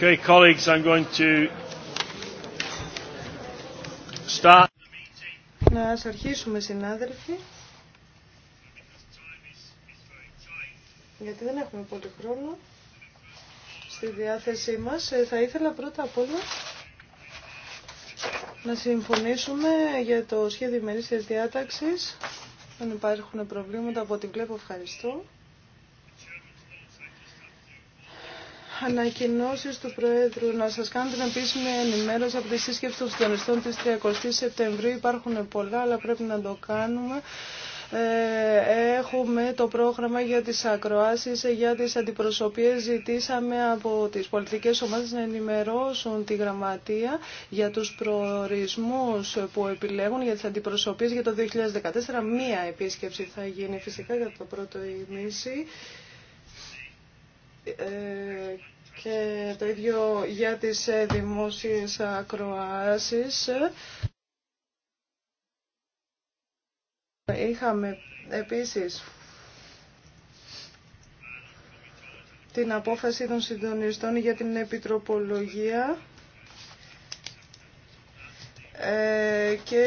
Okay, colleagues, I'm going to Να ας αρχίσουμε, συνάδελφοι. Γιατί δεν έχουμε πολύ χρόνο στη διάθεσή μας. Ε, θα ήθελα πρώτα απ' όλα να συμφωνήσουμε για το σχέδιο ημερήσιας διάταξης. Αν υπάρχουν προβλήματα από την κλέπω ευχαριστώ. Ανακοινώσει του Προέδρου. Να σα κάνω την επίσημη ενημέρωση από τη σύσκεψη των συντονιστών τη 30 Σεπτεμβρίου. Υπάρχουν πολλά, αλλά πρέπει να το κάνουμε. Ε, έχουμε το πρόγραμμα για τις ακροάσει για τις αντιπροσωπείες. Ζητήσαμε από τις πολιτικές ομάδες να ενημερώσουν τη γραμματεία για τους προορισμούς που επιλέγουν για τι αντιπροσωπείες για το 2014. Μία επίσκεψη θα γίνει φυσικά για το πρώτο ημίση και το ίδιο για τις ε, δημόσιες ακροάσεις. Είχαμε επίσης την απόφαση των συντονιστών για την επιτροπολογία ε, και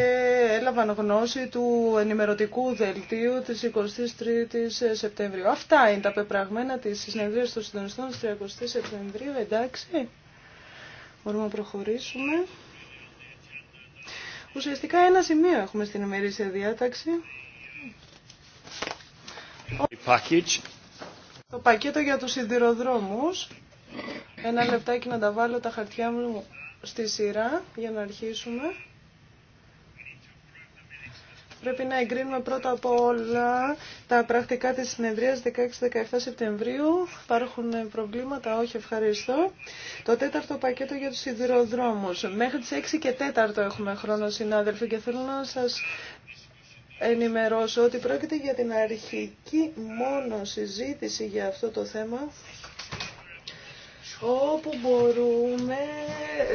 έλαβαν γνώση του ενημερωτικού δελτίου της 23ης Σεπτεμβρίου. Αυτά είναι τα πεπραγμένα της συνεδρίας των συντονιστών της 30ης Σεπτεμβρίου, εντάξει. Μπορούμε να προχωρήσουμε. Ουσιαστικά ένα σημείο έχουμε στην ημερήσια διάταξη. Το πακέτο για τους σιδηροδρόμους. Ένα λεπτάκι να τα βάλω τα χαρτιά μου στη σειρά για να αρχίσουμε. Πρέπει να εγκρίνουμε πρώτα απ' όλα τα πρακτικά της συνεδρίας 16-17 Σεπτεμβρίου. Υπάρχουν προβλήματα, όχι ευχαριστώ. Το τέταρτο πακέτο για τους σιδηροδρόμους. Μέχρι τις 6 και 4 έχουμε χρόνο συνάδελφοι και θέλω να σας ενημερώσω ότι πρόκειται για την αρχική μόνο συζήτηση για αυτό το θέμα όπου μπορούμε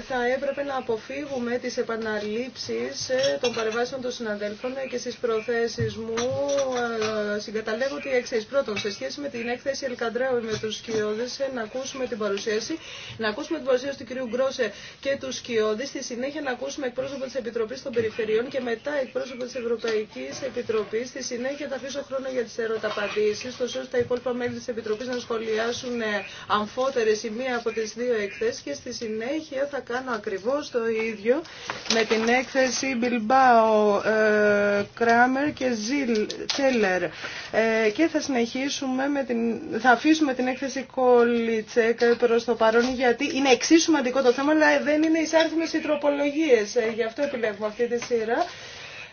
θα έπρεπε να αποφύγουμε τις επαναλήψεις ε, των παρεμβάσεων των συναδέλφων ε, και στις προθέσεις μου ε, συγκαταλέγω ότι εξής. Πρώτον, σε σχέση με την έκθεση Ελκαντρέου με τους Σκιώδες, να ακούσουμε την παρουσίαση, να ακούσουμε την παρουσίαση του κυρίου Γκρόσε και του Σκιώδη, στη συνέχεια να ακούσουμε εκπρόσωπο της Επιτροπής των Περιφερειών και μετά εκπρόσωπο της Ευρωπαϊκής Επιτροπής, στη συνέχεια θα αφήσω χρόνο για τις ερωταπαντήσεις, τόσο ώστε τα υπόλοιπα μέλη της Επιτροπής να σχολιάσουν αμφότερες σημεία από τις δύο εκθέσεις και στη συνέχεια θα κάνω ακριβώς το ίδιο με την έκθεση Bilbao, Κράμερ και Ζιλ, Τσέλερ. και θα συνεχίσουμε με την, θα αφήσουμε την έκθεση Κόλιτσεκ προς το παρόν γιατί είναι εξίσου σημαντικό το θέμα αλλά δεν είναι εισάρθμες οι τροπολογίες. Ε, γι' αυτό επιλέγουμε αυτή τη σειρά.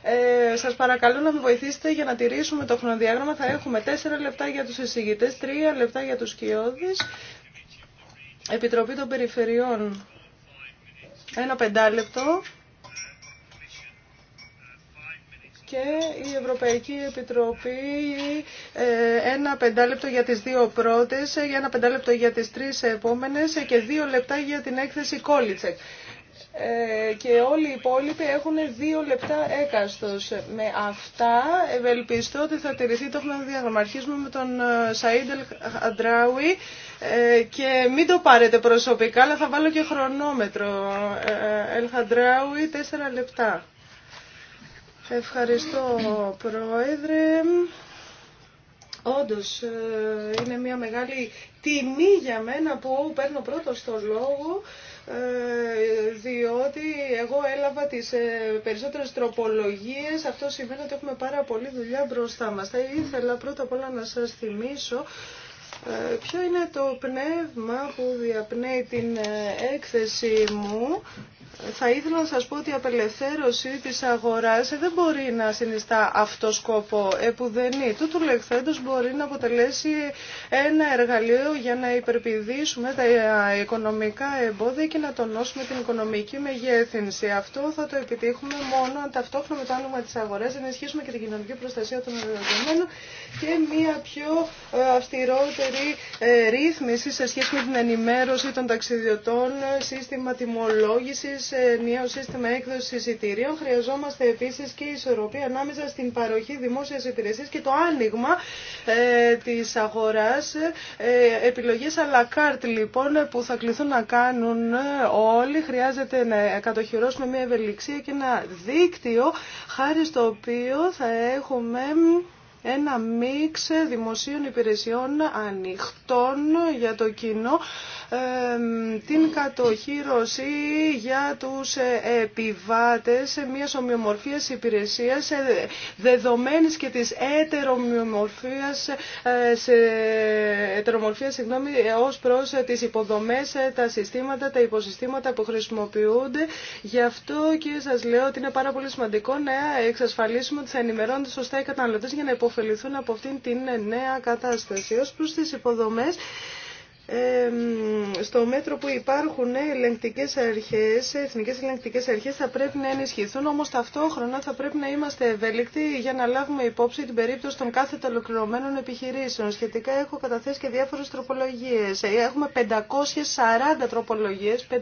Ε, Σα παρακαλώ να με βοηθήσετε για να τηρήσουμε το χρονοδιάγραμμα. Θα έχουμε τέσσερα λεπτά για τους εισηγητές 3 λεπτά για τους κοιόδη, Επιτροπή των Περιφερειών. Ένα πεντάλεπτο. και η Ευρωπαϊκή Επιτροπή ε, ένα πεντάλεπτο για τις δύο πρώτες, για ένα πεντάλεπτο για τις τρεις επόμενες και δύο λεπτά για την έκθεση Κόλιτσεκ. Ε, και όλοι οι υπόλοιποι έχουν δύο λεπτά έκαστος. Με αυτά ευελπιστώ ότι θα τηρηθεί το διαγραμμα. Αρχίζουμε με τον ε, Σαΐντελ Αντράουι. Ε, και μην το πάρετε προσωπικά, αλλά θα βάλω και χρονόμετρο. Ε, ε, Ελχαντράουι, τέσσερα λεπτά. Ευχαριστώ, Πρόεδρε. Όντως, είναι μια μεγάλη τιμή για μένα που παίρνω πρώτο το λόγο διότι εγώ έλαβα τις περισσότερες τροπολογίες. Αυτό σημαίνει ότι έχουμε πάρα πολλή δουλειά μπροστά μας. Θα ήθελα πρώτα απ' όλα να σας θυμίσω ε, ποιο είναι το πνεύμα που διαπνέει την ε, έκθεση μου θα ήθελα να σας πω ότι η απελευθέρωση της αγοράς δεν μπορεί να συνιστά αυτό σκοπό επουδενή. Του τουλεχθέντος μπορεί να αποτελέσει ένα εργαλείο για να υπερπηδήσουμε τα οικονομικά εμπόδια και να τονώσουμε την οικονομική μεγέθυνση. Αυτό θα το επιτύχουμε μόνο αν ταυτόχρονα με το άνομα της αγοράς ενισχύσουμε και την κοινωνική προστασία των εργαζομένων και μια πιο ε, αυστηρότερη ε, ρύθμιση σε σχέση με την ενημέρωση των ταξιδιωτών, σύστημα τιμολόγησης, σε νέο σύστημα έκδοση εισιτηρίων. Χρειαζόμαστε επίση και ισορροπία ανάμεσα στην παροχή δημόσια υπηρεσία και το άνοιγμα ε, τη αγορά. Ε, Επιλογέ αλακάρτ λοιπόν που θα κληθούν να κάνουν ε, όλοι. Χρειάζεται να κατοχυρώσουμε μια ευελιξία και ένα δίκτυο χάρη στο οποίο θα έχουμε ένα μίξ δημοσίων υπηρεσιών ανοιχτών για το κοινό την κατοχήρωση για τους ε, επιβάτες μιας ομοιομορφίας υπηρεσίας ε, δεδομένης και της ετερομοιομορφίας ε, σε ετερομορφία συγγνώμη, ως προς τις υποδομές, τα συστήματα, τα υποσυστήματα που χρησιμοποιούνται. Γι' αυτό και σας λέω ότι είναι πάρα πολύ σημαντικό να εξασφαλίσουμε ότι θα ενημερώνονται σωστά οι καταναλωτέ για να υποφεληθούν από αυτήν την νέα κατάσταση. Ως προς τις υποδομές, στο μέτρο που υπάρχουν ελεγκτικές αρχές, εθνικές ελεγκτικές αρχές θα πρέπει να ενισχυθούν, όμως ταυτόχρονα θα πρέπει να είμαστε ευέλικτοι για να λάβουμε υπόψη την περίπτωση των κάθε ολοκληρωμένων επιχειρήσεων. Σχετικά έχω καταθέσει και διάφορες τροπολογίες. Έχουμε 540 τροπολογίες, 540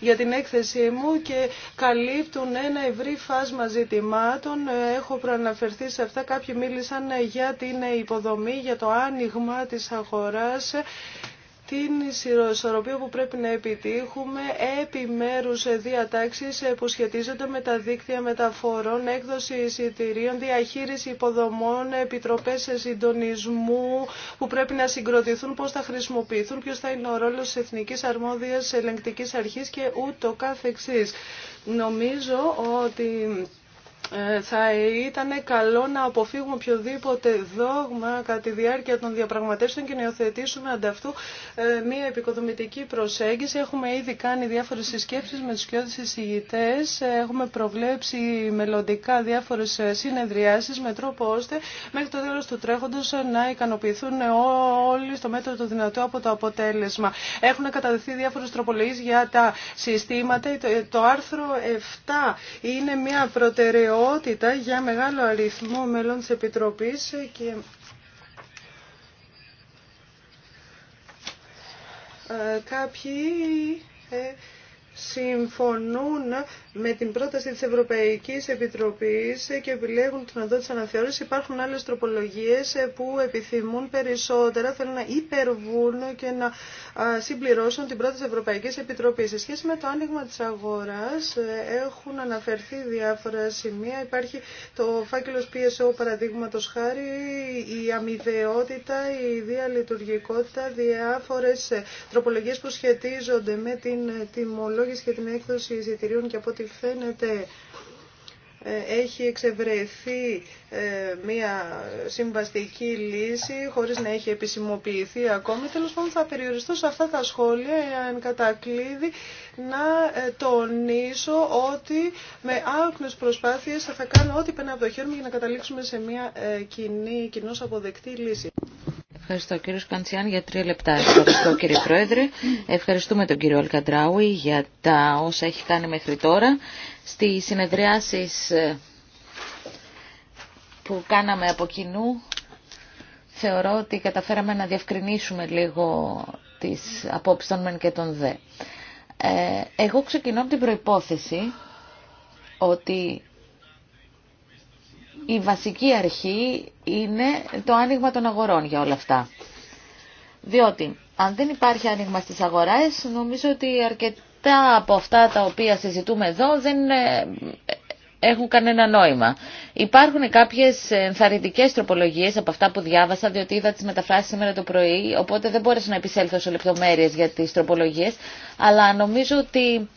για την έκθεσή μου και καλύπτουν ένα ευρύ φάσμα ζητημάτων. Έχω προαναφερθεί σε αυτά. Κάποιοι μίλησαν για την υποδομή, για το άνοιγμα της αγοράς την ισορροπία που πρέπει να επιτύχουμε επιμέρους διατάξεις που σχετίζονται με τα δίκτυα μεταφορών, έκδοση εισιτηρίων, διαχείριση υποδομών, επιτροπές συντονισμού που πρέπει να συγκροτηθούν, πώς θα χρησιμοποιηθούν, ποιος θα είναι ο ρόλος της Εθνικής Αρμόδιας Ελεγκτικής Αρχής και ούτω καθεξής. Νομίζω ότι ε, θα ήταν καλό να αποφύγουμε οποιοδήποτε δόγμα κατά τη διάρκεια των διαπραγματεύσεων και να υιοθετήσουμε ανταυτού ε, μια επικοδομητική προσέγγιση. Έχουμε ήδη κάνει διάφορε συσκέψει με του κοιότητες εισηγητές. Έχουμε προβλέψει μελλοντικά διάφορε συνεδριάσει με τρόπο ώστε μέχρι το τέλο του τρέχοντος να ικανοποιηθούν όλοι στο μέτρο του δυνατό από το αποτέλεσμα. Έχουν καταδεχθεί διάφορες τροπολογίε για τα συστήματα. Ε, το άρθρο 7 είναι μια προτεραιότητα για μεγάλο αριθμό μελών της Επιτροπής και ε, κάποιοι ε, συμφωνούν με την πρόταση της Ευρωπαϊκής Επιτροπής και επιλέγουν την οδό της αναθεώρησης. Υπάρχουν άλλες τροπολογίες που επιθυμούν περισσότερα, θέλουν να υπερβούν και να συμπληρώσουν την πρόταση της Ευρωπαϊκής Επιτροπής. Σε σχέση με το άνοιγμα της αγοράς ε, έχουν αναφερθεί διάφορα σημεία. Υπάρχει το φάκελος PSO παραδείγματος χάρη, η αμοιβαιότητα, η διαλειτουργικότητα, διάφορες ε, τροπολογίες που σχετίζονται με την τιμολόγηση και την έκδοση εισιτηρίων και από ό,τι φαίνεται ε, έχει εξευρεθεί ε, μία συμβαστική λύση χωρίς να έχει επισημοποιηθεί ακόμη. Τέλος πάντων θα περιοριστώ σε αυτά τα σχόλια εν κατακλείδη να ε, τονίσω ότι με άκνες προσπάθειες θα κάνω ό,τι πένα από το χέρι μου για να καταλήξουμε σε μία κοινή, κοινώς αποδεκτή λύση. Ευχαριστώ κύριο Καντσιάν για τρία λεπτά. Ευχαριστώ κύριε Πρόεδρε. Ευχαριστούμε τον κύριο Αλκαντράουι για τα όσα έχει κάνει μέχρι τώρα. Στις συνεδριάσεις ε, που κάναμε από κοινού θεωρώ ότι καταφέραμε να διευκρινίσουμε λίγο τις απόψεις των μεν και των δε. Ε, εγώ ξεκινώ από την προϋπόθεση ότι η βασική αρχή είναι το άνοιγμα των αγορών για όλα αυτά. Διότι αν δεν υπάρχει άνοιγμα στις αγορές, νομίζω ότι αρκετά από αυτά τα οποία συζητούμε εδώ δεν ε, έχουν κανένα νόημα. Υπάρχουν κάποιες ενθαρρυντικές τροπολογίες από αυτά που διάβασα, διότι είδα τις μεταφράσεις σήμερα το πρωί, οπότε δεν μπόρεσα να επισέλθω σε λεπτομέρειες για τις τροπολογίες, αλλά νομίζω ότι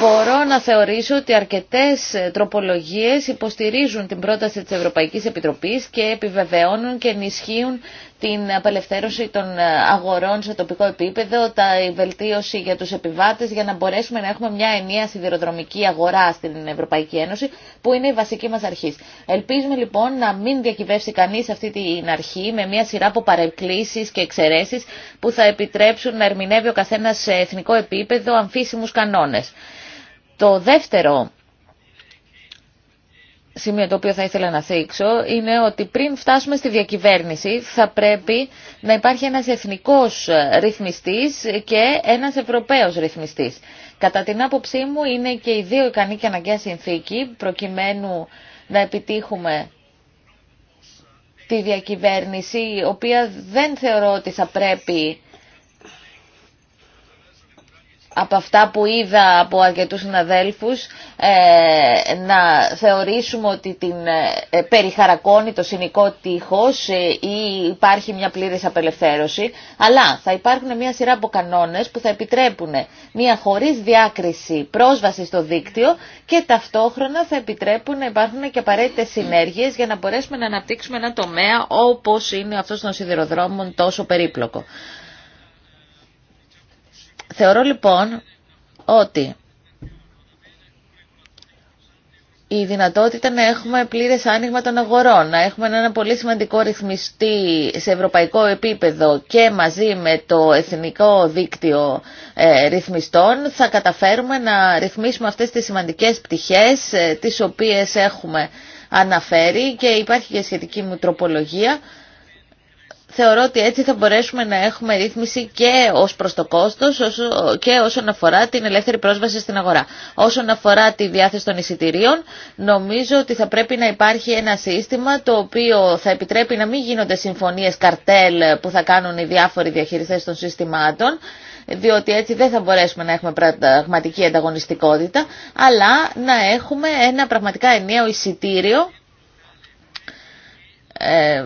μπορώ να θεωρήσω ότι αρκετές τροπολογίες υποστηρίζουν την πρόταση της Ευρωπαϊκής Επιτροπής και επιβεβαιώνουν και ενισχύουν την απελευθέρωση των αγορών σε τοπικό επίπεδο, τα βελτίωση για τους επιβάτες για να μπορέσουμε να έχουμε μια ενιαία σιδηροδρομική αγορά στην Ευρωπαϊκή Ένωση που είναι η βασική μας αρχή. Ελπίζουμε λοιπόν να μην διακυβεύσει κανείς αυτή την αρχή με μια σειρά από παρεκκλήσεις και εξαιρέσεις που θα επιτρέψουν να ερμηνεύει ο καθένας σε εθνικό επίπεδο αμφίσιμους κανόνες. Το δεύτερο σημείο το οποίο θα ήθελα να θίξω είναι ότι πριν φτάσουμε στη διακυβέρνηση θα πρέπει να υπάρχει ένας εθνικός ρυθμιστής και ένας ευρωπαίος ρυθμιστής. Κατά την άποψή μου είναι και οι δύο ικανή και αναγκαία συνθήκη προκειμένου να επιτύχουμε τη διακυβέρνηση η οποία δεν θεωρώ ότι θα πρέπει από αυτά που είδα από αρκετούς συναδέλφους ε, να θεωρήσουμε ότι την ε, περιχαρακώνει το συνικό τείχος ε, ή υπάρχει μια πλήρης απελευθέρωση, αλλά θα υπάρχουν μια σειρά από κανόνες που θα επιτρέπουν μια χωρίς διάκριση πρόσβαση στο δίκτυο και ταυτόχρονα θα επιτρέπουν να υπάρχουν και απαραίτητε συνέργειες για να μπορέσουμε να αναπτύξουμε ένα τομέα όπως είναι αυτός των σιδηροδρόμων τόσο περίπλοκο. Θεωρώ λοιπόν ότι η δυνατότητα να έχουμε πλήρες άνοιγμα των αγορών, να έχουμε ένα πολύ σημαντικό ρυθμιστή σε ευρωπαϊκό επίπεδο και μαζί με το εθνικό δίκτυο ε, ρυθμιστών θα καταφέρουμε να ρυθμίσουμε αυτές τις σημαντικές πτυχές ε, τις οποίες έχουμε αναφέρει και υπάρχει και σχετική μου τροπολογία θεωρώ ότι έτσι θα μπορέσουμε να έχουμε ρύθμιση και ως προς το κόστος και όσον αφορά την ελεύθερη πρόσβαση στην αγορά. Όσον αφορά τη διάθεση των εισιτηρίων, νομίζω ότι θα πρέπει να υπάρχει ένα σύστημα το οποίο θα επιτρέπει να μην γίνονται συμφωνίες καρτέλ που θα κάνουν οι διάφοροι διαχειριστές των συστημάτων, διότι έτσι δεν θα μπορέσουμε να έχουμε πραγματική ανταγωνιστικότητα, αλλά να έχουμε ένα πραγματικά ενιαίο εισιτήριο ε,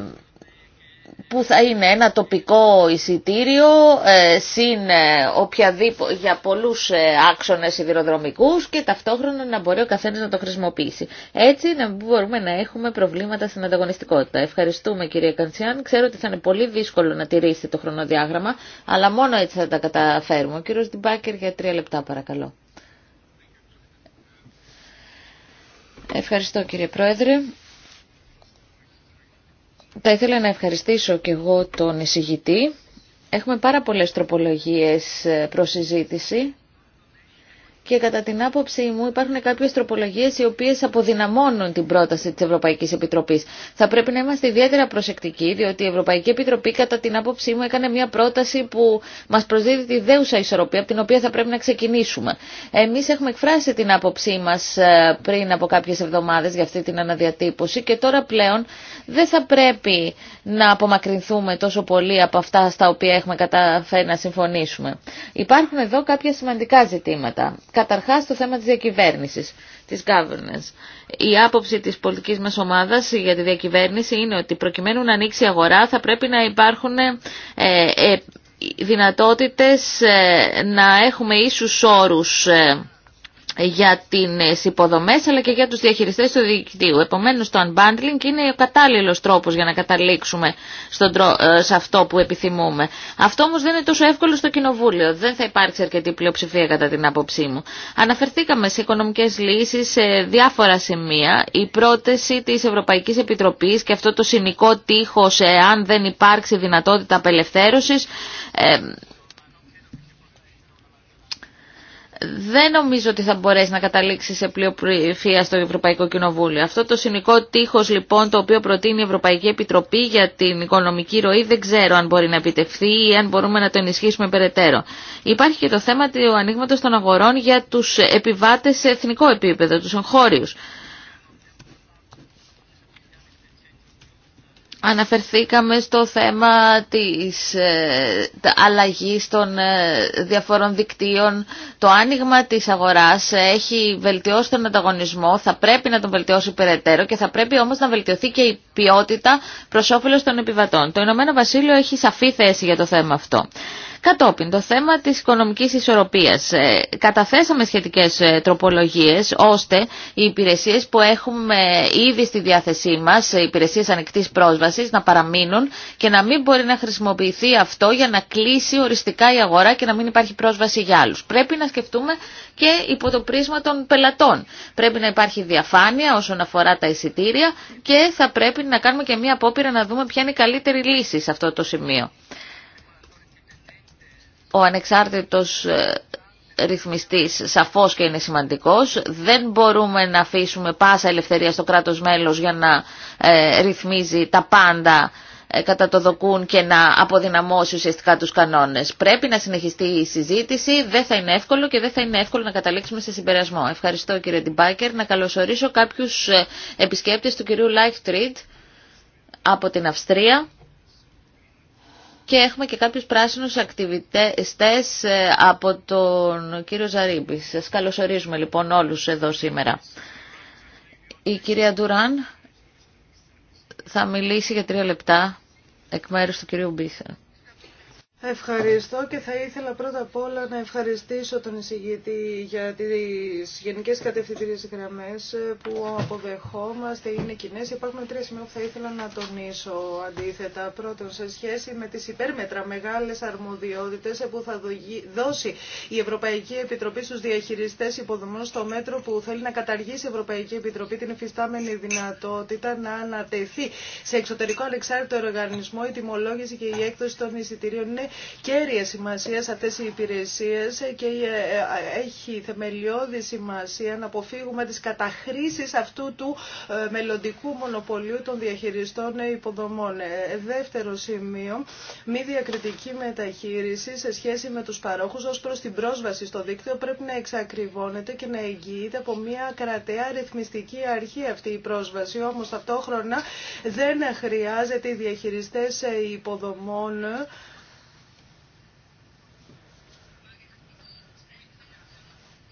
που θα είναι ένα τοπικό εισιτήριο ε, συν ε, οποιαδήποτε, για πολλούς ε, άξονες σιδηροδρομικούς και ταυτόχρονα να μπορεί ο καθένας να το χρησιμοποιήσει. Έτσι να μπορούμε να έχουμε προβλήματα στην ανταγωνιστικότητα. Ευχαριστούμε κύριε Καντσιάν. Ξέρω ότι θα είναι πολύ δύσκολο να τηρήσετε το χρονοδιάγραμμα, αλλά μόνο έτσι θα τα καταφέρουμε. Ο κύριος Ντιμπάκερ για τρία λεπτά παρακαλώ. Ευχαριστώ κύριε Πρόεδρε. Θα ήθελα να ευχαριστήσω και εγώ τον εισηγητή. Έχουμε πάρα πολλές τροπολογίες προς και κατά την άποψή μου υπάρχουν κάποιες τροπολογίες οι οποίες αποδυναμώνουν την πρόταση της Ευρωπαϊκής Επιτροπής. Θα πρέπει να είμαστε ιδιαίτερα προσεκτικοί διότι η Ευρωπαϊκή Επιτροπή κατά την άποψή μου έκανε μια πρόταση που μας προσδίδει τη δέουσα ισορροπία από την οποία θα πρέπει να ξεκινήσουμε. Εμείς έχουμε εκφράσει την άποψή μας ε, πριν από κάποιες εβδομάδες για αυτή την αναδιατύπωση και τώρα πλέον δεν θα πρέπει να απομακρυνθούμε τόσο πολύ από αυτά στα οποία έχουμε καταφέρει να συμφωνήσουμε. Υπάρχουν εδώ κάποια σημαντικά ζητήματα. Καταρχάς το θέμα της διακυβέρνησης, της governance. Η άποψη της πολιτικής μας ομάδας για τη διακυβέρνηση είναι ότι προκειμένου να ανοίξει η αγορά θα πρέπει να υπάρχουν ε, ε δυνατότητες ε, να έχουμε ίσους όρους ε, για τις υποδομές αλλά και για τους διαχειριστές του δικτύου. Επομένως το unbundling είναι ο κατάλληλος τρόπος για να καταλήξουμε στον ε, σε αυτό που επιθυμούμε. Αυτό όμως δεν είναι τόσο εύκολο στο Κοινοβούλιο. Δεν θα υπάρξει αρκετή πλειοψηφία κατά την άποψή μου. Αναφερθήκαμε σε οικονομικές λύσεις σε διάφορα σημεία. Η πρόταση της Ευρωπαϊκής Επιτροπής και αυτό το συνικό τείχος εάν δεν υπάρξει δυνατότητα απελευθέρωσης ε, δεν νομίζω ότι θα μπορέσει να καταλήξει σε πλειοψηφία στο Ευρωπαϊκό Κοινοβούλιο. Αυτό το συνικό τείχο λοιπόν το οποίο προτείνει η Ευρωπαϊκή Επιτροπή για την οικονομική ροή δεν ξέρω αν μπορεί να επιτευχθεί ή αν μπορούμε να το ενισχύσουμε περαιτέρω. Υπάρχει και το θέμα του ανοίγματο των αγορών για του επιβάτε σε εθνικό επίπεδο, του εγχώριου. Αναφερθήκαμε στο θέμα της ε, αλλαγής των ε, διαφορών δικτύων. Το άνοιγμα της αγοράς έχει βελτιώσει τον ανταγωνισμό, θα πρέπει να τον βελτιώσει περαιτέρω και θα πρέπει όμως να βελτιωθεί και η ποιότητα προς όφελος των επιβατών. Το Ηνωμένο Βασίλειο έχει σαφή θέση για το θέμα αυτό. Κατόπιν, το θέμα της οικονομικής ισορροπίας. Ε, καταθέσαμε σχετικές ε, τροπολογίες ώστε οι υπηρεσίες που έχουμε ήδη στη διάθεσή μας, οι ε, υπηρεσίες ανοιχτής πρόσβασης, να παραμείνουν και να μην μπορεί να χρησιμοποιηθεί αυτό για να κλείσει οριστικά η αγορά και να μην υπάρχει πρόσβαση για άλλους. Πρέπει να σκεφτούμε και υπό το πρίσμα των πελατών. Πρέπει να υπάρχει διαφάνεια όσον αφορά τα εισιτήρια και θα πρέπει να κάνουμε και μία απόπειρα να δούμε ποια είναι η καλύτερη λύση σε αυτό το σημείο ο ανεξάρτητος ε, ρυθμιστής σαφώς και είναι σημαντικός. Δεν μπορούμε να αφήσουμε πάσα ελευθερία στο κράτος μέλος για να ε, ρυθμίζει τα πάντα ε, κατά το δοκούν και να αποδυναμώσει ουσιαστικά τους κανόνες. Πρέπει να συνεχιστεί η συζήτηση, δεν θα είναι εύκολο και δεν θα είναι εύκολο να καταλήξουμε σε συμπερασμό. Ευχαριστώ κύριε Ντιμπάκερ. Να καλωσορίσω κάποιους επισκέπτες του κυρίου Λάιχτριντ από την Αυστρία και έχουμε και κάποιους πράσινους ακτιβιστές ε, από τον κύριο Ζαρίμπη. Σας καλωσορίζουμε λοιπόν όλους εδώ σήμερα. Η κυρία Ντουράν θα μιλήσει για τρία λεπτά εκ μέρους του κυρίου Μπίσερ. Ευχαριστώ και θα ήθελα πρώτα απ' όλα να ευχαριστήσω τον εισηγητή για τις γενικές κατευθυντήριες γραμμές που αποδεχόμαστε, είναι κοινέ. Υπάρχουν τρία σημεία που θα ήθελα να τονίσω αντίθετα. Πρώτον, σε σχέση με τις υπέρμετρα μεγάλες αρμοδιότητες που θα δώσει η Ευρωπαϊκή Επιτροπή στους διαχειριστές υποδομών στο μέτρο που θέλει να καταργήσει η Ευρωπαϊκή Επιτροπή την εφιστάμενη δυνατότητα να ανατεθεί σε εξωτερικό ανεξάρτητο οργανισμό η τιμολόγηση και η έκδοση των εισιτηρίων ναι, κέρια σημασία σε αυτές οι υπηρεσίες και ε, ε, έχει θεμελιώδη σημασία να αποφύγουμε τις καταχρήσεις αυτού του ε, μελλοντικού μονοπωλίου των διαχειριστών υποδομών. Δεύτερο σημείο, μη διακριτική μεταχείριση σε σχέση με τους παρόχους ως προς την πρόσβαση στο δίκτυο πρέπει να εξακριβώνεται και να εγγυείται από μια κρατέα ρυθμιστική αρχή αυτή η πρόσβαση. Όμως ταυτόχρονα δεν χρειάζεται οι διαχειριστές υποδομών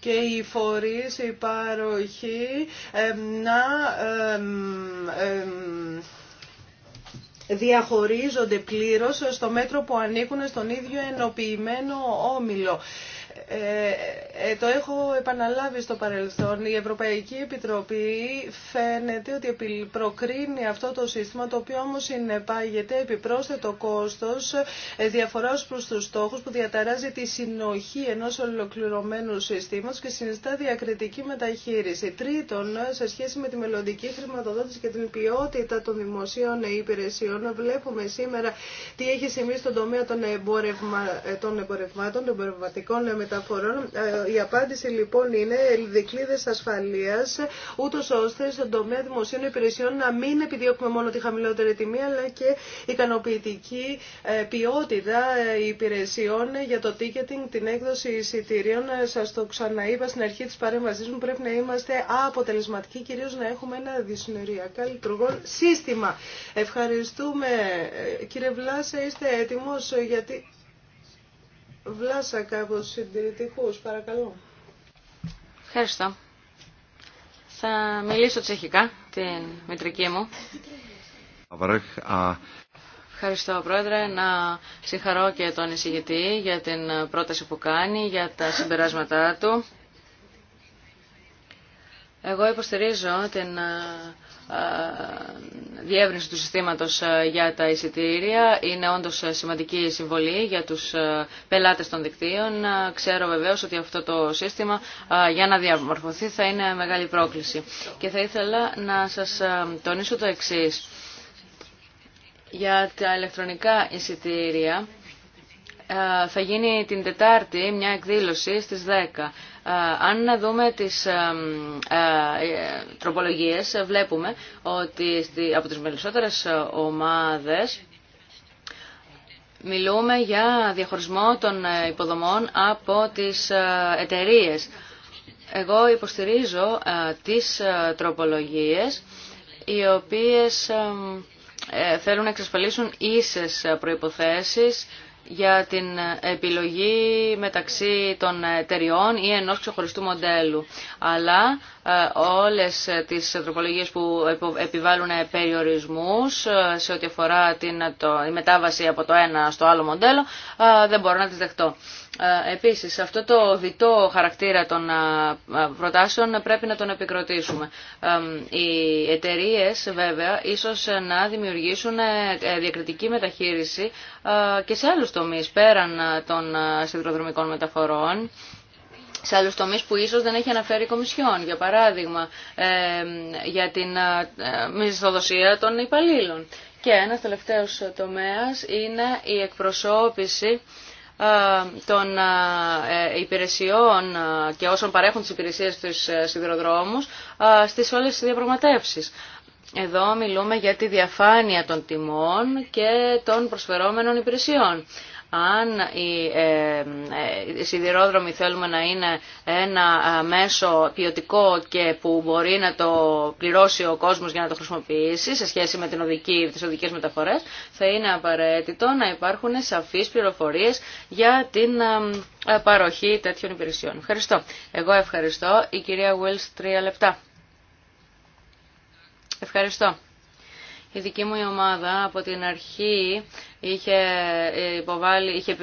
και οι φορείς, η παροχή να διαχωρίζονται πλήρως στο μέτρο που ανήκουν στον ίδιο ενοποιημένο όμιλο. Ε, ε, το έχω επαναλάβει στο παρελθόν. Η Ευρωπαϊκή Επιτροπή φαίνεται ότι προκρίνει αυτό το σύστημα, το οποίο όμως συνεπάγεται επιπρόσθετο κόστος ε, διαφορά προ προς τους στόχους που διαταράζει τη συνοχή ενός ολοκληρωμένου συστήματος και συνιστά διακριτική μεταχείριση. Τρίτον, σε σχέση με τη μελλοντική χρηματοδότηση και την ποιότητα των δημοσίων υπηρεσιών, βλέπουμε σήμερα τι έχει συμβεί στον τομέα των, εμπορευμάτων, των εμπορευματικών μεταφορών. Ε, η απάντηση λοιπόν είναι δικλείδες ασφαλείας, ούτως ώστε στον τομέα δημοσίων υπηρεσιών να μην επιδιώκουμε μόνο τη χαμηλότερη τιμή, αλλά και ικανοποιητική ε, ποιότητα ε, υπηρεσιών για το ticketing, την έκδοση εισιτηρίων. Σας το ξαναείπα στην αρχή της παρέμβασής μου, πρέπει να είμαστε αποτελεσματικοί, κυρίως να έχουμε ένα δυσυνοριακά λειτουργό σύστημα. Ευχαριστούμε. Κύριε Βλάσσα είστε έτοιμος γιατί Βλάσακα από συντηρητικού, παρακαλώ. Ευχαριστώ. Θα μιλήσω τσεχικά, την μητρική μου. Ευχαριστώ Πρόεδρε. Να συγχαρώ και τον εισηγητή για την πρόταση που κάνει, για τα συμπεράσματά του. Εγώ υποστηρίζω την ε, διεύρυνση του συστήματος ε, για τα εισιτήρια είναι όντως ε, σημαντική συμβολή για τους πελάτες των δικτύων. Ξέρω βεβαίως ότι αυτό το σύστημα για να διαμορφωθεί θα είναι μεγάλη πρόκληση. Και θα ήθελα να σας τονίσω το εξής. Για τα ηλεκτρονικά εισιτήρια ε, θα γίνει την Τετάρτη μια εκδήλωση στις 10. Ε, αν δούμε τις ε, τροπολογίες βλέπουμε ότι από τις μελισσότερες ομάδες μιλούμε για διαχωρισμό των υποδομών από τις εταιρείε. Εγώ υποστηρίζω τις τροπολογίες οι οποίες θέλουν να εξασφαλίσουν ίσες προϋποθέσεις για την επιλογή μεταξύ των εταιριών ή ενός ξεχωριστού μοντέλου. Αλλά ε, όλες τις τροπολογίες που επιβάλλουν περιορισμούς ε, σε ό,τι αφορά την, η μετάβαση από το ένα στο άλλο μοντέλο ε, δεν μπορώ να τις δεχτώ. Ε, επίσης, αυτό το διτό χαρακτήρα των ε, ε, προτάσεων πρέπει να τον επικροτήσουμε. Οι εταιρείε, βέβαια, ίσως να δημιουργήσουν διακριτική μεταχείριση και σε άλλους τομείς, πέραν των σιδηροδρομικών μεταφορών, σε άλλου τομεί που ίσω δεν έχει αναφέρει η Κομισιόν. Για παράδειγμα, για την μισθοδοσία των υπαλλήλων. Και ένα τελευταίο τομέα είναι η εκπροσώπηση ε, των ε, ε, υπηρεσιών και όσων παρέχουν τις υπηρεσίες στους σιδηροδρόμους στις όλες τις διαπραγματεύσεις. Εδώ μιλούμε για τη διαφάνεια των τιμών και των προσφερόμενων υπηρεσιών. Αν ε, ε, οι σιδηρόδρομοι θέλουμε να είναι ένα ε, μέσο ποιοτικό και που μπορεί να το πληρώσει ο κόσμος για να το χρησιμοποιήσει σε σχέση με την οδική, τις οδικές μεταφορές, θα είναι απαραίτητο να υπάρχουν σαφείς πληροφορίες για την παροχή τέτοιων υπηρεσιών. Ευχαριστώ. Εγώ ευχαριστώ. Η κυρία Wills, τρία λεπτά. Ευχαριστώ. Η δική μου ομάδα από την αρχή είχε, υποβάλει, είχε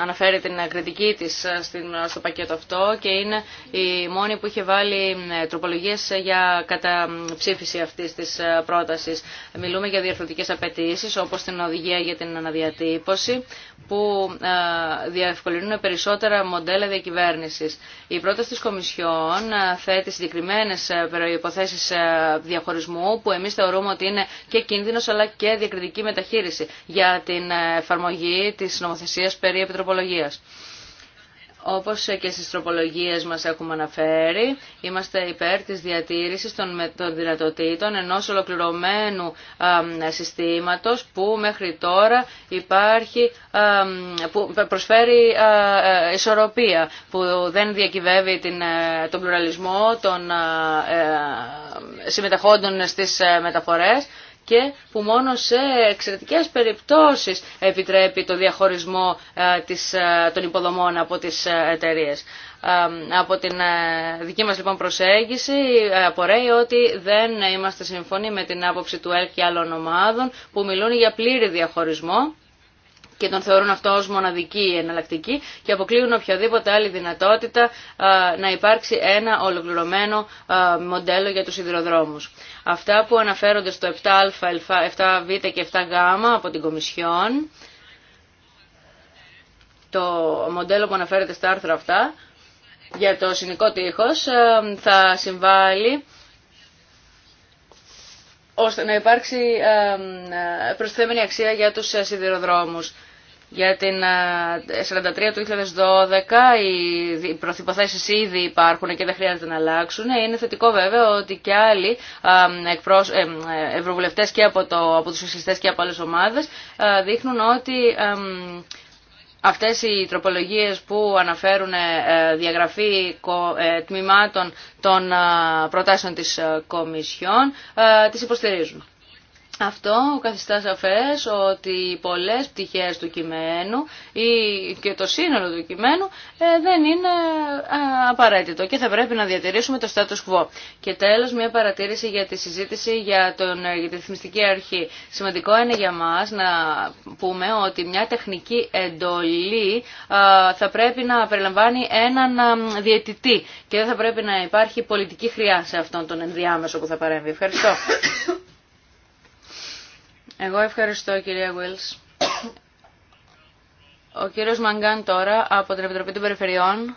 αναφέρει την κριτική της ε, ε, στο πακέτο αυτό και είναι η μόνη που είχε βάλει ε, τροπολογίες για καταψήφιση αυτής της πρότασης. Μιλούμε για διαρθρωτικές απαιτήσει, όπως την οδηγία για την αναδιατύπωση που διευκολύνουν περισσότερα μοντέλα διακυβέρνησης. Η πρόταση της Κομισιόν θέτει συγκεκριμένες προϋποθέσεις διαχωρισμού που εμείς θεωρούμε ότι είναι και κίνδυνος αλλά και διακριτική μεταχείριση για την εφαρμογή της νομοθεσίας περί επιτροπολογίας. Όπως και στις τροπολογίες μας έχουμε αναφέρει, είμαστε υπέρ της διατήρησης των δυνατοτήτων ενός ολοκληρωμένου συστήματος που μέχρι τώρα υπάρχει, που προσφέρει ε, ισορροπία, που δεν διακυβεύει ε, τον πλουραλισμό των ε, συμμετεχόντων στις μεταφορές, και που μόνο σε εξαιρετικές περιπτώσεις επιτρέπει το διαχωρισμό ε, ε, των υποδομών από τις ε, εταιρείε. Από την δική μας λοιπόν προσέγγιση απορρέει ότι δεν είμαστε συμφωνοί με την άποψη του ΕΛΚ και άλλων ομάδων που μιλούν για πλήρη διαχωρισμό και τον θεωρούν αυτό ως μοναδική εναλλακτική και αποκλείουν οποιαδήποτε άλλη δυνατότητα να υπάρξει ένα ολοκληρωμένο μοντέλο για τους σιδηροδρόμους. Αυτά που αναφέρονται στο 7α, 7β και 7γ από την Κομισιόν, το μοντέλο που αναφέρεται στα άρθρα αυτά, για το συνικό τείχος θα συμβάλλει ώστε να υπάρξει προσθέμενη αξία για τους σιδηροδρόμους. Για την 43 του 2012 οι προθυποθέσεις ήδη υπάρχουν και δεν χρειάζεται να αλλάξουν. Ε, είναι θετικό βέβαια ότι και άλλοι εκπρόσ... Ε, ε, ευρωβουλευτές και από, το... από τους σοσιαλιστές και από άλλες ομάδες δείχνουν ότι αυτές οι τροπολογίες που αναφέρουν διαγραφή τμήματων των προτάσεων της Κομισιόν τις υποστηρίζουν. Αυτό καθιστά σαφές ότι πολλές πτυχές του κειμένου ή και το σύνολο του κειμένου ε, δεν είναι ε, απαραίτητο και θα πρέπει να διατηρήσουμε το status quo. Και τέλος μια παρατήρηση για τη συζήτηση για, τον, ε, για τη ρυθμιστική αρχή. Σημαντικό είναι για μας να πούμε ότι μια τεχνική εντολή θα πρέπει να περιλαμβάνει έναν διαιτητή και δεν θα πρέπει να υπάρχει πολιτική χρειά σε αυτόν τον ενδιάμεσο που θα παρέμβει. Ευχαριστώ. Εγώ ευχαριστώ κυρία Βίλς. Ο κύριος Μαγκάν τώρα από την Επιτροπή των Περιφερειών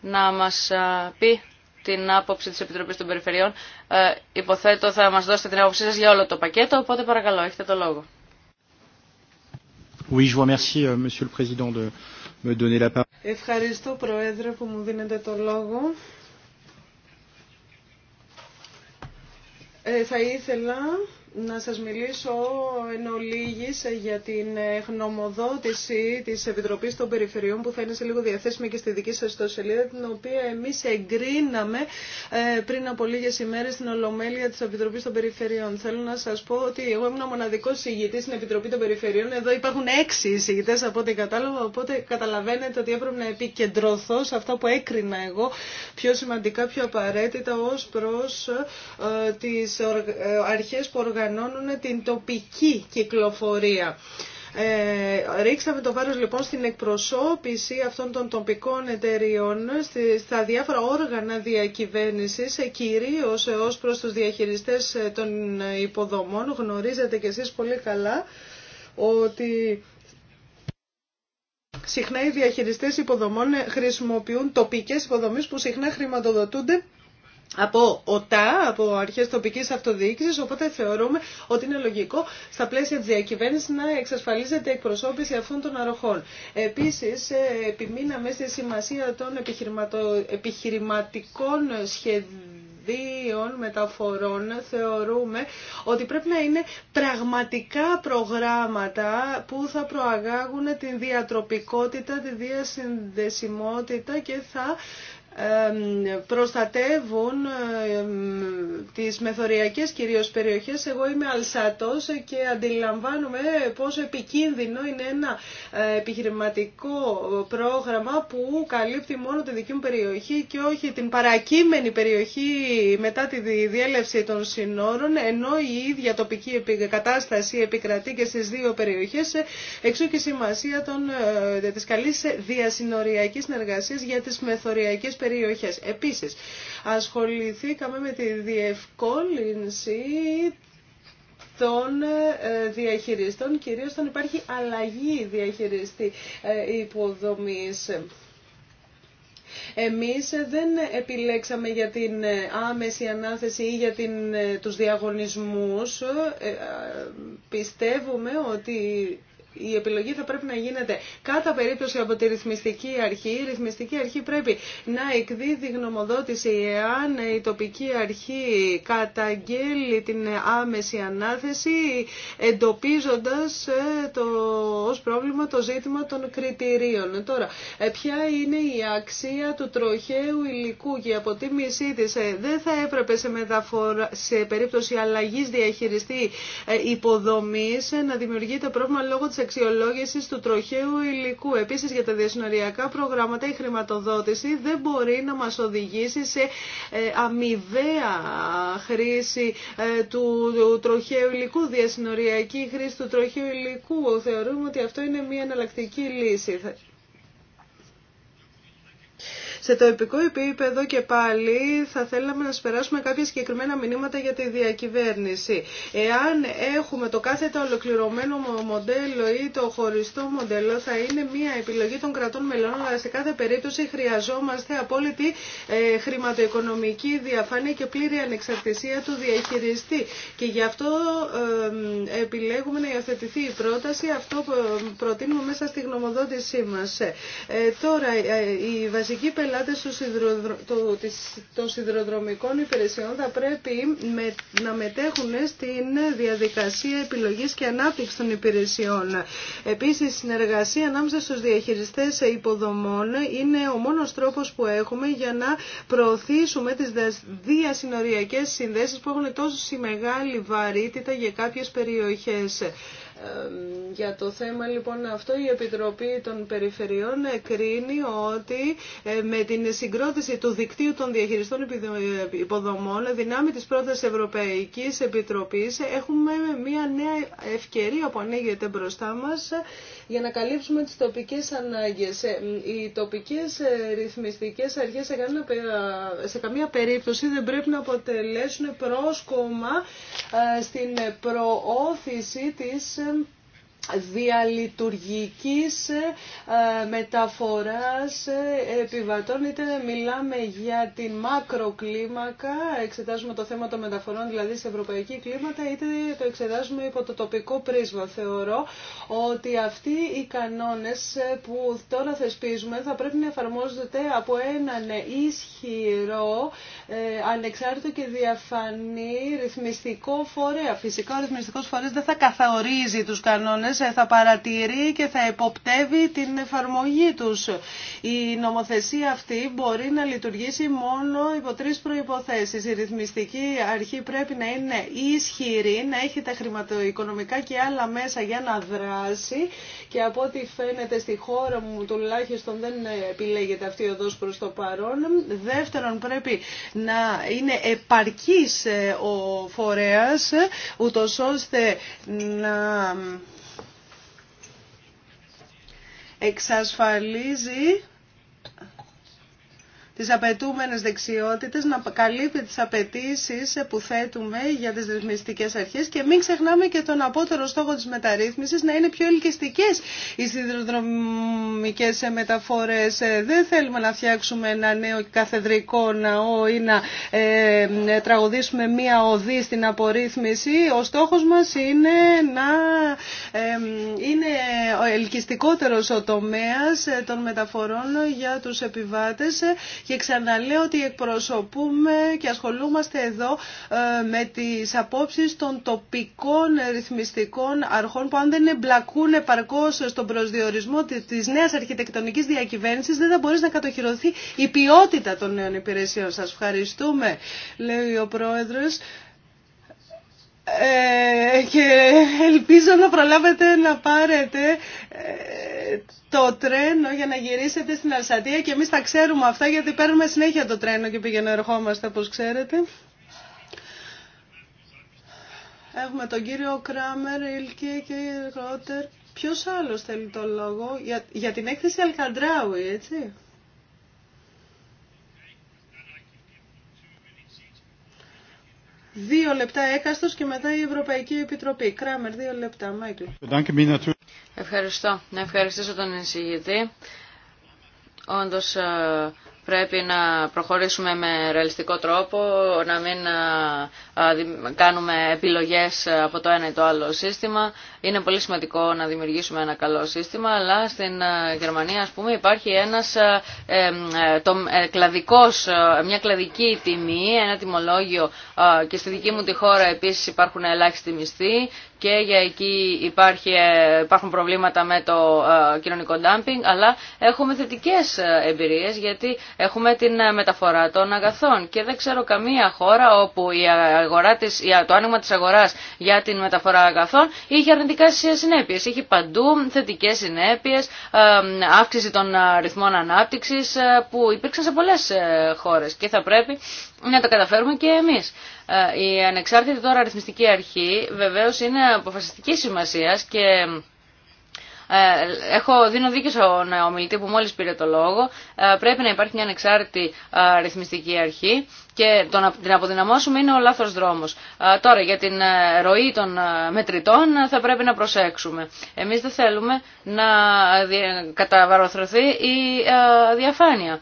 να μας πει την άποψη της Επιτροπής των Περιφερειών. Ε, υποθέτω θα μας δώσετε την άποψή σας για όλο το πακέτο, οπότε παρακαλώ, έχετε το λόγο. Euh, ευχαριστώ, Πρόεδρε, που μου δίνετε το λόγο. Ε, θα ήθελα να σας μιλήσω εν ολίγης για την γνωμοδότηση της Επιτροπής των Περιφερειών που θα είναι σε λίγο διαθέσιμη και στη δική σας ιστοσελίδα την οποία εμείς εγκρίναμε ε, πριν από λίγες ημέρες στην Ολομέλεια της Επιτροπής των Περιφερειών. Θέλω να σας πω ότι εγώ ήμουν ο μοναδικός συγητής στην Επιτροπή των Περιφερειών. Εδώ υπάρχουν έξι συγητές από ό,τι κατάλαβα, οπότε καταλαβαίνετε ότι έπρεπε να επικεντρωθώ σε αυτά που έκρινα εγώ πιο σημαντικά, πιο απαραίτητα ως προς ε, τις ε, αρχές που την τοπική κυκλοφορία. Ε, ρίξαμε το βάρος λοιπόν στην εκπροσώπηση αυτών των τοπικών εταιριών στα διάφορα όργανα διακυβέρνησης, ε, κυρίως ε, ως προς τους διαχειριστές ε, των υποδομών. Γνωρίζετε κι εσείς πολύ καλά ότι συχνά οι διαχειριστές υποδομών χρησιμοποιούν τοπικές υποδομές που συχνά χρηματοδοτούνται από ΟΤΑ, από αρχέ τοπική αυτοδιοίκηση. Οπότε θεωρούμε ότι είναι λογικό στα πλαίσια τη διακυβέρνηση να εξασφαλίζεται η εκπροσώπηση αυτών των αροχών. Επίση, ε, επιμείναμε στη σημασία των επιχειρηματικών σχεδίων μεταφορών. Θεωρούμε ότι πρέπει να είναι πραγματικά προγράμματα που θα προαγάγουν την διατροπικότητα, τη διασυνδεσιμότητα και θα προστατεύουν τις μεθοριακές κυρίως περιοχές. Εγώ είμαι αλσάτος και αντιλαμβάνομαι πόσο επικίνδυνο είναι ένα ε, επιχειρηματικό πρόγραμμα που καλύπτει μόνο τη δική μου περιοχή και όχι την παρακείμενη περιοχή μετά τη διέλευση των συνόρων ενώ η ίδια τοπική κατάσταση επικρατεί και στις δύο περιοχές ε, εξού και σημασία των, ε, της καλής διασυνοριακής συνεργασίας για τις μεθοριακές περιοχές περιοχές. Επίσης, ασχοληθήκαμε με τη διευκόλυνση των ε, διαχειριστών, κυρίως όταν υπάρχει αλλαγή διαχειριστή ε, υποδομής. Εμείς δεν επιλέξαμε για την ε, άμεση ανάθεση ή για την, τους διαγωνισμούς. Πιστεύουμε ότι η επιλογή θα πρέπει να γίνεται κατά περίπτωση από τη ρυθμιστική αρχή. Η ρυθμιστική αρχή πρέπει να εκδίδει γνωμοδότηση εάν η τοπική αρχή καταγγέλει την άμεση ανάθεση εντοπίζοντας ε, το, ως πρόβλημα το ζήτημα των κριτηρίων. Τώρα, ε, ποια είναι η αξία του τροχαίου υλικού και τι μισή της ε, δεν θα έπρεπε σε, μεταφορά, σε περίπτωση αλλαγής διαχειριστή υποδομής να δημιουργείται πρόβλημα λόγω της αξιολόγησης του τροχαίου υλικού. Επίσης για τα διασυνοριακά προγράμματα η χρηματοδότηση δεν μπορεί να μας οδηγήσει σε ε, αμοιβαία χρήση ε, του τροχαίου υλικού, διασυνοριακή χρήση του τροχαίου υλικού. Θεωρούμε ότι αυτό είναι μια εναλλακτική λύση. Σε το επικό επίπεδο και πάλι θα θέλαμε να σπεράσουμε περάσουμε κάποια συγκεκριμένα μηνύματα για τη διακυβέρνηση. Εάν έχουμε το κάθετα ολοκληρωμένο μοντέλο ή το χωριστό μοντέλο θα είναι μια επιλογή των κρατών μελών, αλλά σε κάθε περίπτωση χρειαζόμαστε απόλυτη ε, χρηματοοικονομική διαφάνεια και πλήρη ανεξαρτησία του διαχειριστή. Και γι' αυτό επιλέγουμε να υιοθετηθεί η πρόταση, αυτό ε, προτείνουμε μέσα στη γνωμοδότησή μας. Ε, τώρα, η βασική της των σιδηροδρομικών υπηρεσιών θα πρέπει να μετέχουν στην διαδικασία επιλογής και ανάπτυξη των υπηρεσιών. Επίσης, η συνεργασία ανάμεσα στους διαχειριστές υποδομών είναι ο μόνος τρόπος που έχουμε για να προωθήσουμε τις διασυνοριακές συνδέσεις που έχουν τόσο μεγάλη βαρύτητα για κάποιες περιοχές για το θέμα λοιπόν αυτό η Επιτροπή των Περιφερειών κρίνει ότι ε, με την συγκρότηση του δικτύου των διαχειριστών υποδομών δυνάμει της πρώτης Ευρωπαϊκής Επιτροπής έχουμε μια νέα ευκαιρία που ανοίγεται μπροστά μας για να καλύψουμε τις τοπικές ανάγκες. Ε, οι τοπικές ε, ρυθμιστικές αρχές σε καμία περίπτωση δεν πρέπει να αποτελέσουν πρόσκομα στην προώθηση της Um, διαλειτουργικής ε, μεταφοράς ε, επιβατών, είτε μιλάμε για τη μακροκλίμακα, εξετάζουμε το θέμα των μεταφορών δηλαδή σε ευρωπαϊκή κλίμακα, είτε το εξετάζουμε υπό το τοπικό πρίσμα. Θεωρώ ότι αυτοί οι κανόνες ε, που τώρα θεσπίζουμε θα πρέπει να εφαρμόζονται από έναν ισχυρό, ανεξάρτητο και διαφανή ρυθμιστικό φορέα. Φυσικά ο ρυθμιστικός φορέας δεν θα καθορίζει τους κανόνες ε, θα παρατηρεί και θα εποπτεύει την εφαρμογή τους. Η νομοθεσία αυτή μπορεί να λειτουργήσει μόνο υπό τρεις προϋποθέσεις. Η ρυθμιστική αρχή πρέπει να είναι ισχυρή, να έχει τα χρηματοοικονομικά και άλλα μέσα για να δράσει και από ό,τι φαίνεται στη χώρα μου τουλάχιστον δεν επιλέγεται αυτή οδός προς το παρόν. Δεύτερον πρέπει να είναι επαρκής ε, ο φορέας ούτως ώστε να εξασφαλίζει τις απαιτούμενες δεξιότητες, να καλύπτει τις απαιτήσει που θέτουμε για τις ρυθμιστικές αρχές και μην ξεχνάμε και τον απότερο στόχο της μεταρρύθμισης να είναι πιο ελκυστικές οι σιδηροδρομικές μεταφορές. Ε, δεν θέλουμε να φτιάξουμε ένα νέο καθεδρικό ναό ή να ε, τραγουδήσουμε μία οδή στην απορρίθμιση. Ο στόχος μας είναι να ε, είναι ο ελκυστικότερος ο τομέας ε, των μεταφορών για τους επιβάτες και ξαναλέω ότι εκπροσωπούμε και ασχολούμαστε εδώ ε, με τις απόψεις των τοπικών ρυθμιστικών αρχών που αν δεν εμπλακούν επαρκώς στον προσδιορισμό της νέας αρχιτεκτονικής διακυβέρνησης δεν θα μπορείς να κατοχυρωθεί η ποιότητα των νέων υπηρεσιών. Σας ευχαριστούμε, λέει ο Πρόεδρος. Ε, και ελπίζω να προλάβετε να πάρετε ε, το τρένο για να γυρίσετε στην Αλσατία και εμείς τα ξέρουμε αυτά γιατί παίρνουμε συνέχεια το τρένο και πηγαίνω ερχόμαστε όπως ξέρετε. Έχουμε τον κύριο Κράμερ, Ιλκέ και Ρότερ. Ποιος άλλος θέλει το λόγο για, για την έκθεση αλκαντράου έτσι. Δύο λεπτά έκαστος και μετά η Ευρωπαϊκή Επιτροπή. Κράμερ, δύο λεπτά. Μάικλ. Ευχαριστώ. Να ευχαριστήσω τον εισηγητή. Όντως ε, πρέπει να προχωρήσουμε με ρεαλιστικό τρόπο, να μην ε, κάνουμε επιλογές από το ένα ή το άλλο σύστημα. Είναι πολύ σημαντικό να δημιουργήσουμε ένα καλό σύστημα, αλλά στην Γερμανία ας πούμε υπάρχει ένας ε, ε, κλαδικός, ε, μια κλαδική τιμή, ένα τιμολόγιο και στη δική μου τη χώρα επίσης υπάρχουν ελάχιστοι μισθοί και για εκεί υπάρχει, υπάρχουν προβλήματα με το κοινωνικό ντάμπινγκ, αλλά έχουμε θετικές εμπειρίες γιατί έχουμε την μεταφορά των αγαθών και δεν ξέρω καμία χώρα όπου οι αγορά της, το άνοιγμα της αγοράς για την μεταφορά αγαθών είχε αρνητικά συνέπειες. Είχε παντού θετικές συνέπειες, αύξηση των ρυθμών ανάπτυξης ε, που υπήρξαν σε πολλές ε, χώρες και θα πρέπει να τα καταφέρουμε και εμείς. Ε, η ανεξάρτητη τώρα αριθμιστική αρχή βεβαίως είναι αποφασιστική σημασίας και ε, έχω, δίνω δίκιο στον ε, ομιλητή που μόλις πήρε το λόγο. Ε, πρέπει να υπάρχει μια ανεξάρτητη ρυθμιστική αρχή και να την αποδυναμώσουμε είναι ο λάθος δρόμος. Τώρα για την ροή των μετρητών θα πρέπει να προσέξουμε. Εμείς δεν θέλουμε να καταβαρωθρωθεί η διαφάνεια.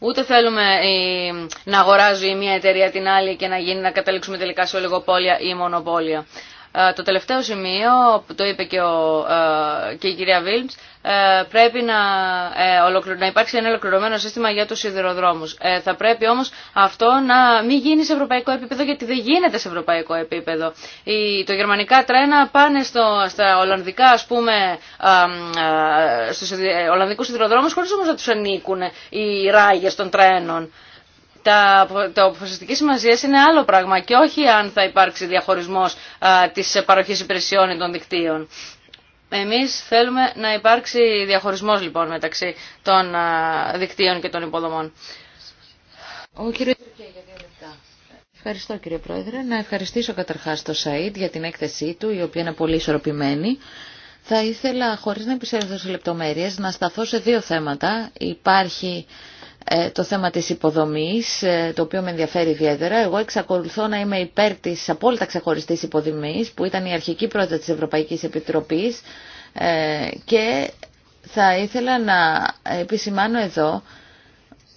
Ούτε θέλουμε ε, να αγοράζει η μία εταιρεία την άλλη και να, γίνει, να καταλήξουμε τελικά σε ολιγοπόλια ή μονοπόλια. Ε, το τελευταίο σημείο, που το είπε και, ο, ε, και η κυρία Βίλμς, ε, πρέπει να, να υπάρξει ένα ολοκληρωμένο σύστημα για τους σιδηροδρόμους. Θα πρέπει όμως αυτό να μην γίνει σε ευρωπαϊκό επίπεδο, γιατί δεν γίνεται σε ευρωπαϊκό επίπεδο. Η, το γερμανικά τρένα πάνε στο, στα ολλανδικά, ας πούμε, στους ολλανδικούς σιδηροδρόμους, χωρίς όμως να τους ανήκουν οι ράγες των τρένων τα, το ποσοστική σημασία είναι άλλο πράγμα και όχι αν θα υπάρξει διαχωρισμός α, της παροχής υπηρεσιών ή των δικτύων. Εμείς θέλουμε να υπάρξει διαχωρισμός λοιπόν μεταξύ των α, δικτύων και των υποδομών. Ο κύριε... Ευχαριστώ κύριε Πρόεδρε. Να ευχαριστήσω καταρχάς τον Σαΐτ για την έκθεσή του, η οποία είναι πολύ ισορροπημένη. Θα ήθελα, χωρίς να επισέλθω σε λεπτομέρειες, να σταθώ σε δύο θέματα. Υπάρχει ε, το θέμα της υποδομής, ε, το οποίο με ενδιαφέρει ιδιαίτερα. Εγώ εξακολουθώ να είμαι υπέρ της απόλυτα ξεχωριστής υποδομής, που ήταν η αρχική πρόταση της Ευρωπαϊκής Επιτροπής ε, και θα ήθελα να επισημάνω εδώ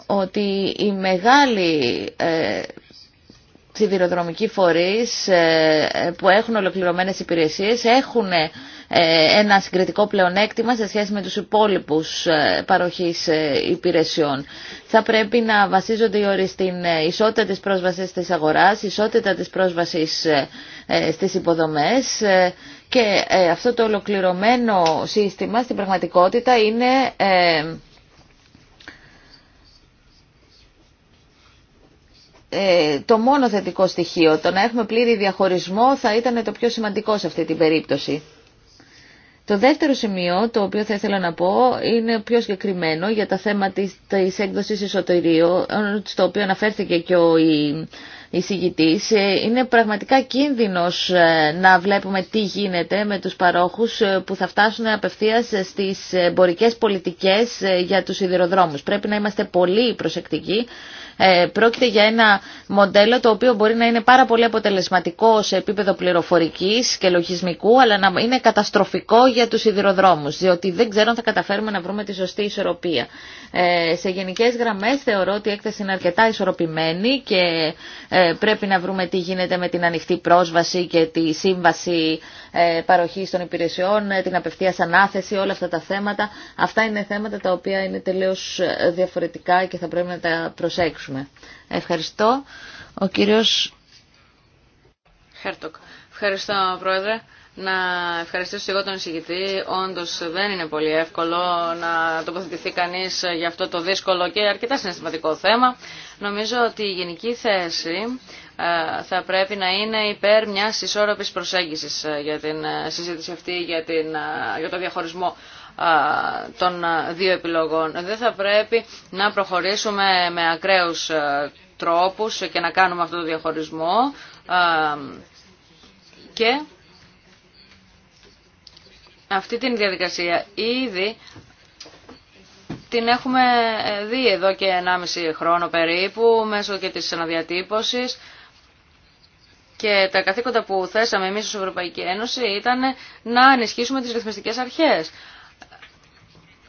ότι οι μεγάλοι σιδηροδρομικοί φορείς που έχουν ολοκληρωμένες υπηρεσίες έχουν ε, ένα συγκριτικό πλεονέκτημα σε σχέση με τους υπόλοιπους ε, παροχής ε, υπηρεσιών. Θα πρέπει να βασίζονται οι όροι στην ισότητα της πρόσβασης της αγοράς, ισότητα της πρόσβασης στις υποδομές και αυτό το ολοκληρωμένο σύστημα στην πραγματικότητα είναι το μόνο θετικό στοιχείο. Το να έχουμε πλήρη διαχωρισμό θα ήταν το πιο σημαντικό σε αυτή την περίπτωση. Το δεύτερο σημείο, το οποίο θα ήθελα να πω, είναι πιο συγκεκριμένο για τα θέματα της, της έκδοσης εσωτερίου, στο οποίο αναφέρθηκε και ο εισηγητής. Ε, είναι πραγματικά κίνδυνος ε, να βλέπουμε τι γίνεται με τους παρόχους ε, που θα φτάσουν απευθείας στις εμπορικές πολιτικές για τους σιδηροδρόμους. Πρέπει να είμαστε πολύ προσεκτικοί ε, πρόκειται για ένα μοντέλο το οποίο μπορεί να είναι πάρα πολύ αποτελεσματικό σε επίπεδο πληροφορικής και λογισμικού, αλλά να είναι καταστροφικό για τους σιδηροδρόμους, διότι δεν ξέρω αν θα καταφέρουμε να βρούμε τη σωστή ισορροπία. Ε, σε γενικές γραμμές θεωρώ ότι η έκθεση είναι αρκετά ισορροπημένη και ε, πρέπει να βρούμε τι γίνεται με την ανοιχτή πρόσβαση και τη σύμβαση ε, παροχή των υπηρεσιών, ε, την απευθείας ανάθεση, όλα αυτά τα θέματα. Αυτά είναι θέματα τα οποία είναι τελείως ε, διαφορετικά και θα πρέπει να τα προσέξουμε. Ευχαριστώ. Ο κύριος Χέρτοκ. Ευχαριστώ, Πρόεδρε. Να ευχαριστήσω εγώ τον εισηγητή. Όντω δεν είναι πολύ εύκολο να τοποθετηθεί κανεί για αυτό το δύσκολο και αρκετά συναισθηματικό θέμα. Νομίζω ότι η γενική θέση ε, θα πρέπει να είναι υπέρ μιας ισόρροπης προσέγγισης ε, για την ε, συζήτηση αυτή για, την, για το διαχωρισμό των δύο επιλογών. Δεν θα πρέπει να προχωρήσουμε με ακραίους τρόπους και να κάνουμε αυτό το διαχωρισμό και αυτή την διαδικασία ήδη την έχουμε δει εδώ και 1,5 χρόνο περίπου μέσω και της αναδιατύπωσης και τα καθήκοντα που θέσαμε εμείς ως Ευρωπαϊκή Ένωση ήταν να ενισχύσουμε τις ρυθμιστικές αρχές.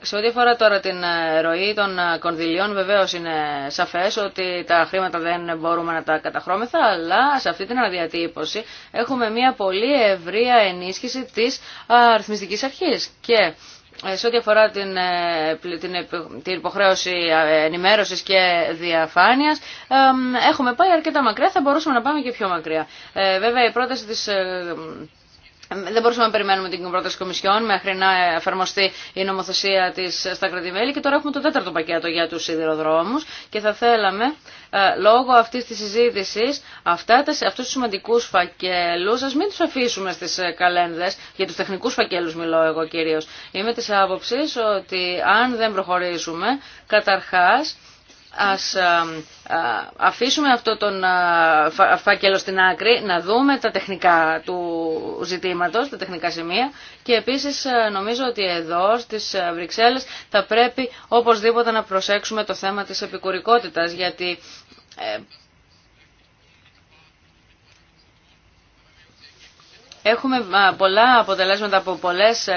Σε ό,τι αφορά τώρα την ε, ροή των ε, κονδυλίων, βεβαίω είναι σαφέ ότι τα χρήματα δεν μπορούμε να τα καταχρώμεθα, αλλά σε αυτή την αναδιατύπωση έχουμε μια πολύ ευρεία ενίσχυση της αριθμιστική αρχή. Ε, σε ό,τι αφορά την, ε, την, υποχρέωση ε, ενημέρωσης και διαφάνειας, έχουμε πάει αρκετά μακριά, θα μπορούσαμε να πάμε και πιο μακριά. βέβαια η πρόταση της δεν μπορούσαμε να περιμένουμε την πρόταση Κομισιόν μέχρι να εφαρμοστεί η νομοθεσία της στα κρατημέλη και τώρα έχουμε το τέταρτο πακέτο για τους σιδηροδρόμους και θα θέλαμε ε, λόγω αυτής της συζήτησης αυτού αυτούς τους σημαντικούς φακέλους ας μην τους αφήσουμε στις ε, καλένδες για τους τεχνικούς φακέλους μιλώ εγώ κυρίως. Είμαι της άποψης ότι αν δεν προχωρήσουμε καταρχάς Ας ε, ε, αφήσουμε αυτό τον ε, φάκελο στην άκρη, να δούμε τα τεχνικά του ζητήματος, τα τεχνικά σημεία και επίσης νομίζω ότι εδώ στις Βρυξέλλες θα πρέπει οπωσδήποτε να προσέξουμε το θέμα της επικουρικότητας γιατί Έχουμε πολλά αποτελέσματα από, πολλές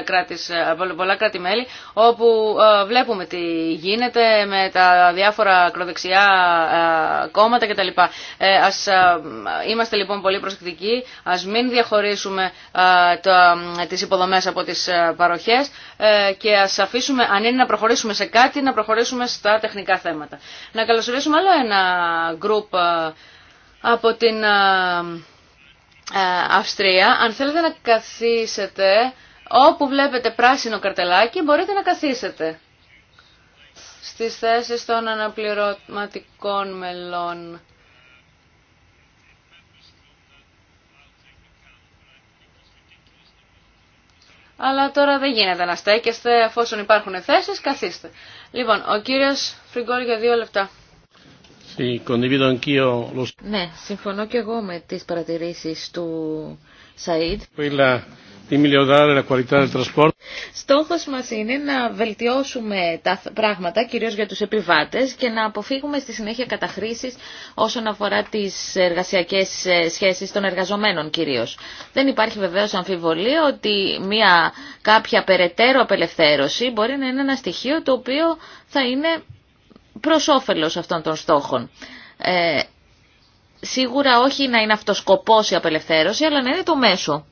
από ε, ε, πολλά κράτη-μέλη όπου ε, βλέπουμε τι γίνεται με τα διάφορα ακροδεξιά κόμματα κτλ. Ας είμαστε λοιπόν πολύ προσεκτικοί, ας μην διαχωρίσουμε τις υποδομές από τις παροχές και ας αφήσουμε, αν είναι να προχωρήσουμε σε κάτι, να προχωρήσουμε στα τεχνικά θέματα. Να καλωσορίσουμε άλλο ένα γκρουπ από την... Ε, Αυστρία, αν θέλετε να καθίσετε, όπου βλέπετε πράσινο καρτελάκι μπορείτε να καθίσετε στις θέσεις των αναπληρωματικών μελών. Αλλά τώρα δεν γίνεται να στέκεστε, αφόσον υπάρχουν θέσεις, καθίστε. Λοιπόν, ο κύριος Φρυγκόλ για δύο λεπτά. Ναι, συμφωνώ και εγώ με τις παρατηρήσεις του Σαΐντ. Στόχος μας είναι να βελτιώσουμε τα πράγματα, κυρίως για τους επιβάτες, και να αποφύγουμε στη συνέχεια καταχρήσεις όσον αφορά τις εργασιακές ε, σχέσεις των εργαζομένων κυρίως. Δεν υπάρχει βεβαίως αμφιβολία ότι μια κάποια περαιτέρω απελευθέρωση μπορεί να είναι ένα στοιχείο το οποίο θα είναι προς όφελος αυτών των στόχων. Ε, σίγουρα όχι να είναι αυτοσκοπός η απελευθέρωση, αλλά να είναι το μέσο.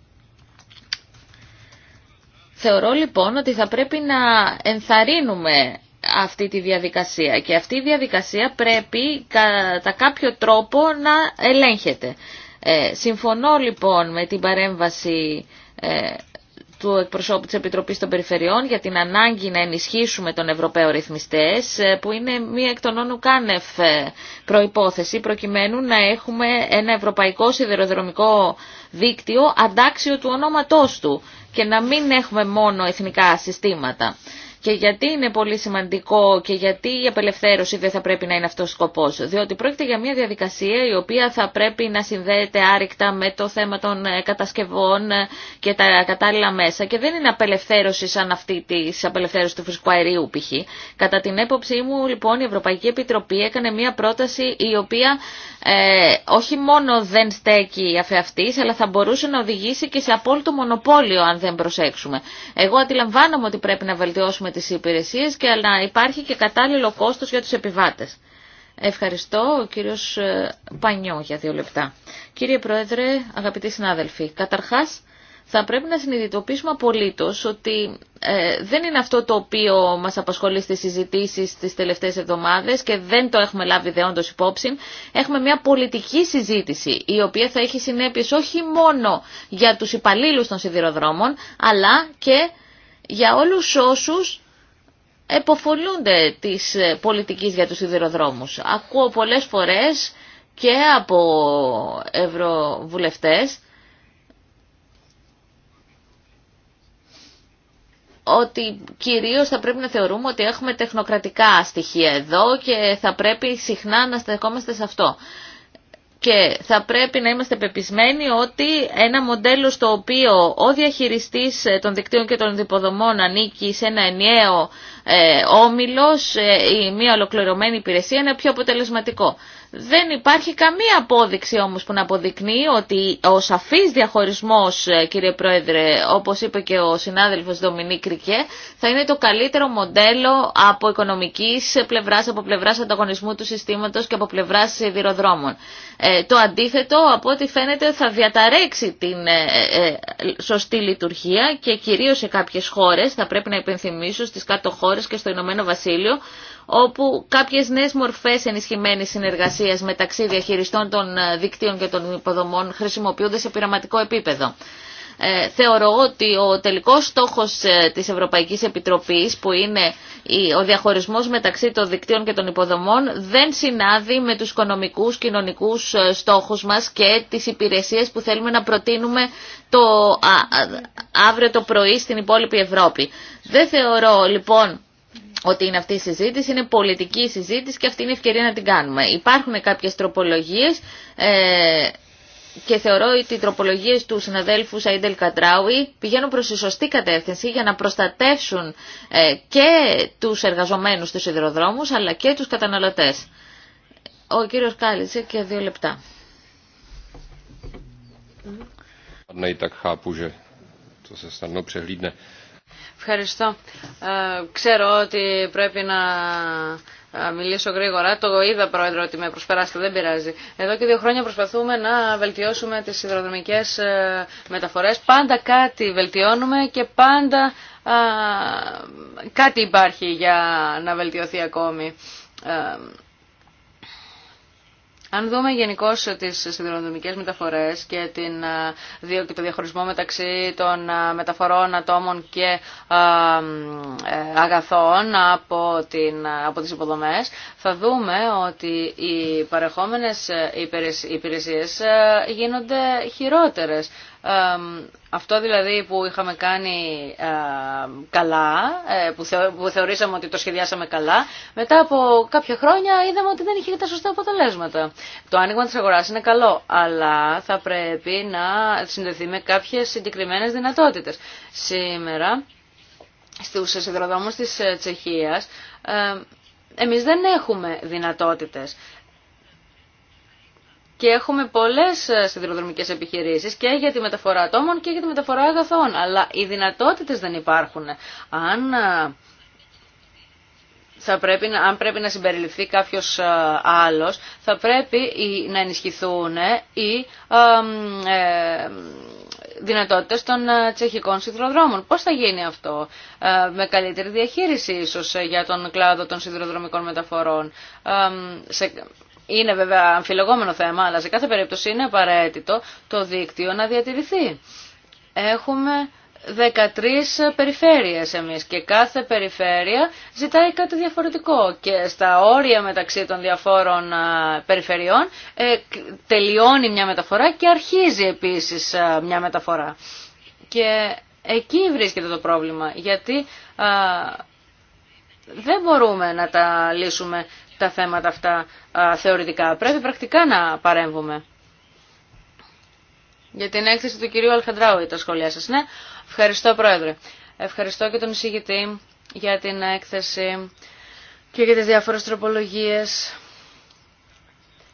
Θεωρώ λοιπόν ότι θα πρέπει να ενθαρρύνουμε αυτή τη διαδικασία και αυτή η διαδικασία πρέπει κατά κάποιο τρόπο να ελέγχεται. Ε, συμφωνώ λοιπόν με την παρέμβαση ε, του εκπροσώπου τη Επιτροπής των Περιφερειών για την ανάγκη να ενισχύσουμε τον Ευρωπαίο Ρυθμιστές ε, που είναι μία εκ των όνου κάνευ ε, προϋπόθεση προκειμένου να έχουμε ένα ευρωπαϊκό σιδηροδρομικό δίκτυο αντάξιο του ονόματός του και να μην έχουμε μόνο εθνικά συστήματα. Και γιατί είναι πολύ σημαντικό και γιατί η απελευθέρωση δεν θα πρέπει να είναι αυτός ο σκοπός. Διότι πρόκειται για μια διαδικασία η οποία θα πρέπει να συνδέεται άρρηκτα με το θέμα των ε, κατασκευών ε, και τα κατάλληλα μέσα. Και δεν είναι απελευθέρωση σαν αυτή τη απελευθέρωση του φυσικού αερίου π.χ. Κατά την έποψή μου λοιπόν η Ευρωπαϊκή Επιτροπή έκανε μια πρόταση η οποία ε, όχι μόνο δεν στέκει αφεαυτής, αλλά θα μπορούσε να οδηγήσει και σε απόλυτο μονοπόλιο αν δεν προσέξουμε. Εγώ αντιλαμβάνομαι ότι πρέπει να βελτιώσουμε τις υπηρεσίες και να υπάρχει και κατάλληλο κόστος για τους επιβάτες. Ευχαριστώ, ο κύριος ε, Πανιό για δύο λεπτά. Κύριε Πρόεδρε, αγαπητοί συνάδελφοι, καταρχάς θα πρέπει να συνειδητοποιήσουμε απολύτω ότι ε, δεν είναι αυτό το οποίο μας απασχολεί στις συζητήσει τις τελευταίες εβδομάδες και δεν το έχουμε λάβει δεόντω υπόψη. Έχουμε μια πολιτική συζήτηση η οποία θα έχει συνέπειες όχι μόνο για τους υπαλλήλους των σιδηροδρόμων αλλά και για όλους όσους εποφολούνται τη ε, πολιτική για του σιδηροδρόμους. Ακούω πολλέ φορέ και από ευρωβουλευτές ότι κυρίως θα πρέπει να θεωρούμε ότι έχουμε τεχνοκρατικά στοιχεία εδώ και θα πρέπει συχνά να στεκόμαστε σε αυτό. Και θα πρέπει να είμαστε πεπισμένοι ότι ένα μοντέλο στο οποίο ο διαχειριστής των δικτύων και των υποδομών ανήκει σε ένα ενιαίο ε, όμιλος ε, ή μια ολοκληρωμένη υπηρεσία είναι πιο αποτελεσματικό. Δεν υπάρχει καμία απόδειξη όμως που να αποδεικνύει ότι ο σαφής διαχωρισμός, ε, κύριε Πρόεδρε, όπως είπε και ο συνάδελφος Δομινί Κρικέ, θα είναι το καλύτερο μοντέλο από οικονομικής πλευράς, από πλευράς ανταγωνισμού του συστήματος και από πλευράς σιδηροδρόμων. Ε, το αντίθετο, από ό,τι φαίνεται, θα διαταρέξει την ε, σωστή λειτουργία και κυρίως σε κάποιες χώρες, θα πρέπει να υπενθυμίσω στις κάτω χώρες και στο Ηνωμένο Βασίλειο, όπου κάποιες νέες μορφές ενισχυμένης συνεργασίας μεταξύ διαχειριστών των ε, δικτύων και των υποδομών χρησιμοποιούνται σε πειραματικό επίπεδο. Ε, θεωρώ ότι ο τελικός στόχος ε, της Ευρωπαϊκής Επιτροπής που είναι ο διαχωρισμός μεταξύ των δικτύων και των υποδομών δεν συνάδει με τους οικονομικούς, κοινωνικούς στόχους μας και τις υπηρεσίες που θέλουμε να προτείνουμε το αύριο το πρωί στην υπόλοιπη Ευρώπη. Δεν θεωρώ λοιπόν ότι είναι αυτή η συζήτηση, είναι πολιτική η συζήτηση και αυτή είναι η ευκαιρία να την κάνουμε. Υπάρχουν κάποιες τροπολογίες ε, και θεωρώ ότι οι τροπολογίες του συναδέλφου Σαϊντελ Κατράουι πηγαίνουν προς τη σωστή κατεύθυνση για να προστατεύσουν ε, και τους εργαζομένους στους υδροδρόμους αλλά και τους καταναλωτές. Ο κύριος Κάλιτσε και δύο λεπτά. Ευχαριστώ. Ε, ξέρω ότι πρέπει να ε, μιλήσω γρήγορα. Το είδα, Πρόεδρο, ότι με προσπεράσετε. Δεν πειράζει. Εδώ και δύο χρόνια προσπαθούμε να βελτιώσουμε τις υδροδρομικές ε, μεταφορές. Πάντα κάτι βελτιώνουμε και πάντα κάτι υπάρχει για να βελτιωθεί ακόμη. Αν δούμε γενικώ τι σιδηροδρομικέ μεταφορέ και, και το διαχωρισμό μεταξύ των μεταφορών ατόμων και ε, αγαθών από, την, από τις υποδομές, θα δούμε ότι οι παρεχόμενες ε, υπηρεσίες ε, γίνονται χειρότερες αυτό δηλαδή που είχαμε κάνει καλά, ε, που θεωρήσαμε ότι το σχεδιάσαμε καλά, μετά από κάποια χρόνια είδαμε ότι δεν είχε τα σωστά αποτελέσματα. Το άνοιγμα της αγοράς είναι καλό, αλλά θα πρέπει να συνδεθεί με κάποιες συγκεκριμένες δυνατότητες. Σήμερα, στους σιδηροδρόμους της ε, Τσεχίας, εμείς δεν έχουμε δυνατότητες και έχουμε πολλές ε, σιδηροδρομικές επιχειρήσεις και για τη μεταφορά ατόμων και για τη μεταφορά αγαθών. Αλλά οι δυνατότητες δεν υπάρχουν. Αν ε, θα πρέπει, αν πρέπει να συμπεριληφθεί κάποιο ε, άλλος, θα πρέπει να ενισχυθούν οι δυνατότητες των τσεχικών σιδηροδρόμων. Πώς θα γίνει αυτό με καλύτερη διαχείριση ίσως για τον κλάδο των σιδηροδρομικών μεταφορών. Σε είναι βέβαια αμφιλεγόμενο θέμα, αλλά σε κάθε περίπτωση είναι απαραίτητο το δίκτυο να διατηρηθεί. Έχουμε 13 περιφέρειες εμείς και κάθε περιφέρεια ζητάει κάτι διαφορετικό και στα όρια μεταξύ των διαφόρων περιφερειών ε, τελειώνει μια μεταφορά και αρχίζει επίσης μια μεταφορά. Και εκεί βρίσκεται το πρόβλημα γιατί δεν μπορούμε να τα λύσουμε τα θέματα αυτά θεωρητικά. Πρέπει πρακτικά να παρέμβουμε. Για την έκθεση του κυρίου για τα σχόλιά σας, ναι. Ευχαριστώ Πρόεδρε. Ευχαριστώ και τον εισηγητή για την έκθεση και για τις διάφορες τροπολογίες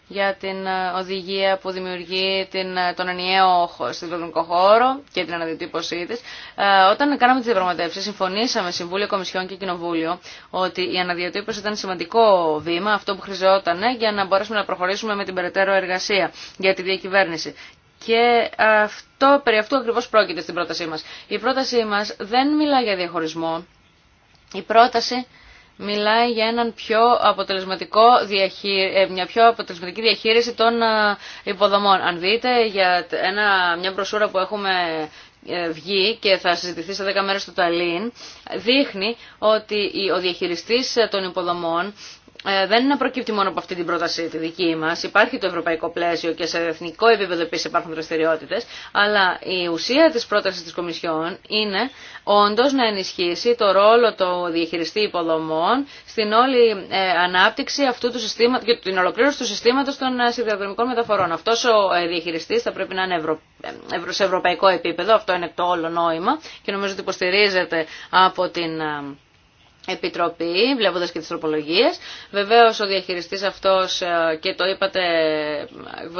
για την ε, οδηγία που δημιουργεί την, ε, τον ενιαίο συγκλονικό χώρο και την αναδιατύπωσή τη. Ε, όταν κάναμε τι διαπραγματεύσει, συμφωνήσαμε Συμβούλιο, Κομισιόν και Κοινοβούλιο ότι η αναδιατύπωση ήταν σημαντικό βήμα, αυτό που χρειαζόταν για να μπορέσουμε να προχωρήσουμε με την περαιτέρω εργασία για τη διακυβέρνηση. Και αυτό, περί αυτού ακριβώς πρόκειται στην πρότασή μας. Η πρότασή μας δεν μιλά για διαχωρισμό. Η πρόταση μιλάει για έναν πιο αποτελεσματικό ε, μια πιο αποτελεσματική διαχείριση των ε, υποδομών. Αν δείτε για ένα, μια μπροσούρα που έχουμε ε, βγει και θα συζητηθεί σε 10 μέρες στο Ταλίν, δείχνει ότι ο διαχειριστής των υποδομών ε, δεν είναι προκύπτει μόνο από αυτή την πρόταση τη δική μα. Υπάρχει το ευρωπαϊκό πλαίσιο και σε εθνικό επίπεδο επίση υπάρχουν δραστηριότητε. Αλλά η ουσία τη πρόταση τη Κομισιόν είναι όντω να ενισχύσει το ρόλο του διαχειριστή υποδομών στην όλη ε, ανάπτυξη αυτού του συστήματο και την ολοκλήρωση του συστήματο των ε, σιδηροδρομικών μεταφορών. Αυτό ο διαχειριστή θα πρέπει να είναι ευρω... σε ευρωπαϊκό επίπεδο. Αυτό είναι το όλο νόημα και νομίζω ότι υποστηρίζεται από την Επιτροπή, βλέποντα και τι τροπολογίε. Βεβαίω ο διαχειριστή αυτό ε, και το, είπατε,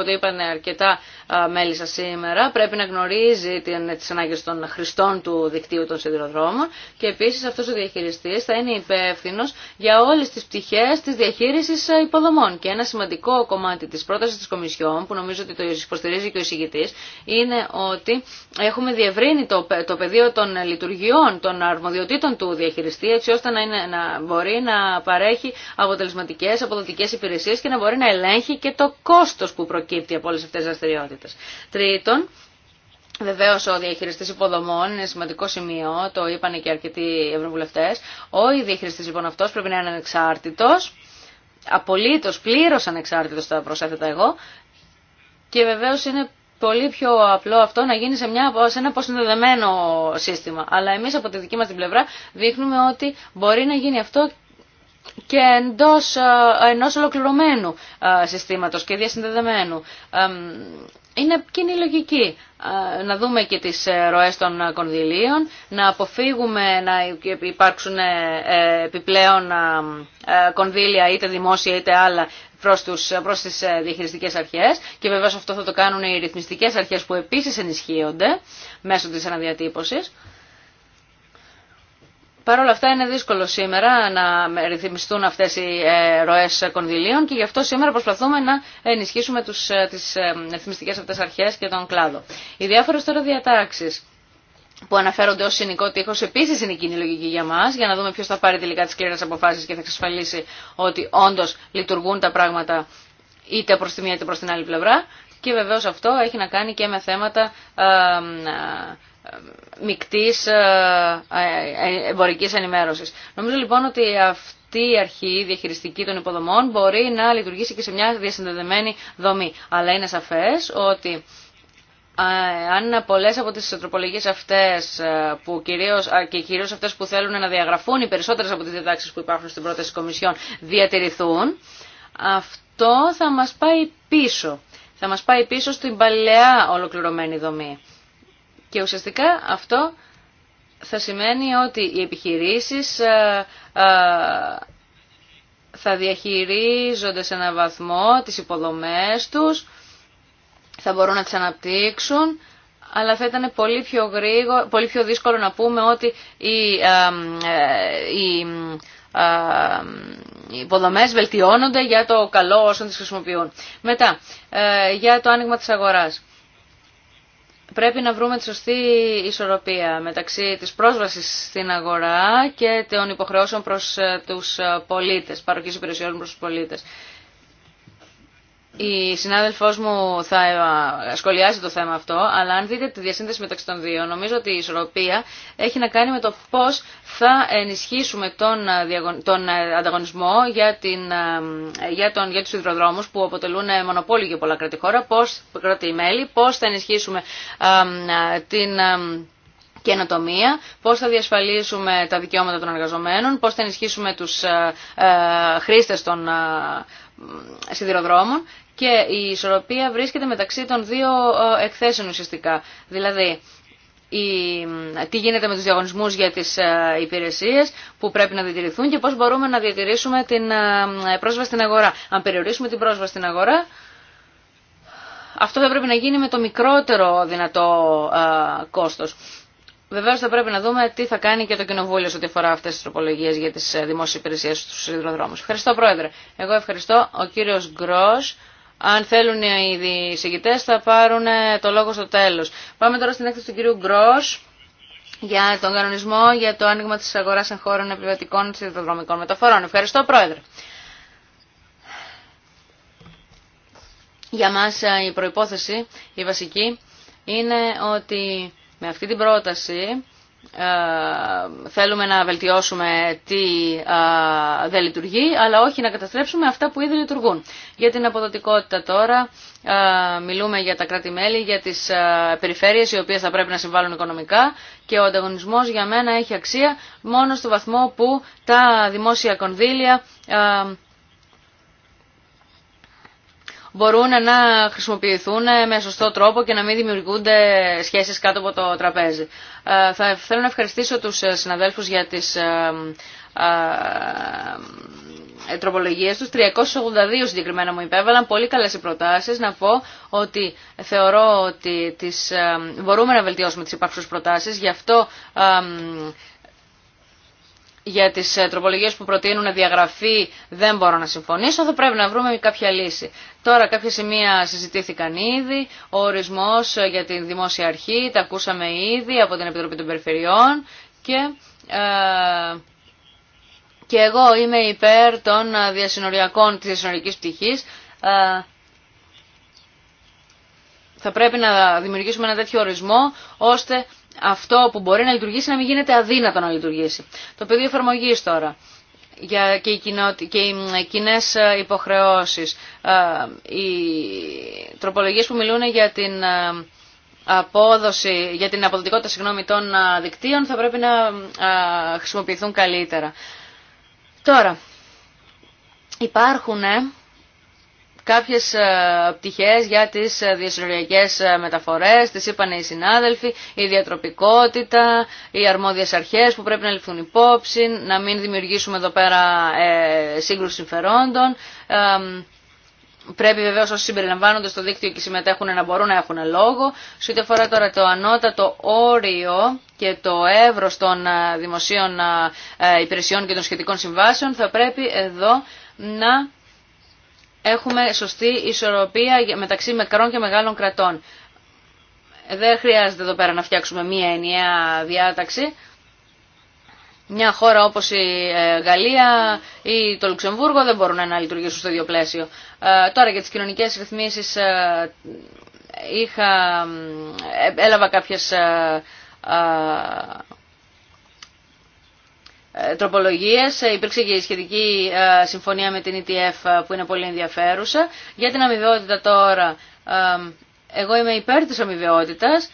το είπαν αρκετά ε, μέλη σα σήμερα, πρέπει να γνωρίζει τι ανάγκε των χρηστών του δικτύου των σιδηροδρόμων και επίση αυτό ο διαχειριστή θα είναι υπεύθυνο για όλε τι πτυχέ τη διαχείριση ε, υποδομών. Και ένα σημαντικό κομμάτι τη πρόταση τη Κομισιόν, που νομίζω ότι το υποστηρίζει και ο εισηγητή, είναι ότι έχουμε διευρύνει το, το πεδίο των λειτουργιών, των αρμοδιοτήτων του διαχειριστή, έτσι ώστε να να, να μπορεί να παρέχει αποτελεσματικέ αποδοτικές υπηρεσίες και να μπορεί να ελέγχει και το κόστος που προκύπτει από όλε αυτές τις δραστηριότητε. Τρίτον, Βεβαίω ο διαχειριστή υποδομών είναι σημαντικό σημείο, το είπαν και αρκετοί ευρωβουλευτέ. Ο διαχειριστή λοιπόν αυτό πρέπει να είναι ανεξάρτητο, απολύτω πλήρω ανεξάρτητο, θα προσέθετα εγώ, και βεβαίω είναι πολύ πιο απλό αυτό να γίνει σε, μια, σε ένα αποσυνδεδεμένο σύστημα. Αλλά εμείς από τη δική μας την πλευρά δείχνουμε ότι μπορεί να γίνει αυτό και εντός ενός ολοκληρωμένου συστήματος και διασυνδεδεμένου. Είναι κοινή λογική να δούμε και τις ε, ροές των ε, κονδυλίων, να αποφύγουμε να υπάρξουν ε, επιπλέον κονδύλια είτε δημόσια είτε άλλα προς, τους, προς τις ε, διαχειριστικές αρχές και βεβαίως αυτό θα το κάνουν οι ρυθμιστικές αρχές που επίσης ενισχύονται μέσω της αναδιατύπωσης. Παρ' όλα αυτά είναι δύσκολο σήμερα να ρυθμιστούν αυτές οι ε, ροές κονδυλίων και γι' αυτό σήμερα προσπαθούμε να ενισχύσουμε ε, τις ρυθμιστικές αυτές αρχές και τον κλάδο. Οι διάφορες τώρα διατάξεις που αναφέρονται ως συνοικό τείχος επίσης είναι κοινή λογική για μας για να δούμε ποιος θα πάρει τελικά τις κλήρες αποφάσεις και θα εξασφαλίσει ότι όντως λειτουργούν τα πράγματα είτε προς τη μία είτε προς την άλλη πλευρά και βεβαίως αυτό έχει να κάνει και με θέματα ε, ε, μικτής ε, εμπορικής ενημέρωσης. Νομίζω λοιπόν ότι αυτή η αρχή διαχειριστική των υποδομών μπορεί να λειτουργήσει και σε μια διασυνδεδεμένη δομή. Αλλά είναι σαφές ότι αν πολλές από τις τροπολογίες αυτές ε, που κυρίως, και κυρίως αυτές που θέλουν να διαγραφούν οι περισσότερες από τις διδάξεις που υπάρχουν στην πρόταση Κομισιόν διατηρηθούν, αυτό θα μας πάει πίσω. Θα μας πάει πίσω στην παλαιά ολοκληρωμένη δομή. Και ουσιαστικά αυτό θα σημαίνει ότι οι επιχειρήσεις ε, ε, θα διαχειρίζονται σε έναν βαθμό τις υποδομές τους, θα μπορούν να αναπτύξουν, αλλά θα ήταν πολύ πιο, πολύ πιο δύσκολο να πούμε ότι οι, α, ε, ε, υποδομές βελτιώνονται για το καλό όσων τις χρησιμοποιούν. Μετά, ε, για το άνοιγμα της αγοράς. Πρέπει να βρούμε τη σωστή ισορροπία μεταξύ της πρόσβασης στην αγορά και των υποχρεώσεων προς τους πολίτες, παροχής υπηρεσιών προς τους πολίτες. Η συνάδελφό μου θα ε, σχολιάσει το θέμα αυτό, αλλά αν δείτε τη διασύνδεση μεταξύ των δύο, νομίζω ότι η ισορροπία έχει να κάνει με το πώ θα ενισχύσουμε τον, ε, τον ε, ανταγωνισμό για, την, για, τον, για τους υδροδρόμους που αποτελούν μονοπόλιο για πολλά κράτη χώρα, πώς κρατεί μέλη, πώ θα ενισχύσουμε την καινοτομία, πώς θα διασφαλίσουμε τα δικαιώματα των εργαζομένων, πώς θα ενισχύσουμε τους χρήστες των σιδηροδρόμων και η ισορροπία βρίσκεται μεταξύ των δύο ε, εκθέσεων ουσιαστικά. Δηλαδή, η, ε, τι γίνεται με τους διαγωνισμούς για τις ε, υπηρεσίες που πρέπει να διατηρηθούν και πώς μπορούμε να διατηρήσουμε την πρόσβαση στην αγορά. Αν περιορίσουμε την πρόσβαση στην αγορά, αυτό θα πρέπει να γίνει με το μικρότερο δυνατό κόστος. Βεβαίω θα πρέπει να δούμε τι θα κάνει και το Κοινοβούλιο σε ό,τι αφορά αυτέ τι τροπολογίε για τι ε, δημόσιε υπηρεσίε στου σιδηροδρόμου. Ευχαριστώ, Πρόεδρε. Εγώ ευχαριστώ. Ο κύριο Γκρό. Αν θέλουν οι συγκητέ θα πάρουν ε, το λόγο στο τέλο. Πάμε τώρα στην έκθεση του κυρίου Γκρό για τον κανονισμό για το άνοιγμα τη αγορά εγχώρων επιβατικών σιδηροδρομικών μεταφορών. Ευχαριστώ, Πρόεδρε. Για μας ε, η προϋπόθεση, η βασική, είναι ότι με αυτή την πρόταση ε, θέλουμε να βελτιώσουμε τι ε, δεν λειτουργεί, αλλά όχι να καταστρέψουμε αυτά που ήδη λειτουργούν. Για την αποδοτικότητα τώρα ε, μιλούμε για τα κράτη-μέλη, για τις περιφέρειες οι οποίες θα πρέπει να συμβάλλουν οικονομικά και ο ανταγωνισμός για μένα έχει αξία μόνο στο βαθμό που τα δημόσια κονδύλια μπορούν να χρησιμοποιηθούν με σωστό τρόπο και να μην δημιουργούνται σχέσεις κάτω από το τραπέζι. Ε, θα θέλω να ευχαριστήσω τους ε, συναδέλφους για τις ε, τροπολογίες τους, 382 συγκεκριμένα μου υπέβαλαν, πολύ καλές οι προτάσεις, να πω ότι θεωρώ ότι τις, μπορούμε να βελτιώσουμε τις υπάρχουσες προτάσεις, γι' αυτό για τις ε, τροπολογίες που προτείνουν διαγραφή δεν μπορώ να συμφωνήσω, θα πρέπει να βρούμε κάποια λύση. Τώρα κάποια σημεία συζητήθηκαν ήδη, ο ορισμός ε, για την δημόσια αρχή, τα ακούσαμε ήδη από την Επιτροπή των Περιφερειών και... Ε, και εγώ είμαι υπέρ των ε, διασυνοριακών της διασυνορικής πτυχής. θα πρέπει να δημιουργήσουμε ένα τέτοιο ορισμό ώστε αυτό που μπορεί να λειτουργήσει να μην γίνεται αδύνατο να λειτουργήσει. Το πεδίο εφαρμογή τώρα για, και, οι κοινό, και ε, κοινέ ε, υποχρεώσεις, ε, οι τροπολογίες που μιλούν για την απόδοση, για την αποδοτικότητα συγγνώμη, των δικτύων θα πρέπει να χρησιμοποιηθούν καλύτερα. Τώρα, υπάρχουν κάποιες ε, πτυχές για τις ε, διασυνοριακές ε, μεταφορές, τις είπαν οι συνάδελφοι, η διατροπικότητα, οι αρμόδιες αρχές που πρέπει να ληφθούν υπόψη, να μην δημιουργήσουμε εδώ πέρα σύγκρουση συμφερόντων. Πρέπει βεβαίω όσοι συμπεριλαμβάνονται στο δίκτυο και συμμετέχουν να μπορούν να έχουν λόγο. Σε ό,τι αφορά τώρα το ανώτατο όριο και το εύρο των δημοσίων υπηρεσιών και των σχετικών συμβάσεων, θα πρέπει εδώ να έχουμε σωστή ισορροπία μεταξύ μικρών και μεγάλων κρατών. Δεν χρειάζεται εδώ πέρα να φτιάξουμε μία ενιαία διάταξη. Μια χώρα όπως η ε, Γαλλία ή το Λουξεμβούργο δεν μπορούν να λειτουργήσουν στο ίδιο πλαίσιο. Ε, τώρα για τις κοινωνικές ρυθμίσεις ε, είχα, έλαβα κάποιες ε, τροπολογίες. Ε, υπήρξε και η σχετική ε, συμφωνία με την ETF που είναι πολύ ενδιαφέρουσα. Για την αμοιβαιότητα τώρα, εγώ είμαι υπέρ της αμοιβαιότητας.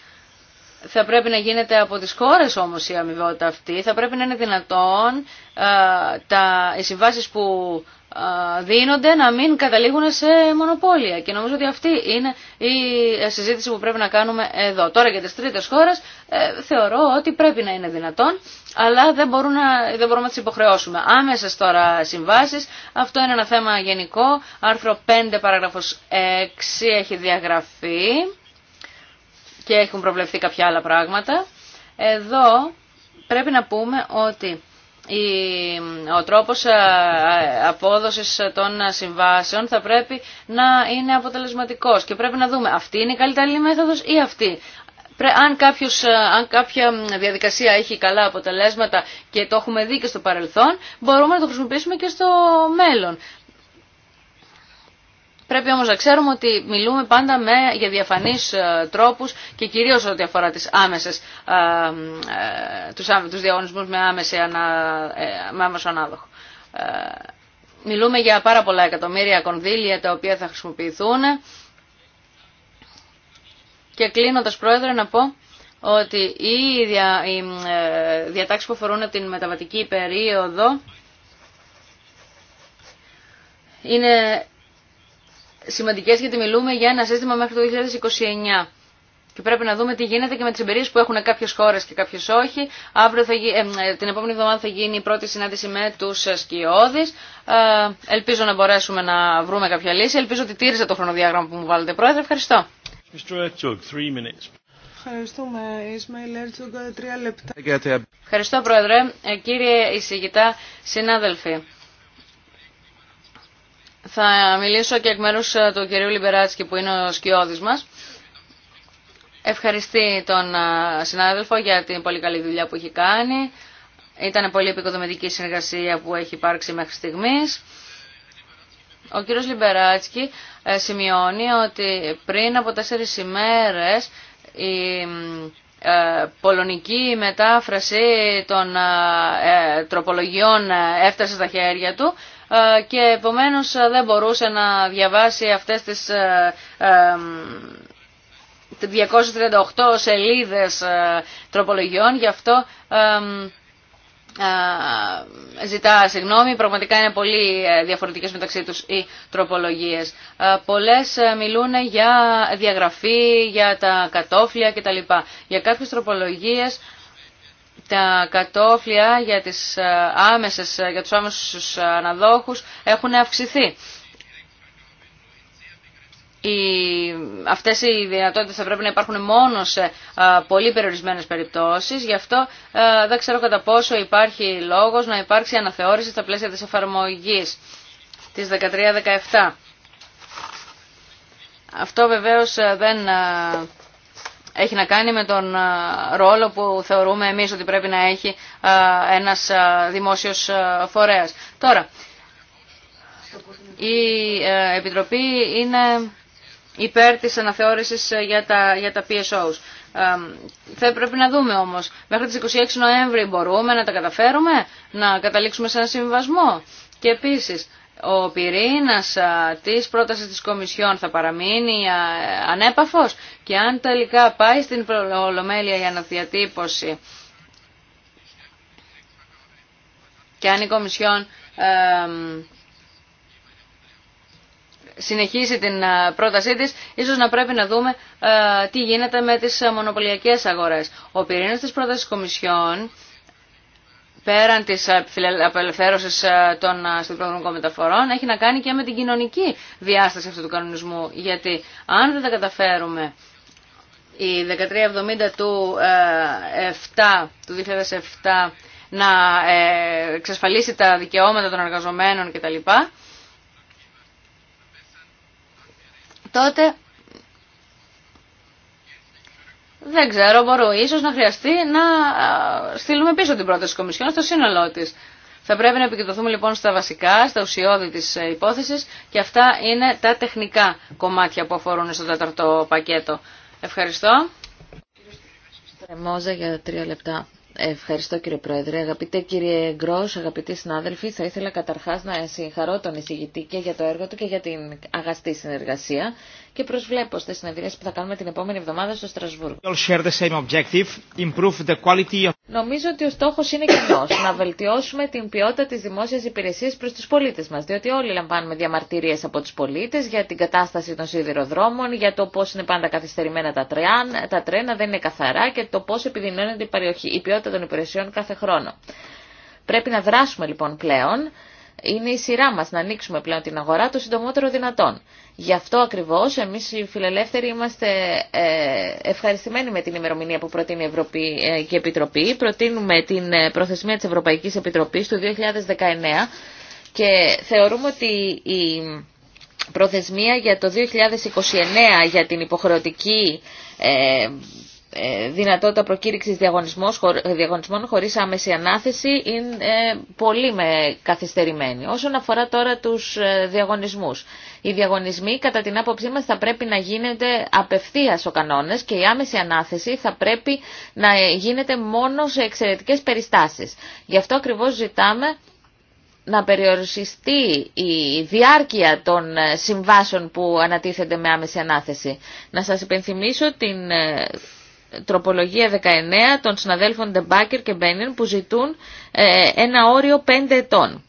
Θα πρέπει να γίνεται από τις χώρες όμως η αμοιβαιότητα αυτή. Θα πρέπει να είναι δυνατόν τα, οι συμβάσεις που δίνονται να μην καταλήγουν σε μονοπόλια. Και νομίζω ότι αυτή είναι η ε, συζήτηση που πρέπει να κάνουμε εδώ. Τώρα για τις τρίτες χώρες ε, θεωρώ ότι πρέπει να είναι δυνατόν, αλλά δεν, μπορούν να, δεν μπορούμε να τις υποχρεώσουμε. Άμεσες τώρα συμβάσεις, αυτό είναι ένα θέμα γενικό. Άρθρο 5 παράγραφος 6 έχει διαγραφεί και έχουν προβλεφθεί κάποια άλλα πράγματα. Εδώ πρέπει να πούμε ότι ο τρόπος ε, ε, απόδοσης των συμβάσεων θα πρέπει να είναι αποτελεσματικός και πρέπει να δούμε αυτή είναι η καλύτερη μέθοδος ή αυτή. Αν, κάποιος, ε, αν κάποια διαδικασία έχει καλά αποτελέσματα και το έχουμε δει και στο παρελθόν, μπορούμε να το χρησιμοποιήσουμε και στο μέλλον. Πρέπει όμως να ξέρουμε ότι μιλούμε πάντα με, για διαφανείς ε, τρόπους και κυρίως ό,τι αφορά τις άμεσες, ε, ε, τους, τους διαγωνισμούς με, άμεση με άμεσο ανάδοχο. μιλούμε για πάρα πολλά εκατομμύρια κονδύλια τα οποία θα χρησιμοποιηθούν. Και κλείνοντας πρόεδρε να πω ότι οι, δια, που αφορούν την μεταβατική περίοδο είναι σημαντικές γιατί μιλούμε για ένα σύστημα μέχρι το 2029. Και πρέπει να δούμε τι γίνεται και με τι εμπειρίε που έχουν κάποιε χώρε και κάποιε όχι. Αύριο θα, ε, ε, την επόμενη εβδομάδα θα γίνει η πρώτη συνάντηση με του σκιώδει. Ε, ελπίζω να μπορέσουμε να βρούμε κάποια λύση. Ελπίζω ότι τήρησα το χρονοδιάγραμμα που μου βάλετε, Πρόεδρε. Ευχαριστώ. Ευχαριστώ, Πρόεδρε. Ε, κύριε Ισηγητά, συνάδελφοι. Θα μιλήσω και εκ μέρου ε, του κυρίου Λιμπεράτσκι που είναι ο σκιώδη μας. Ευχαριστεί τον ε, συνάδελφο για την πολύ καλή δουλειά που έχει κάνει. Ήταν πολύ επικοδομητική συνεργασία που έχει υπάρξει μέχρι στιγμή. Ο κύριος Λιμπεράτσκι ε, σημειώνει ότι πριν από τέσσερι ημέρε η πολωνική μετάφραση των τροπολογιών έφτασε στα χέρια του ε, και επομένως ε, δεν μπορούσε να διαβάσει αυτές τις 238 ε, σελίδες τροπολογιών, γι' αυτό ζητά συγγνώμη. Πραγματικά είναι πολύ διαφορετικές μεταξύ τους οι τροπολογίες. Πολλές μιλούν για διαγραφή, για τα κατόφλια κτλ. Για κάποιες τροπολογίες τα κατόφλια για, τις ε, άμεσες, ε, για τους άμεσους αναδόχους έχουν αυξηθεί. Οι, αυτές οι δυνατότητες θα πρέπει να υπάρχουν μόνο σε ε, πολύ περιορισμένες περιπτώσεις, γι' αυτό δεν ξέρω κατά πόσο υπάρχει λόγος να υπάρξει αναθεώρηση στα πλαίσια της εφαρμογής της 13-17. Αυτό βεβαίως δεν έχει να κάνει με τον ρόλο που θεωρούμε εμείς ότι πρέπει να έχει ένας δημόσιος φορέας. Τώρα, η ε, Επιτροπή είναι υπέρ της αναθεώρησης ε, για τα, για τα PSOs. Ε, θα πρέπει να δούμε όμως, μέχρι τις 26 Νοέμβρη μπορούμε να τα καταφέρουμε, να καταλήξουμε σε ένα συμβασμό. Και επίσης, ο πυρήνας της πρότασης της Κομισιόν θα παραμείνει ανέπαφος και αν τελικά πάει στην Ολομέλεια η αναδιατύπωση και αν η Κομισιόν συνεχίσει την πρότασή της, ίσως να πρέπει να δούμε τι γίνεται με τις μονοπωλιακές αγορές. Ο πυρήνας της πρότασης Κομισιόν πέραν της ε, απελευθέρωσης ε, των αστυνομικών ε, μεταφορών έχει να κάνει και με την κοινωνική διάσταση αυτού του κανονισμού. Γιατί αν δεν τα καταφέρουμε η 1370 του, 7, του 2007 να εξασφαλίσει τα δικαιώματα των εργαζομένων κτλ. τότε δεν ξέρω, μπορώ ίσως να χρειαστεί να στείλουμε πίσω την πρόταση της Κομισιόν στο σύνολό της. Θα πρέπει να επικεντρωθούμε λοιπόν στα βασικά, στα ουσιώδη της ε, υπόθεσης και αυτά είναι τα τεχνικά κομμάτια που αφορούν στο τέταρτο πακέτο. Ευχαριστώ. για τρία λεπτά. Ευχαριστώ κύριε Πρόεδρε. Αγαπητέ κύριε Γκρό, αγαπητοί συνάδελφοι, θα ήθελα καταρχά να συγχαρώ τον εισηγητή και για το έργο του και για την αγαστή συνεργασία και προσβλέπω στι συνεδρίε που θα κάνουμε την επόμενη εβδομάδα στο Στρασβούργο. Νομίζω ότι ο στόχο είναι κοινό, να βελτιώσουμε την ποιότητα τη δημόσια υπηρεσία προ του πολίτε μα, διότι όλοι λαμβάνουμε διαμαρτυρίε από του πολίτε για την κατάσταση των σιδηροδρόμων, για το πώ είναι πάντα καθυστερημένα τα, τρεάν, τα τρένα, δεν είναι καθαρά και το πώ επιδεινώνεται η, περιοχή, η ποιότητα των υπηρεσιών κάθε χρόνο. Πρέπει να δράσουμε λοιπόν πλέον. Είναι η σειρά μας να ανοίξουμε πλέον την αγορά το συντομότερο δυνατόν. Γι' αυτό ακριβώς εμείς οι φιλελεύθεροι είμαστε ε, ευχαριστημένοι με την ημερομηνία που προτείνει η Ευρωπαϊκή ε, Επιτροπή. Προτείνουμε την ε, προθεσμία της Ευρωπαϊκής Επιτροπής του 2019 και θεωρούμε ότι η προθεσμία για το 2029 για την υποχρεωτική ε, δυνατότητα προκήρυξης διαγωνισμών χωρίς άμεση ανάθεση είναι ε, πολύ με καθυστερημένη. Όσον αφορά τώρα τους ε, διαγωνισμούς. Οι διαγωνισμοί κατά την άποψή μας θα πρέπει να γίνεται απευθείας ο κανόνες και η άμεση ανάθεση θα πρέπει να γίνεται μόνο σε εξαιρετικές περιστάσεις. Γι' αυτό ακριβώς ζητάμε να περιοριστεί η διάρκεια των συμβάσεων που ανατίθεται με άμεση ανάθεση. Να σας υπενθυμίσω την τροπολογία 19 των συναδέλφων Ντεμπάκερ και Μπένιν που ζητούν ε, ένα όριο 5 ετών.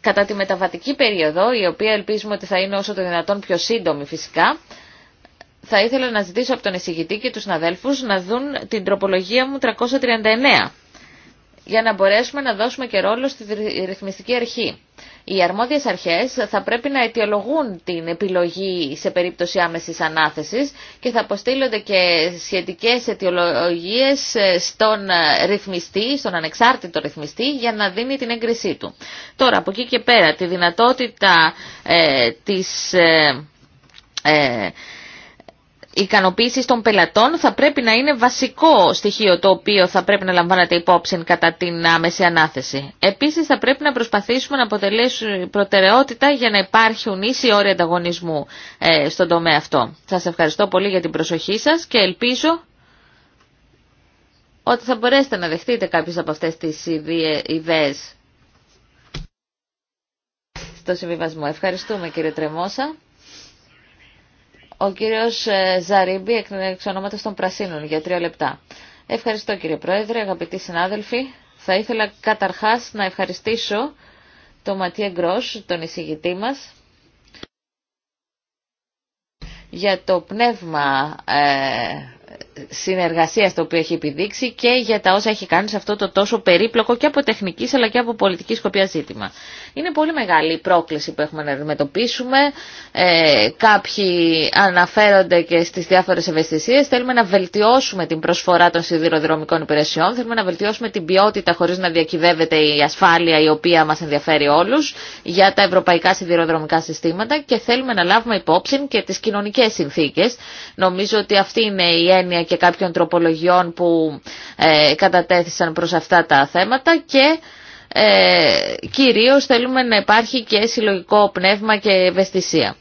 Κατά τη μεταβατική περίοδο, η οποία ελπίζουμε ότι θα είναι όσο το δυνατόν πιο σύντομη φυσικά, θα ήθελα να ζητήσω από τον εισηγητή και τους συναδέλφους να δουν την τροπολογία μου 339 για να μπορέσουμε να δώσουμε και ρόλο στη ρυθμιστική αρχή. Οι αρμόδιες αρχές θα πρέπει να αιτιολογούν την επιλογή σε περίπτωση άμεσης ανάθεσης και θα αποστείλονται και σχετικές αιτιολογίες στον ρυθμιστή, στον ανεξάρτητο ρυθμιστή για να δίνει την έγκρισή του. Τώρα από εκεί και πέρα τη δυνατότητα ε, της... Ε, ε, ικανοποίηση των πελατών θα πρέπει να είναι βασικό στοιχείο το οποίο θα πρέπει να λαμβάνετε υπόψη κατά την άμεση ανάθεση. Επίσης θα πρέπει να προσπαθήσουμε να αποτελέσουμε προτεραιότητα για να υπάρχουν ίσοι όροι ανταγωνισμού ε, στον τομέα αυτό. Σας ευχαριστώ πολύ για την προσοχή σας και ελπίζω ότι θα μπορέσετε να δεχτείτε κάποιες από αυτές τις ιδέες στο συμβιβασμό. Ευχαριστούμε κύριε Τρεμόσα. Ο κύριος ε, Ζαρίμπη, εκ ονόματος των Πρασίνων, για τρία λεπτά. Ευχαριστώ κύριε Πρόεδρε, αγαπητοί συνάδελφοι. Θα ήθελα καταρχάς να ευχαριστήσω τον Ματία Γκρός, τον εισηγητή μας, για το πνεύμα ε, συνεργασία το οποίο έχει επιδείξει και για τα όσα έχει κάνει σε αυτό το τόσο περίπλοκο και από τεχνικής αλλά και από πολιτική σκοπιά ζήτημα. Είναι πολύ μεγάλη η πρόκληση που έχουμε να αντιμετωπίσουμε. Ε, κάποιοι αναφέρονται και στι διάφορε ευαισθησίε. Θέλουμε να βελτιώσουμε την προσφορά των σιδηροδρομικών υπηρεσιών. Θέλουμε να βελτιώσουμε την ποιότητα χωρί να διακυβεύεται η ασφάλεια η οποία μα ενδιαφέρει όλου για τα ευρωπαϊκά σιδηροδρομικά συστήματα και θέλουμε να λάβουμε υπόψη και τι κοινωνικέ συνθήκε. Νομίζω ότι αυτή είναι η έννοια και κάποιων τροπολογιών που ε, κατατέθησαν προς αυτά τα θέματα και ε, κυρίως θέλουμε να υπάρχει και συλλογικό πνεύμα και ευαισθησία.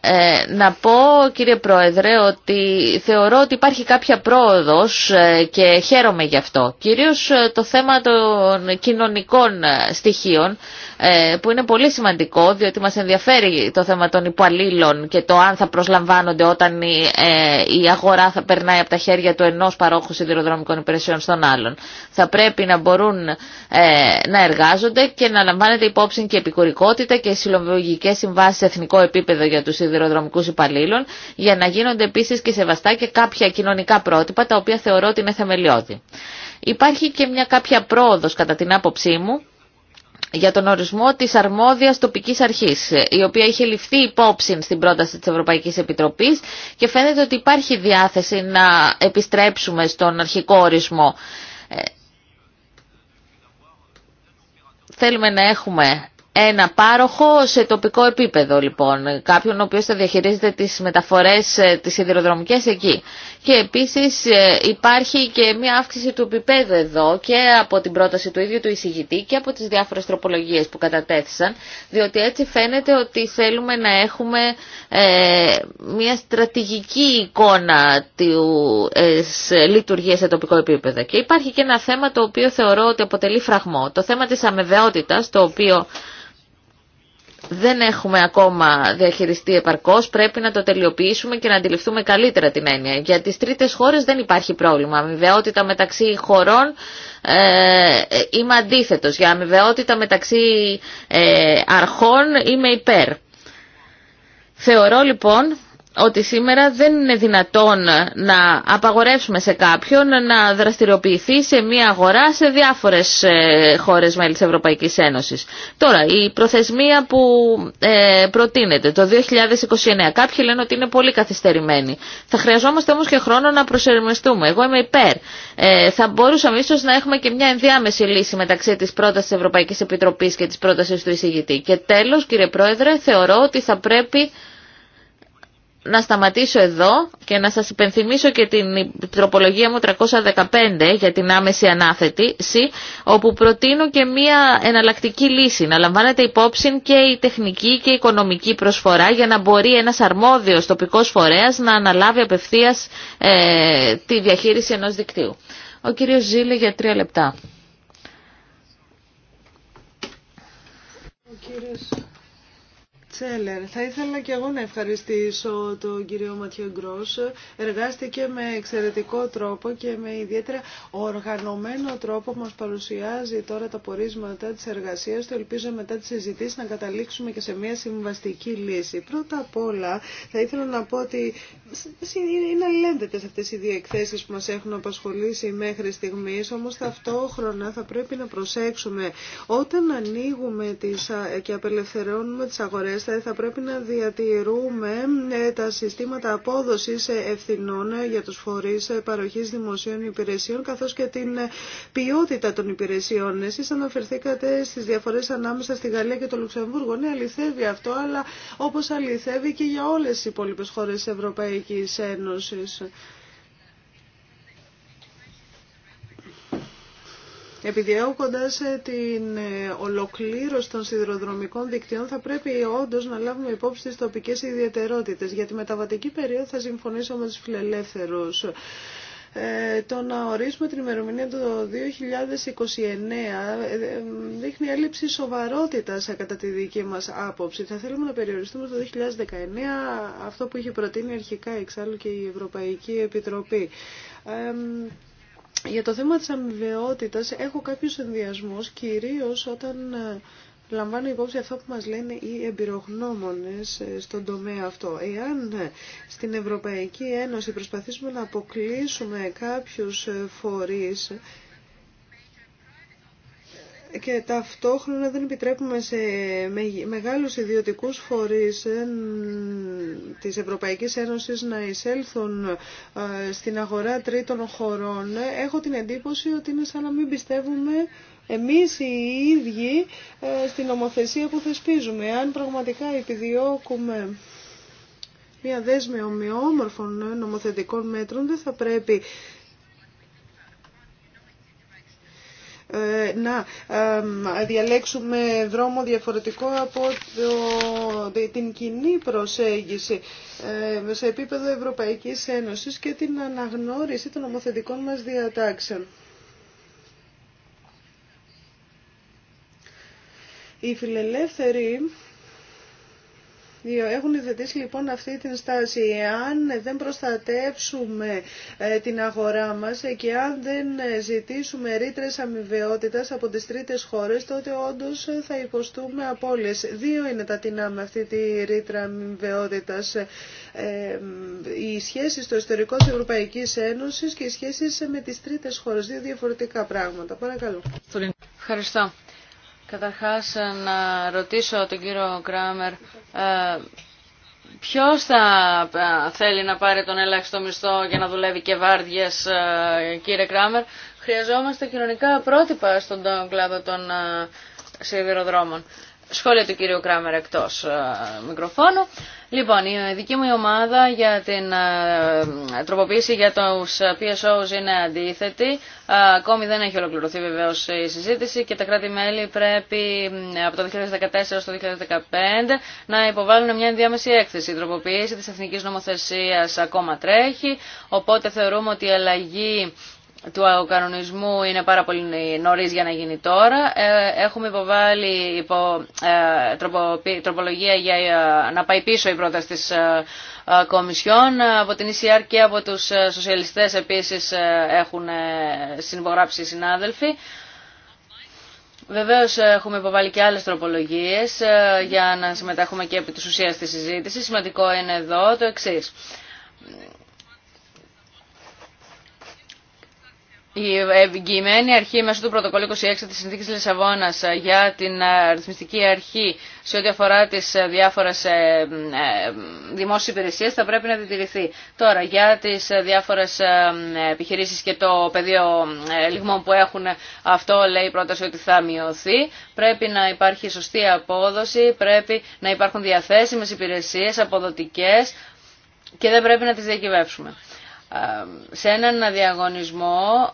Ε, να πω κύριε Πρόεδρε ότι θεωρώ ότι υπάρχει κάποια πρόοδος ε, και χαίρομαι γι' αυτό. Κυρίως ε, το θέμα των κοινωνικών στοιχείων που είναι πολύ σημαντικό διότι μας ενδιαφέρει το θέμα των υπαλλήλων και το αν θα προσλαμβάνονται όταν η, αγορά θα περνάει από τα χέρια του ενός παρόχου σιδηροδρομικών υπηρεσιών στον άλλον. Θα πρέπει να μπορούν να εργάζονται και να λαμβάνεται υπόψη και επικουρικότητα και συλλογικές συμβάσεις σε εθνικό επίπεδο για σιδηροδρομικούς υπαλλήλων, για να γίνονται επίση και σεβαστά και κάποια κοινωνικά πρότυπα, τα οποία θεωρώ ότι είναι θεμελιώδη. Υπάρχει και μια κάποια πρόοδος, κατά την άποψή μου, για τον ορισμό της αρμόδιας τοπικής αρχής, η οποία είχε ληφθεί υπόψη στην πρόταση της Ευρωπαϊκής Επιτροπής και φαίνεται ότι υπάρχει διάθεση να επιστρέψουμε στον αρχικό ορισμό. Ε, θέλουμε να έχουμε ένα πάροχο σε τοπικό επίπεδο λοιπόν, κάποιον ο οποίος θα διαχειρίζεται τις μεταφορές ε, τις σιδηροδρομικές εκεί. Και επίσης ε, υπάρχει και μια αύξηση του επίπεδου εδώ και από την πρόταση του ίδιου του εισηγητή και από τις διάφορες τροπολογίες που κατατέθησαν, διότι έτσι φαίνεται ότι θέλουμε να έχουμε ε, μια στρατηγική εικόνα της λειτουργίας σε τοπικό επίπεδο. Και υπάρχει και ένα θέμα το οποίο θεωρώ ότι αποτελεί φραγμό, το θέμα της αμεβαιότητας, το οποίο δεν έχουμε ακόμα διαχειριστεί επαρκώς, πρέπει να το τελειοποιήσουμε και να αντιληφθούμε καλύτερα την έννοια. Για τις τρίτες χώρες δεν υπάρχει πρόβλημα. Αμοιβαιότητα μεταξύ χωρών ε, είμαι αντίθετος. Για αμοιβαιότητα μεταξύ ε, αρχών είμαι υπέρ. Θεωρώ λοιπόν ότι σήμερα δεν είναι δυνατόν να απαγορεύσουμε σε κάποιον να δραστηριοποιηθεί σε μια αγορά σε διάφορες ε, χώρες μέλη της Ευρωπαϊκής Ένωσης. Τώρα, η προθεσμία που ε, προτείνεται το 2029, κάποιοι λένε ότι είναι πολύ καθυστερημένη. Θα χρειαζόμαστε όμως και χρόνο να προσερμιστούμε. Εγώ είμαι υπέρ. Ε, θα μπορούσαμε ίσως να έχουμε και μια ενδιάμεση λύση μεταξύ της πρότασης της Ευρωπαϊκής Επιτροπής και της πρότασης του εισηγητή. Και τέλος, κύριε Πρόεδρε, θεωρώ ότι θα πρέπει να σταματήσω εδώ και να σας υπενθυμίσω και την τροπολογία μου 315 για την άμεση ανάθεση, όπου προτείνω και μία εναλλακτική λύση, να λαμβάνετε υπόψη και η τεχνική και η οικονομική προσφορά για να μπορεί ένας αρμόδιος τοπικός φορέας να αναλάβει απευθείας ε, τη διαχείριση ενός δικτύου. Ο κύριος Ζήλε για τρία λεπτά. Τσέλερ, θα ήθελα και εγώ να ευχαριστήσω τον κύριο Ματιό Γκρός. Εργάστηκε με εξαιρετικό τρόπο και με ιδιαίτερα οργανωμένο τρόπο που μας παρουσιάζει τώρα τα πορίσματα της εργασίας Το Ελπίζω μετά τις συζητήσεις να καταλήξουμε και σε μια συμβαστική λύση. Πρώτα απ' όλα θα ήθελα να πω ότι είναι αλληλένδετες αυτές οι δύο εκθέσεις που μας έχουν απασχολήσει μέχρι στιγμής, όμως ταυτόχρονα θα πρέπει να προσέξουμε όταν ανοίγουμε τις, και απελευθερώνουμε τις αγορές ε, θα πρέπει να διατηρούμε ε, τα συστήματα απόδοσης ε, ευθυνών για τους φορείς παροχής δημοσίων υπηρεσιών καθώς και την ποιότητα των υπηρεσιών. Εσείς αναφερθήκατε στις διαφορές ανάμεσα στη Γαλλία και το Λουξεμβούργο. Ναι, αληθεύει αυτό, αλλά όπως αληθεύει και για όλες τις υπόλοιπες χώρες της Ευρωπαϊκής Ένωσης. Επιδιώκοντας ε, την ε, ολοκλήρωση των σιδηροδρομικών δικτυών θα πρέπει όντως να λάβουμε υπόψη τις τοπικές ιδιαιτερότητες. Για τη μεταβατική περίοδο θα συμφωνήσω με τους φιλελεύθερους ε, το να ορίσουμε την ημερομηνία το 2029 δείχνει έλλειψη σοβαρότητας κατά τη δική μας άποψη. Θα θέλουμε να περιοριστούμε το 2019 αυτό που είχε προτείνει αρχικά εξάλλου και η Ευρωπαϊκή Επιτροπή. Για το θέμα της αμοιβαιότητας έχω κάποιους συνδυασμούς, κυρίως όταν ε, λαμβάνω υπόψη αυτό που μας λένε οι εμπειρογνώμονες ε, στον τομέα αυτό. Εάν ε, στην Ευρωπαϊκή Ένωση προσπαθήσουμε να αποκλείσουμε κάποιους φορείς και ταυτόχρονα δεν επιτρέπουμε σε μεγάλους ιδιωτικούς φορείς ε, της Ευρωπαϊκής Ένωσης να εισέλθουν ε, στην αγορά τρίτων χωρών. Ε, έχω την εντύπωση ότι είναι σαν να μην πιστεύουμε εμείς οι ίδιοι στην ομοθέσια που θεσπίζουμε. Αν πραγματικά επιδιώκουμε μια δέσμη ομοιόμορφων νομοθετικών μέτρων δεν θα πρέπει Ε, να διαλέξουμε δρόμο διαφορετικό από το, την κοινή προσέγγιση ε, σε επίπεδο Ευρωπαϊκής Ένωσης και την αναγνώριση των νομοθετικών μας διατάξεων. Οι φιλελεύθεροι έχουν υιοθετήσει λοιπόν αυτή την στάση. Εάν δεν προστατεύσουμε ε, την αγορά μας και αν δεν ζητήσουμε ρήτρε αμοιβαιότητας από τις τρίτες χώρες, τότε όντως θα υποστούμε απώλειες. Δύο είναι τα τεινά με αυτή τη ρήτρα αμοιβαιότητας. Ε, οι σχέσεις στο ιστορικό της Ευρωπαϊκής Ένωσης και οι σχέσεις με τις τρίτες χώρες. Δύο διαφορετικά πράγματα. Παρακαλώ. Ευχαριστώ. Καταρχάς να ρωτήσω τον κύριο Κράμερ ε, ποιος θα ε, θέλει να πάρει τον ελάχιστο μισθό για να δουλεύει και βάρδιες ε, κύριε Κράμερ. Χρειαζόμαστε κοινωνικά πρότυπα στον κλάδο των σιδηροδρόμων. Σχόλια του κύριου Κράμερ εκτός ε, μικροφώνου. Λοιπόν, η δική μου ομάδα για την ε, τροποποίηση για τους ε, PSOs είναι αντίθετη. Ακόμη δεν έχει ολοκληρωθεί βεβαίω η συζήτηση και τα κράτη-μέλη πρέπει από το 2014 στο 2015 να υποβάλουν μια ενδιάμεση έκθεση. Η τροποποίηση της εθνικής νομοθεσίας ακόμα τρέχει, οπότε θεωρούμε ότι η αλλαγή του κανονισμού είναι πάρα πολύ νωρί για να γίνει τώρα. Ε, έχουμε υποβάλει υπό ε, τροπολογία για ε, να πάει πίσω η πρόταση της Κομισιόν. Από την ECR και από τους σοσιαλιστές επίσης έχουν συνυπογράψει οι συνάδελφοι. Βεβαίως έχουμε υποβάλει και άλλες τροπολογίες για να συμμετέχουμε και επί τη ουσία τη συζήτηση. Σημαντικό είναι εδώ το εξή. Η εγγυημένη αρχή μέσω του πρωτοκόλλου 26 της Συνθήκης Λισαβόνας ε, για την αριθμιστική ε, αρχή σε ό,τι αφορά τις ε, διάφορες δημόσιες υπηρεσίες θα πρέπει να διτηρηθεί. Τώρα, για τις διάφορες επιχειρήσεις και το πεδίο λιγμών που έχουν, αυτό λέει η πρόταση ότι θα μειωθεί. Πρέπει να υπάρχει σωστή απόδοση, πρέπει να υπάρχουν διαθέσιμες υπηρεσίες, αποδοτικές και δεν πρέπει να τις διακυβεύσουμε σε έναν διαγωνισμό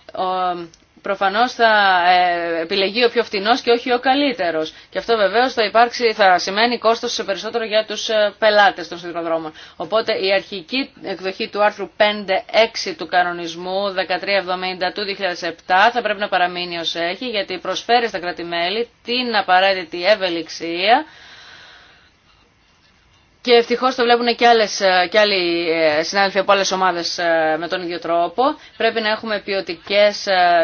προφανώς θα ε, επιλεγεί ο πιο φτηνός και όχι ο καλύτερος. Και αυτό βεβαίως θα, υπάρξει, θα σημαίνει κόστος σε περισσότερο για τους ε, πελάτες των σιδηροδρόμων. Οπότε η αρχική εκδοχή του άρθρου 5.6 του κανονισμού 1370 του 2007 θα πρέπει να παραμείνει ως έχει γιατί προσφέρει στα κρατημέλη την απαραίτητη ευελιξία και ευτυχώ το βλέπουν και, άλλες, ε, και άλλοι ε, συνάδελφοι από άλλε ομάδε ε, με τον ίδιο τρόπο. Πρέπει να έχουμε ποιοτικέ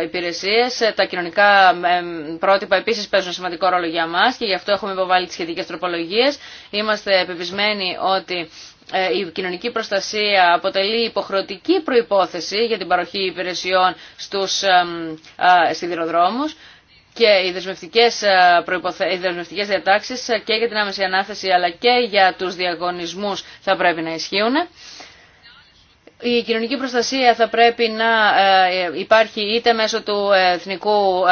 υπηρεσίε. Τα κοινωνικά πρότυπα επίση παίζουν σημαντικό ρόλο για μα και γι' αυτό έχουμε υποβάλει τι σχετικέ τροπολογίε. Είμαστε επιπισμένοι ότι η κοινωνική προστασία αποτελεί υποχρεωτική προϋπόθεση για την παροχή υπηρεσιών στους σιδηροδρόμους και οι δεσμευτικές, ε, προϋποθε... οι διατάξεις ε, και για την άμεση ανάθεση αλλά και για τους διαγωνισμούς θα πρέπει να ισχύουν. Η κοινωνική προστασία θα πρέπει να ε, υπάρχει είτε μέσω του εθνικού,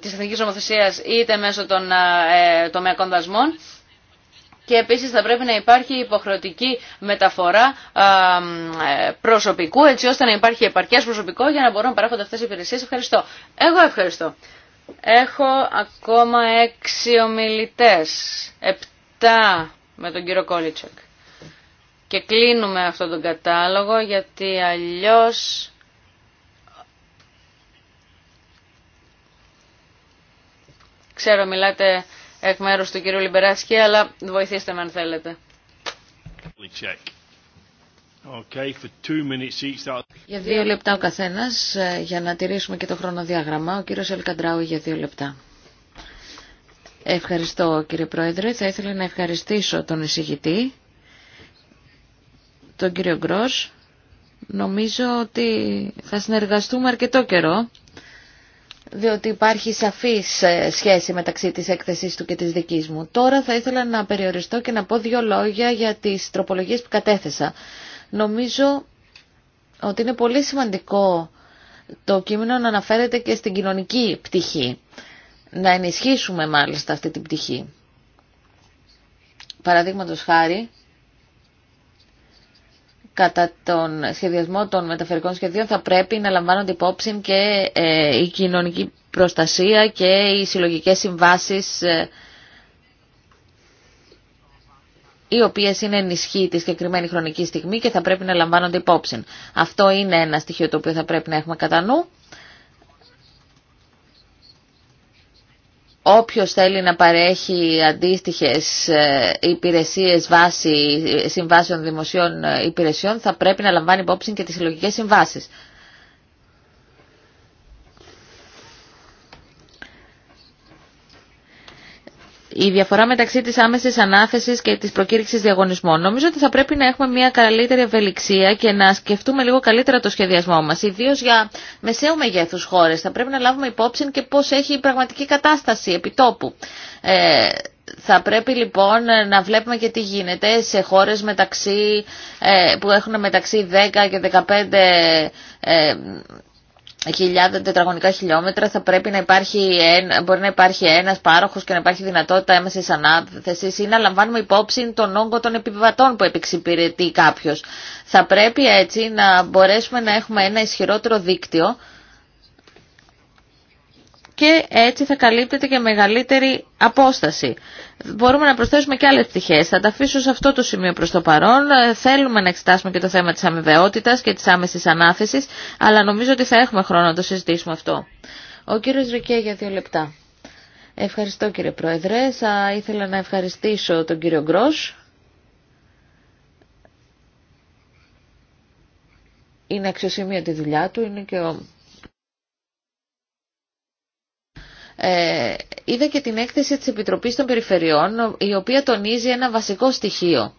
της εθνικής νομοθεσίας είτε μέσω των τομεακών δασμών και επίσης θα πρέπει να υπάρχει υποχρεωτική μεταφορά προσωπικού έτσι ώστε να υπάρχει επαρκές προσωπικό για να μπορούν να παράγονται αυτές οι υπηρεσίες. Ευχαριστώ. Εγώ ευχαριστώ. Έχω ακόμα έξι ομιλητές. Επτά με τον κύριο Κόλιτσεκ. Και κλείνουμε αυτό τον κατάλογο γιατί αλλιώς... Ξέρω μιλάτε εκ μέρους του κύριου Λιμπεράσκη, αλλά βοηθήστε με αν θέλετε. Okay, for minutes each. Για δύο λεπτά ο καθένας, ε, για να τηρήσουμε και το χρονοδιάγραμμα. Ο κύριος Ελκαντράου για δύο λεπτά. Ευχαριστώ κύριε Πρόεδρε. Θα ήθελα να ευχαριστήσω τον εισηγητή, τον κύριο Γκρός. Νομίζω ότι θα συνεργαστούμε αρκετό καιρό, διότι υπάρχει σαφής ε, σχέση μεταξύ της έκθεσής του και της δικής μου. Τώρα θα ήθελα να περιοριστώ και να πω δύο λόγια για τις τροπολογίες που κατέθεσα. Νομίζω ότι είναι πολύ σημαντικό το κείμενο να αναφέρεται και στην κοινωνική πτυχή. Να ενισχύσουμε μάλιστα αυτή την πτυχή. Παραδείγματο χάρη, κατά τον σχεδιασμό των μεταφερικών σχεδίων θα πρέπει να λαμβάνονται υπόψη και ε, η κοινωνική προστασία και οι συλλογικές συμβάσεις ε, οι οποίες είναι ενισχύ τη συγκεκριμένη χρονική στιγμή και θα πρέπει να λαμβάνονται υπόψη. Αυτό είναι ένα στοιχείο το οποίο θα πρέπει να έχουμε κατά νου. Όποιος θέλει να παρέχει αντίστοιχε ε, υπηρεσίες βάσει συμβάσεων δημοσίων ε, υπηρεσιών θα πρέπει να λαμβάνει υπόψη και τις συλλογικέ συμβάσει. η διαφορά μεταξύ της άμεσης ανάθεσης και της προκήρυξης διαγωνισμών. Νομίζω ότι θα πρέπει να έχουμε μια καλύτερη ευελιξία και να σκεφτούμε λίγο καλύτερα το σχεδιασμό μας, ιδίω για μεσαίου μεγέθους χώρες. Θα πρέπει να λάβουμε υπόψη και πώς έχει η πραγματική κατάσταση επιτόπου. Ε, θα πρέπει λοιπόν να βλέπουμε και τι γίνεται σε χώρες μεταξύ, ε, που έχουν μεταξύ 10 και 15 χιλιάδε τετραγωνικά χιλιόμετρα θα πρέπει να υπάρχει, μπορεί να υπάρχει ένας πάροχος και να υπάρχει δυνατότητα έμεση ανάθεσης ή να λαμβάνουμε υπόψη τον όγκο των επιβατών που επεξυπηρετεί κάποιος. Θα πρέπει έτσι να μπορέσουμε να έχουμε ένα ισχυρότερο δίκτυο και έτσι θα καλύπτεται και μεγαλύτερη απόσταση. Μπορούμε να προσθέσουμε και άλλες πτυχές. Θα τα αφήσω σε αυτό το σημείο προς το παρόν. Ε, θέλουμε να εξετάσουμε και το θέμα της αμοιβαιότητας και της άμεσης ανάθεσης, αλλά νομίζω ότι θα έχουμε χρόνο να το συζητήσουμε αυτό. Ο κύριος Ρικέ για δύο λεπτά. Ευχαριστώ κύριε Πρόεδρε. Θα ήθελα να ευχαριστήσω τον κύριο Γκρός. Είναι αξιοσημείωτη δουλειά του, είναι και ο Ε, είδα και την έκθεση της Επιτροπής των Περιφερειών, η οποία τονίζει ένα βασικό στοιχείο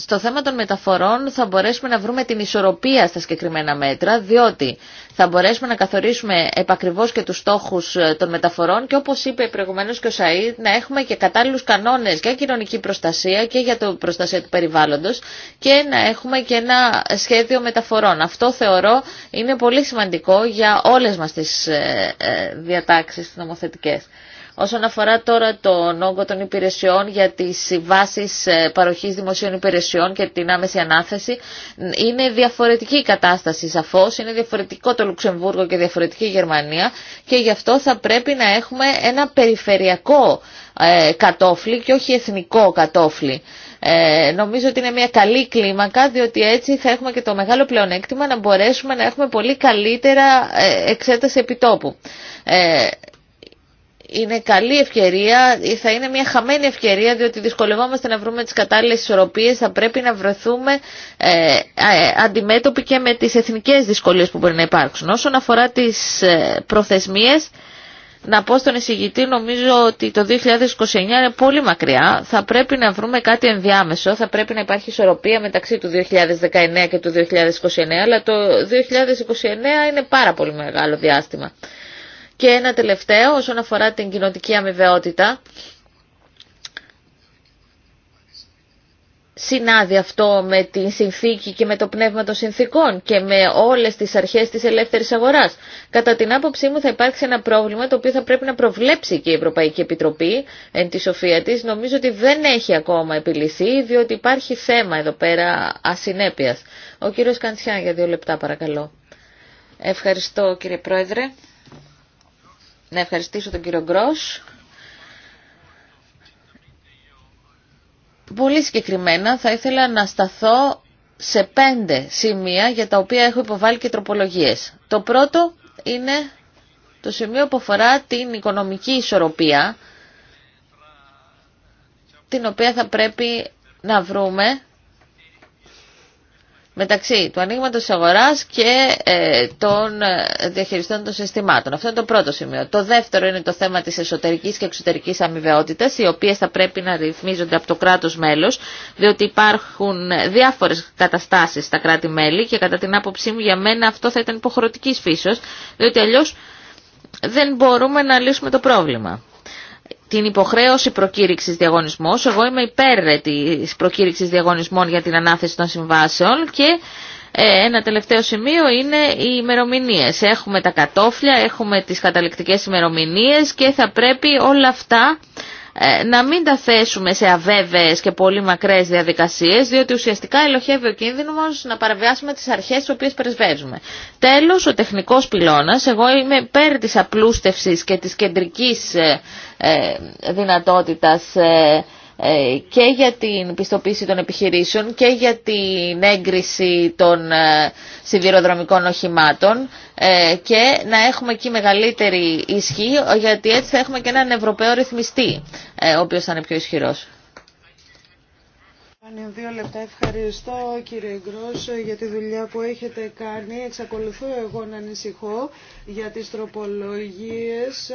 στο θέμα των μεταφορών θα μπορέσουμε να βρούμε την ισορροπία στα συγκεκριμένα μέτρα, διότι θα μπορέσουμε να καθορίσουμε επακριβώς και τους στόχους ε, των μεταφορών και όπως είπε προηγουμένως και ο Σαΐδ, να έχουμε και κατάλληλους κανόνες για κοινωνική προστασία και για το προστασία του περιβάλλοντος και να έχουμε και ένα σχέδιο μεταφορών. Αυτό θεωρώ είναι πολύ σημαντικό για όλες μας τις ε, ε, διατάξεις νομοθετικές. Όσον αφορά τώρα τον όγκο των υπηρεσιών για τις βάσεις ε, παροχής δημοσίων υπηρεσιών και την άμεση ανάθεση, είναι διαφορετική η κατάσταση σαφώς, είναι διαφορετικό το Λουξεμβούργο και διαφορετική η Γερμανία και γι' αυτό θα πρέπει να έχουμε ένα περιφερειακό ε, κατόφλι και όχι εθνικό κατόφλι. Ε, νομίζω ότι είναι μια καλή κλίμακα διότι έτσι θα έχουμε και το μεγάλο πλεονέκτημα να μπορέσουμε να έχουμε πολύ καλύτερα ε, εξέταση επιτόπου είναι καλή ευκαιρία, θα είναι μια χαμένη ευκαιρία διότι δυσκολευόμαστε να βρούμε τις κατάλληλες ισορροπίες, θα πρέπει να βρεθούμε ε, ε αντιμέτωποι και με τις εθνικές δυσκολίες που μπορεί να υπάρξουν. Όσον αφορά τις ε, προθεσμίες, να πω στον εισηγητή νομίζω ότι το 2029 είναι πολύ μακριά, θα πρέπει να βρούμε κάτι ενδιάμεσο, θα πρέπει να υπάρχει ισορροπία μεταξύ του 2019 και του 2029, αλλά το 2029 είναι πάρα πολύ μεγάλο διάστημα. Και ένα τελευταίο όσον αφορά την κοινωτική αμοιβαιότητα. συνάδει αυτό με την συνθήκη και με το πνεύμα των συνθήκων και με όλες τις αρχές της ελεύθερης αγοράς. Κατά την άποψή μου θα υπάρξει ένα πρόβλημα το οποίο θα πρέπει να προβλέψει και η Ευρωπαϊκή Επιτροπή εν τη σοφία της. Νομίζω ότι δεν έχει ακόμα επιλυθεί διότι υπάρχει θέμα εδώ πέρα ασυνέπειας. Ο κύριος Καντσιά για δύο λεπτά παρακαλώ. Ευχαριστώ κύριε Πρόεδρε. Να ευχαριστήσω τον κύριο Γκρός. Πολύ συγκεκριμένα θα ήθελα να σταθώ σε πέντε σημεία για τα οποία έχω υποβάλει και τροπολογίες. Το πρώτο είναι το σημείο που αφορά την οικονομική ισορροπία, την οποία θα πρέπει να βρούμε μεταξύ του ανοίγματο τη αγορά και ε, των ε, διαχειριστών των συστημάτων. Αυτό είναι το πρώτο σημείο. Το δεύτερο είναι το θέμα τη εσωτερική και εξωτερική αμοιβαιότητα, οι οποίε θα πρέπει να ρυθμίζονται από το κράτο μέλο, διότι υπάρχουν διάφορε καταστάσει στα κράτη-μέλη και κατά την άποψή μου για μένα αυτό θα ήταν υποχρεωτική φύσεω, διότι αλλιώ δεν μπορούμε να λύσουμε το πρόβλημα την υποχρέωση προκήρυξης διαγωνισμός. Εγώ είμαι υπέρ ε, της προκήρυξης διαγωνισμών για την ανάθεση των συμβάσεων και ε, ένα τελευταίο σημείο είναι οι ημερομηνίε. Έχουμε τα κατόφλια, έχουμε τις καταληκτικές ημερομηνίε και θα πρέπει όλα αυτά ε, να μην τα θέσουμε σε αβέβαιες και πολύ μακρές διαδικασίες, διότι ουσιαστικά ελοχεύει ο κίνδυνος να παραβιάσουμε τις αρχές τις οποίες Τέλος, ο τεχνικός πυλώνας. Εγώ είμαι πέρα της απλούστευσης και της κεντρικής ε, ε, δυνατότητας ε, και για την πιστοποίηση των επιχειρήσεων και για την έγκριση των ε, σιδηροδρομικών οχημάτων ε, και να έχουμε εκεί μεγαλύτερη ισχύ γιατί έτσι θα έχουμε και έναν Ευρωπαίο ρυθμιστή ο οποίος θα είναι πιο ισχυρός. Δύο λεπτά. Ευχαριστώ κύριε Γκρός για τη δουλειά που έχετε κάνει. Εξακολουθώ εγώ να ανησυχώ για τις τροπολογίες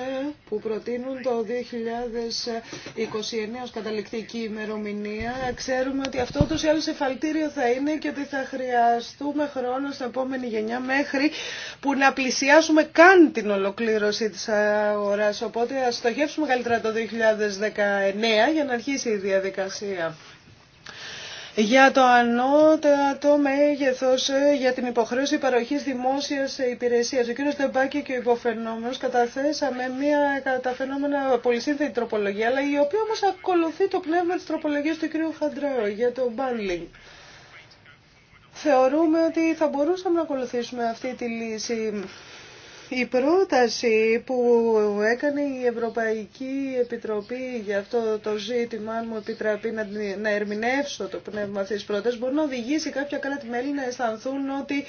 που προτείνουν το 2029 ως καταληκτική ημερομηνία. Ξέρουμε ότι αυτό το σε εφαλτήριο θα είναι και ότι θα χρειαστούμε χρόνο στην επόμενη γενιά μέχρι που να πλησιάσουμε καν την ολοκλήρωση της αγοράς. Οπότε ας στοχεύσουμε καλύτερα το 2019 για να αρχίσει η διαδικασία για το ανώτατο μέγεθος ε, για την υποχρέωση παροχή δημόσιας υπηρεσία. Ο κ. Δεμπάκη και ο υποφαινόμενο καταθέσαμε μια καταφαινόμενα πολυσύνθετη τροπολογία, αλλά η οποία όμω ακολουθεί το πνεύμα της τροπολογία του κ. Χαντρέου για το bundling. Θεωρούμε ότι θα μπορούσαμε να ακολουθήσουμε αυτή τη λύση η πρόταση που έκανε η Ευρωπαϊκή Επιτροπή για αυτό το ζήτημα, αν μου επιτραπεί να, ερμηνεύσω το πνεύμα αυτής της πρότασης, μπορεί να οδηγήσει κάποια κράτη-μέλη να αισθανθούν ότι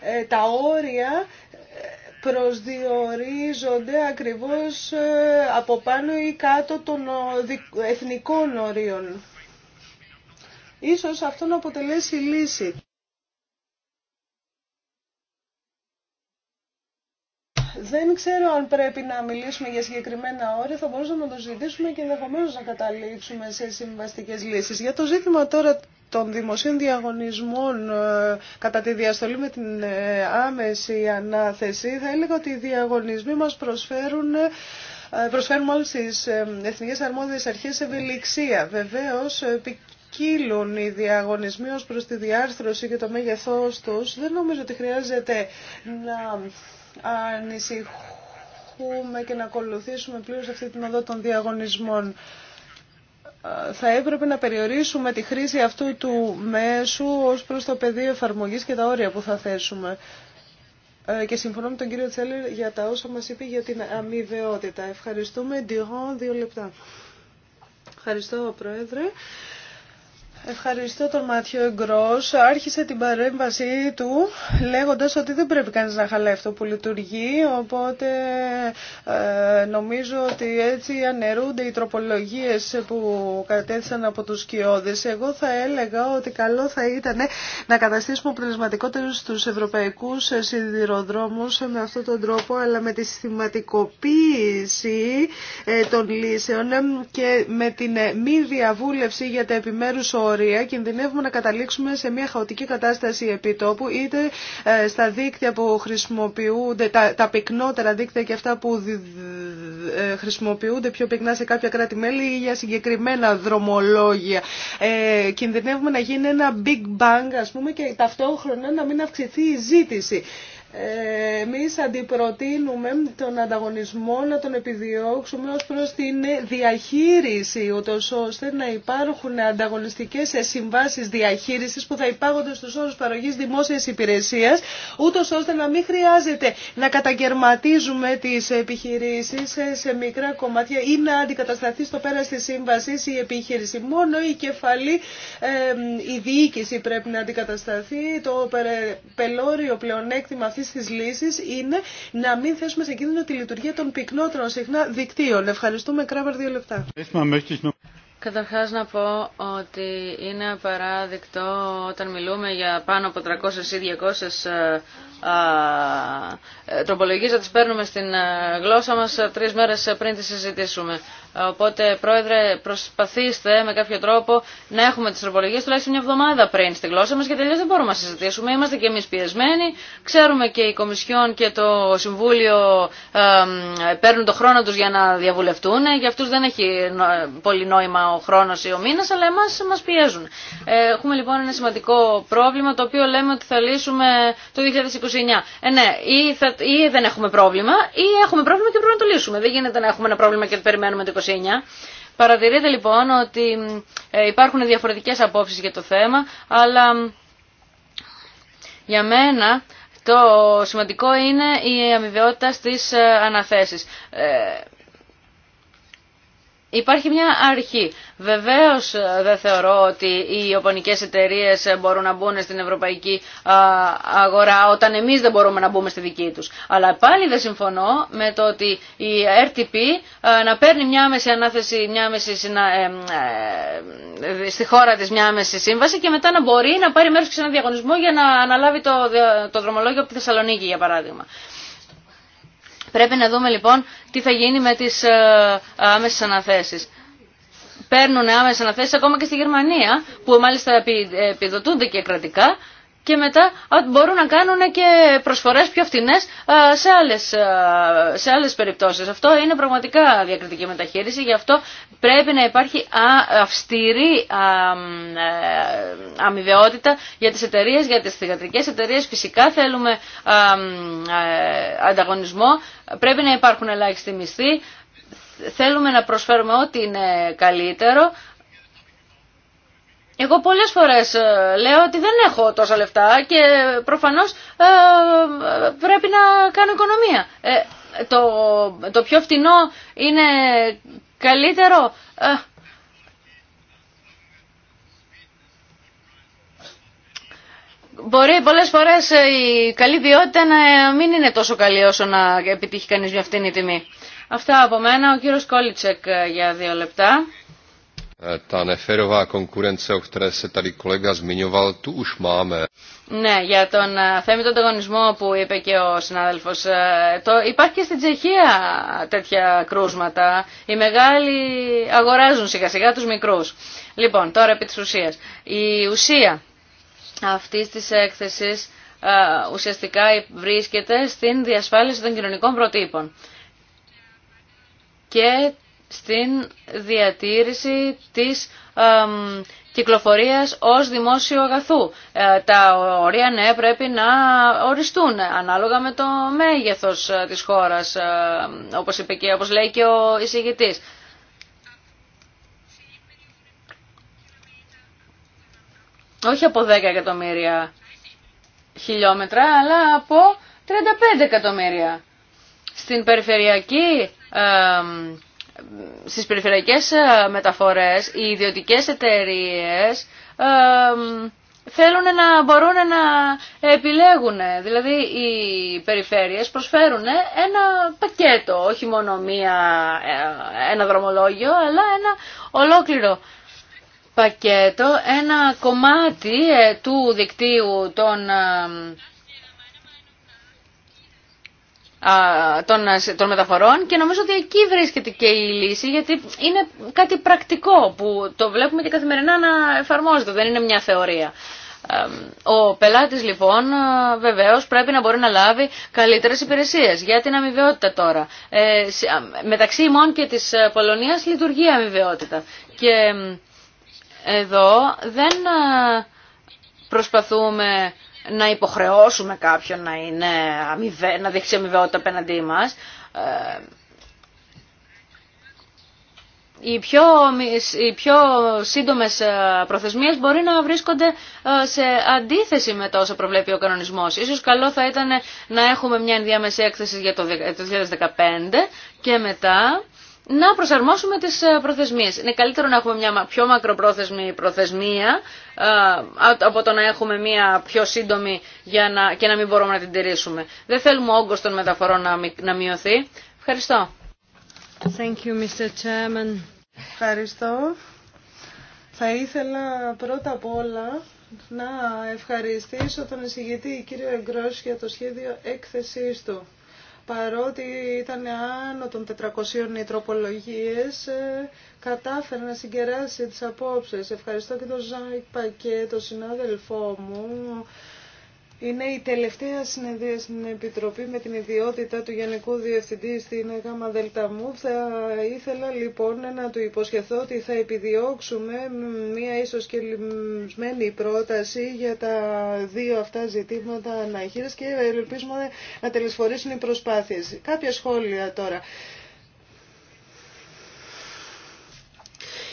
ε, τα όρια ε, προσδιορίζονται ακριβώς ε, από πάνω ή κάτω των εθνικών ορίων. Ίσως αυτό να αποτελέσει λύση. Δεν ξέρω αν πρέπει να μιλήσουμε για συγκεκριμένα όρια, θα μπορούσαμε να το ζητήσουμε και ενδεχομένω να καταλήξουμε σε συμβαστικέ λύσει. Για το ζήτημα τώρα των δημοσίων διαγωνισμών ε, κατά τη διαστολή με την ε, άμεση ανάθεση, θα έλεγα ότι οι διαγωνισμοί μας προσφέρουν ε, προσφέρουν όλες τις εθνικές αρμόδιες αρχές ευελιξία. Βεβαίως, Κύλουν οι διαγωνισμοί ως προς τη διάρθρωση και το μέγεθός τους. Δεν νομίζω ότι χρειάζεται να ανησυχούμε και να ακολουθήσουμε πλήρως αυτή την οδό των διαγωνισμών. Ε, θα έπρεπε να περιορίσουμε τη χρήση αυτού του μέσου ως προς το πεδίο εφαρμογής και τα όρια που θα θέσουμε. Ε, και συμφωνώ με τον κύριο Τσέλερ για τα όσα μας είπε για την αμοιβαιότητα. Ευχαριστούμε. δύο λεπτά. Ευχαριστώ, Πρόεδρε. Ευχαριστώ τον Μάτιο Εγκρό. Άρχισε την παρέμβασή του λέγοντα ότι δεν πρέπει κανεί να χαλάει αυτό που λειτουργεί, οπότε ε, νομίζω ότι έτσι αναιρούνται οι τροπολογίε που κατέθεσαν από του σκιώδες. Εγώ θα έλεγα ότι καλό θα ήταν να καταστήσουμε πνευματικότερου του Ευρωπαϊκού σιδηροδρόμους με αυτόν τον τρόπο, αλλά με τη συστηματικοποίηση ε, των λύσεων και με την μη διαβούλευση για τα επιμέρου όρια πορεία κινδυνεύουμε να καταλήξουμε σε μια χαοτική κατάσταση επιτόπου είτε ε, στα δίκτυα που χρησιμοποιούνται, τα, τα πυκνότερα δίκτυα και αυτά που ε, χρησιμοποιούνται πιο πυκνά σε κάποια κράτη-μέλη ή για συγκεκριμένα δρομολόγια. Ε, κινδυνεύουμε να γίνει ένα big bang ας πούμε και ταυτόχρονα να μην αυξηθεί η ζήτηση εμείς αντιπροτείνουμε τον ανταγωνισμό να τον επιδιώξουμε ως προς την διαχείριση, ούτως ώστε να υπάρχουν ανταγωνιστικές συμβάσεις διαχείρισης που θα υπάγονται στους όρους παροχής δημόσιας υπηρεσίας, ούτως ώστε να μην χρειάζεται να καταγερματίζουμε τις επιχειρήσεις σε μικρά κομμάτια ή να αντικατασταθεί στο πέρας της σύμβασης η επιχείρηση. Μόνο η κεφαλή, η διοίκηση πρέπει να αντικατασταθεί, το πελώριο πλεονέκτημα Τη τη είναι να μην θέσουμε σε κίνδυνο τη λειτουργία των πυκνότερων συχνά δικτύων. Ευχαριστούμε. Κράβαρ δύο λεπτά. Καταρχά να πω ότι είναι απαράδεικτο όταν μιλούμε για πάνω από 300 ή 200 ε, τροπολογίες θα τις παίρνουμε στην ε, γλώσσα μας ε, τρεις μέρες πριν τις συζητήσουμε. Οπότε, Πρόεδρε, προσπαθήστε με κάποιο τρόπο να έχουμε τις τροπολογίες τουλάχιστον μια εβδομάδα πριν στη γλώσσα μας γιατί τελείως δεν μπορούμε να συζητήσουμε. Είμαστε και εμείς πιεσμένοι. Ξέρουμε και η Κομισιόν και το Συμβούλιο παίρνουν το χρόνο τους για να διαβουλευτούν. Για αυτούς δεν έχει πολύ νόημα ο χρόνος ή ο μήνας, αλλά εμάς μας πιέζουν. Έχουμε λοιπόν ένα σημαντικό πρόβλημα το οποίο λέμε ότι θα λύσουμε το ε, ναι, ή, θα, δεν έχουμε πρόβλημα, ή έχουμε πρόβλημα και πρέπει να το λύσουμε. Δεν γίνεται να έχουμε ένα πρόβλημα και περιμένουμε το 29. Παρατηρείτε λοιπόν ότι ε, υπάρχουν διαφορετικές απόψεις για το θέμα, αλλά για μένα το σημαντικό είναι η αμοιβαιότητα στις ε, αναθέσεις. Ε, Υπάρχει μια αρχή. Βεβαίω ε, δεν θεωρώ ότι οι ιαπωνικέ εταιρείε μπορούν να μπουν στην ευρωπαϊκή αγορά όταν εμεί δεν μπορούμε να μπούμε στη δική του. Αλλά πάλι δεν συμφωνώ με το ότι η RTP ε, να παίρνει μια άμεση ανάθεση μια άμεση ε, στη χώρα τη μια άμεση σύμβαση και μετά να μπορεί να πάρει μέρο σε ένα διαγωνισμό για να αναλάβει το, το δρομολόγιο από τη Θεσσαλονίκη για παράδειγμα. Πρέπει να δούμε λοιπόν τι θα γίνει με τις ε, άμεσες αναθέσεις. Παίρνουν άμεσες αναθέσεις ακόμα και στη Γερμανία, που μάλιστα επιδοτούνται και κρατικά, και μετά μπορούν να κάνουν και προσφορές πιο φτηνές σε άλλες, σε άλλες περιπτώσεις. Αυτό είναι πραγματικά διακριτική μεταχείριση, γι' αυτό πρέπει να υπάρχει αυστηρή ε, αμοιβαιότητα για τις εταιρείες, για τις θηγατρικές εταιρείες. Φυσικά θέλουμε ε, ανταγωνισμό, πρέπει να υπάρχουν ελάχιστοι μισθοί, θέλουμε να προσφέρουμε ό,τι είναι καλύτερο, εγώ πολλές φορές ε, λέω ότι δεν έχω τόσα λεφτά και προφανώς ε, πρέπει να κάνω οικονομία. Ε, το, το πιο φτηνό είναι καλύτερο. μπορεί πολλές φορές η καλή ποιότητα να μην είναι τόσο καλή όσο να επιτύχει κανείς μια φτηνή τιμή. Αυτά από μένα. Ο κύριος Κόλιτσεκ για δύο λεπτά. E, ta neférová konkurence, o které se tady kolega zmiňoval, tu už máme. Ναι, για τον θέμητο ανταγωνισμό που είπε και ο συνάδελφος, υπάρχει και στην Τσεχία τέτοια κρούσματα. Οι μεγάλοι αγοράζουν σιγά σιγά τους μικρούς. Λοιπόν, τώρα επί της ουσίας. Η ουσία αυτής της έκθεσης ουσιαστικά βρίσκεται στην διασφάλιση των κοινωνικών προτύπων και στην διατήρηση της κυκλοφορίας ως δημόσιο αγαθού. Ε, τα όρια, ναι, πρέπει να οριστούν ανάλογα με το μέγεθος ε, της χώρας, ε, όπως, είπε και, όπως λέει και ο εισηγητής. Όχι από 10 εκατομμύρια χιλιόμετρα, αλλά από 35 εκατομμύρια. Στην περιφερειακή ε, στις περιφερειακές ε, μεταφορές οι ιδιωτικές εταιρείες ε, θέλουν να μπορούν να επιλέγουν. Δηλαδή οι περιφέρειες προσφέρουν ένα πακέτο, όχι μόνο ε, ένα δρομολόγιο, αλλά ένα ολόκληρο πακέτο, ένα κομμάτι του δικτύου των των, μεταφορών και νομίζω ότι εκεί βρίσκεται και η λύση γιατί είναι κάτι πρακτικό που το βλέπουμε και καθημερινά να εφαρμόζεται, δεν είναι μια θεωρία. Ο πελάτης λοιπόν βεβαίως πρέπει να μπορεί να λάβει καλύτερες υπηρεσίες για την αμοιβαιότητα τώρα. Ε, μεταξύ ημών και της ε, Πολωνίας λειτουργεί αμοιβαιότητα και εδώ δεν προσπαθούμε να υποχρεώσουμε κάποιον να, είναι να δείξει αμοιβαιότητα απέναντί μας. Ε, οι πιο, οι πιο σύντομες ε, προθεσμίες μπορεί να βρίσκονται ε, σε αντίθεση με το όσα προβλέπει ο κανονισμός. Ίσως καλό θα ήταν να έχουμε μια ενδιάμεση έκθεση για το 2015 και μετά να προσαρμόσουμε τις ε, προθεσμίες. Είναι καλύτερο να έχουμε μια πιο μακροπρόθεσμη προθεσμία ε, από το να έχουμε μια πιο σύντομη για να, και να μην μπορούμε να την τηρήσουμε. Δεν θέλουμε ο όγκος των μεταφορών να, μειωθεί. Ευχαριστώ. Thank you, Mr. Chairman. Ευχαριστώ. Θα ήθελα πρώτα απ' όλα να ευχαριστήσω τον εισηγητή κύριο Εγκρός για το σχέδιο έκθεσής του παρότι ήταν άνω των 400 οι τροπολογίες, ε, κατάφερε να συγκεράσει τις απόψεις. Ευχαριστώ και τον Ζάιπα και τον συνάδελφό μου είναι η τελευταία συνεδρία στην Επιτροπή με την ιδιότητα του Γενικού Διευθυντή στην ΓΑΜΑ ΔΕΛΤΑΜΟΥ. Θα ήθελα λοιπόν να του υποσχεθώ ότι θα επιδιώξουμε μία ίσως και λυμμένη πρόταση για τα δύο αυτά ζητήματα αναχείρες και ελπίζουμε να τελεσφορήσουν οι προσπάθειες. Κάποια σχόλια τώρα.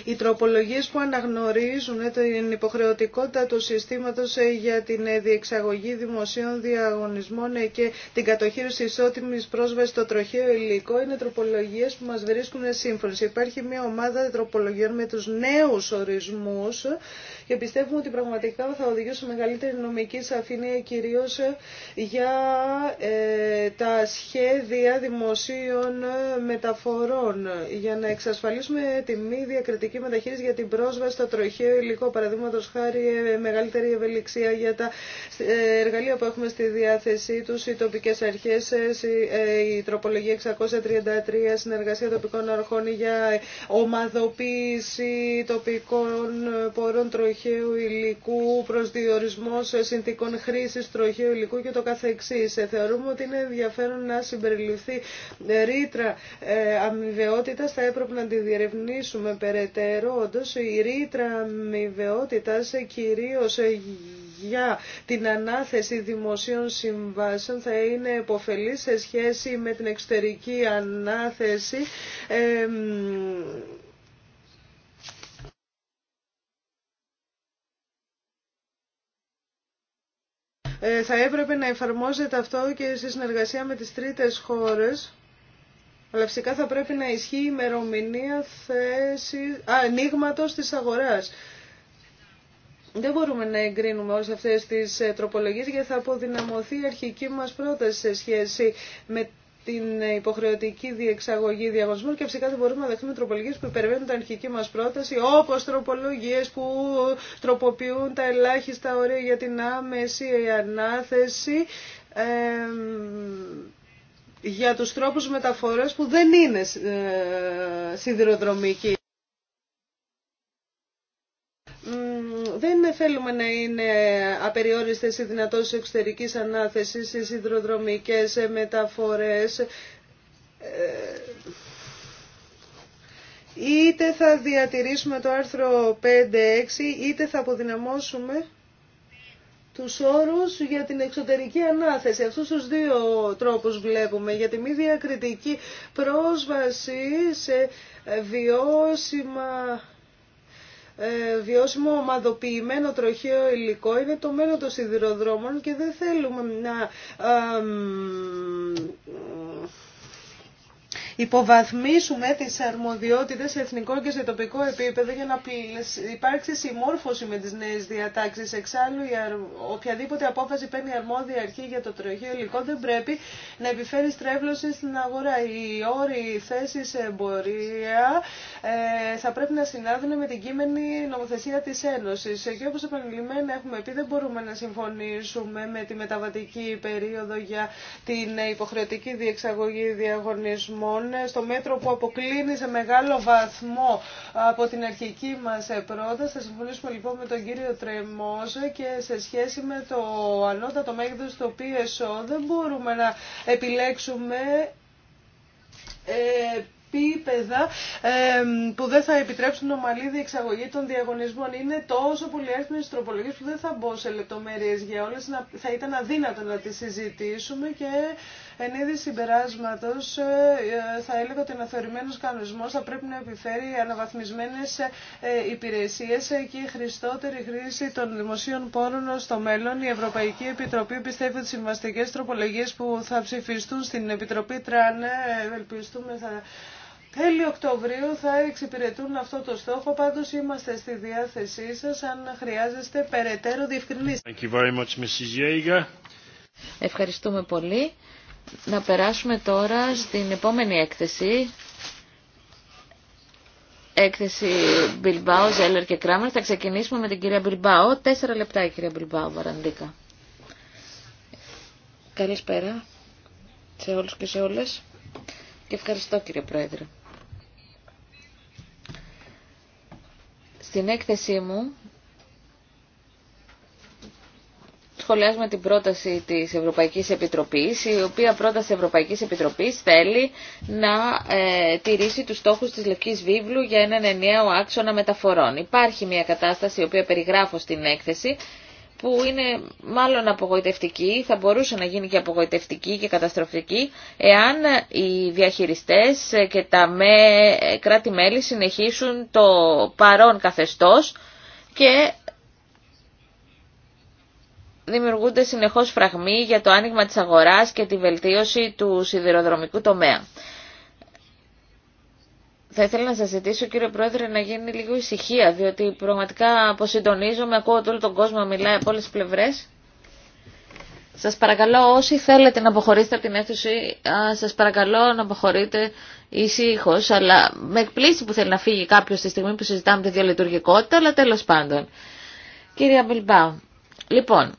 Οι τροπολογίες που αναγνωρίζουν την υποχρεωτικότητα του συστήματος ε, για την ε, διεξαγωγή δημοσίων διαγωνισμών ε, και την κατοχήρωση ισότιμης πρόσβασης στο τροχαίο υλικό είναι τροπολογίες που μας βρίσκουν σύμφωνες. Υπάρχει μια ομάδα τροπολογιών με τους νέους ορισμούς και πιστεύουμε ότι πραγματικά θα οδηγήσει μεγαλύτερη νομική σαφήνεια κυρίως για ε, τα σχέδια δημοσίων μεταφορών για να εξασφαλίσουμε τη μη διακριτική μεταχείριση για την πρόσβαση στο τροχαίο υλικό παραδείγματος χάρη ε, μεγαλύτερη ευελιξία για τα ε, εργαλεία που έχουμε στη διάθεσή τους οι τοπικές αρχές η τροπολογία 633 συνεργασία τοπικών αρχών για ομαδοποίηση τοπικών πορών τροχαίων τροχαίου υλικού, προσδιορισμός συνθήκων χρήση τροχαίου υλικού και το καθεξής. Ε, θεωρούμε ότι είναι ενδιαφέρον να συμπεριληφθεί ε, ρήτρα ε, αμοιβαιότητα. θα έπρεπε να τη διερευνήσουμε περαιτέρω. όντω η ρήτρα κυρίω κυρίως για την ανάθεση δημοσίων συμβάσεων θα είναι επωφελή σε σχέση με την εξωτερική ανάθεση Ε, θα έπρεπε να εφαρμόζεται αυτό και σε συνεργασία με τις τρίτες χώρες. Αλλά φυσικά θα πρέπει να ισχύει η ημερομηνία θέση, α, ανοίγματος της αγοράς. Δεν μπορούμε να εγκρίνουμε όλες αυτές τις ε, τροπολογίες γιατί θα αποδυναμωθεί η αρχική μας πρόταση σε σχέση με την υποχρεωτική διεξαγωγή διαγωνισμού και φυσικά δεν μπορούμε να δεχτούμε τροπολογίε που υπερβαίνουν την αρχική μα πρόταση, όπω τροπολογίε που τροποποιούν τα ελάχιστα όρια για την άμεση ανάθεση. για τους τρόπους μεταφοράς που δεν είναι ε, σιδηροδρομικοί. να είναι απεριόριστες οι δυνατότητες εξωτερικής ανάθεσης στις υδροδρομικές μεταφορές ε, είτε θα διατηρήσουμε το άρθρο 5-6 είτε θα αποδυναμώσουμε τους όρους για την εξωτερική ανάθεση. Αυτούς τους δύο τρόπους βλέπουμε για τη μη διακριτική πρόσβαση σε βιώσιμα ε, βιώσιμο ομαδοποιημένο τροχαίο υλικό είναι το μέλλον των σιδηροδρόμων και δεν θέλουμε να υποβαθμίσουμε τις αρμοδιότητες σε εθνικό και σε τοπικό επίπεδο για να υπάρξει συμμόρφωση με τις νέες διατάξεις. Εξάλλου, οποιαδήποτε απόφαση παίρνει αρμόδια αρχή για το τροχείο υλικό δεν πρέπει να επιφέρει στρέβλωση στην αγορά. Οι όροι θέσει σε εμπορία ε, θα πρέπει να συνάδουν με την κείμενη νομοθεσία της Ένωσης. Και όπως επανειλημμένα έχουμε πει, δεν μπορούμε να συμφωνήσουμε με τη μεταβατική περίοδο για την υποχρεωτική διεξαγωγή διαγωνισμών στο μέτρο που αποκλίνει σε μεγάλο βαθμό από την αρχική μας πρόταση. Θα συμφωνήσουμε λοιπόν με τον κύριο Τρεμόζε και σε σχέση με το ανώτατο μέγεθος το PSO δεν μπορούμε να επιλέξουμε ε, επίπεδα ε, που δεν θα επιτρέψουν ομαλή διεξαγωγή των διαγωνισμών. Είναι τόσο πολύ τροπολογίες που δεν θα μπω σε λεπτομέρειε για όλε. Θα ήταν αδύνατο να τι συζητήσουμε και Εν είδη συμπεράσματο, ε, θα έλεγα ότι ο αναθεωρημένο κανονισμό θα πρέπει να επιφέρει αναβαθμισμένε ε, υπηρεσίε ε, και χρηστότερη χρήση των δημοσίων πόρων στο μέλλον. Η Ευρωπαϊκή Επιτροπή πιστεύει ότι συμβαστικέ τροπολογίε που θα ψηφιστούν στην Επιτροπή Τραν, ελπιστούμε θα Τέλη Οκτωβρίου θα εξυπηρετούν αυτό το στόχο, πάντως είμαστε στη διάθεσή σας αν χρειάζεστε περαιτέρω διευκρινήσεις. Ευχαριστούμε πολύ να περάσουμε τώρα στην επόμενη έκθεση. Έκθεση Μπιλμπάου, Ζέλερ και Κράμερ. Θα ξεκινήσουμε με την κυρία Μπιλμπάου. Τέσσερα λεπτά η κυρία Μπιλμπάου, Βαραντίκα. Καλησπέρα σε όλους και σε όλες. Και ευχαριστώ κύριε Πρόεδρε. Στην έκθεσή μου σχολιάζουμε την πρόταση της Ευρωπαϊκής Επιτροπής, η οποία πρόταση Ευρωπαϊκής Επιτροπής θέλει να ε, τηρήσει τους στόχους της Λευκής Βίβλου για έναν ενιαίο άξονα μεταφορών. Υπάρχει μια κατάσταση, η οποία περιγράφω στην έκθεση, που είναι μάλλον απογοητευτική, θα μπορούσε να γίνει και απογοητευτική και καταστροφική, εάν οι διαχειριστές και τα με, κράτη-μέλη συνεχίσουν το παρόν καθεστώς και δημιουργούνται συνεχώς φραγμοί για το άνοιγμα της αγοράς και τη βελτίωση του σιδηροδρομικού τομέα. Θα ήθελα να σας ζητήσω κύριε Πρόεδρε να γίνει λίγο ησυχία διότι πραγματικά αποσυντονίζομαι, ακούω ότι όλο τον κόσμο μιλάει από όλες τις πλευρές. Σας παρακαλώ όσοι θέλετε να αποχωρήσετε από την αίθουση, σας παρακαλώ να αποχωρείτε ησύχω, αλλά με εκπλήσει που θέλει να φύγει κάποιο τη στιγμή που συζητάμε τη διαλειτουργικότητα, αλλά τέλος πάντων. Κύριε Μπιλμπάου, λοιπόν,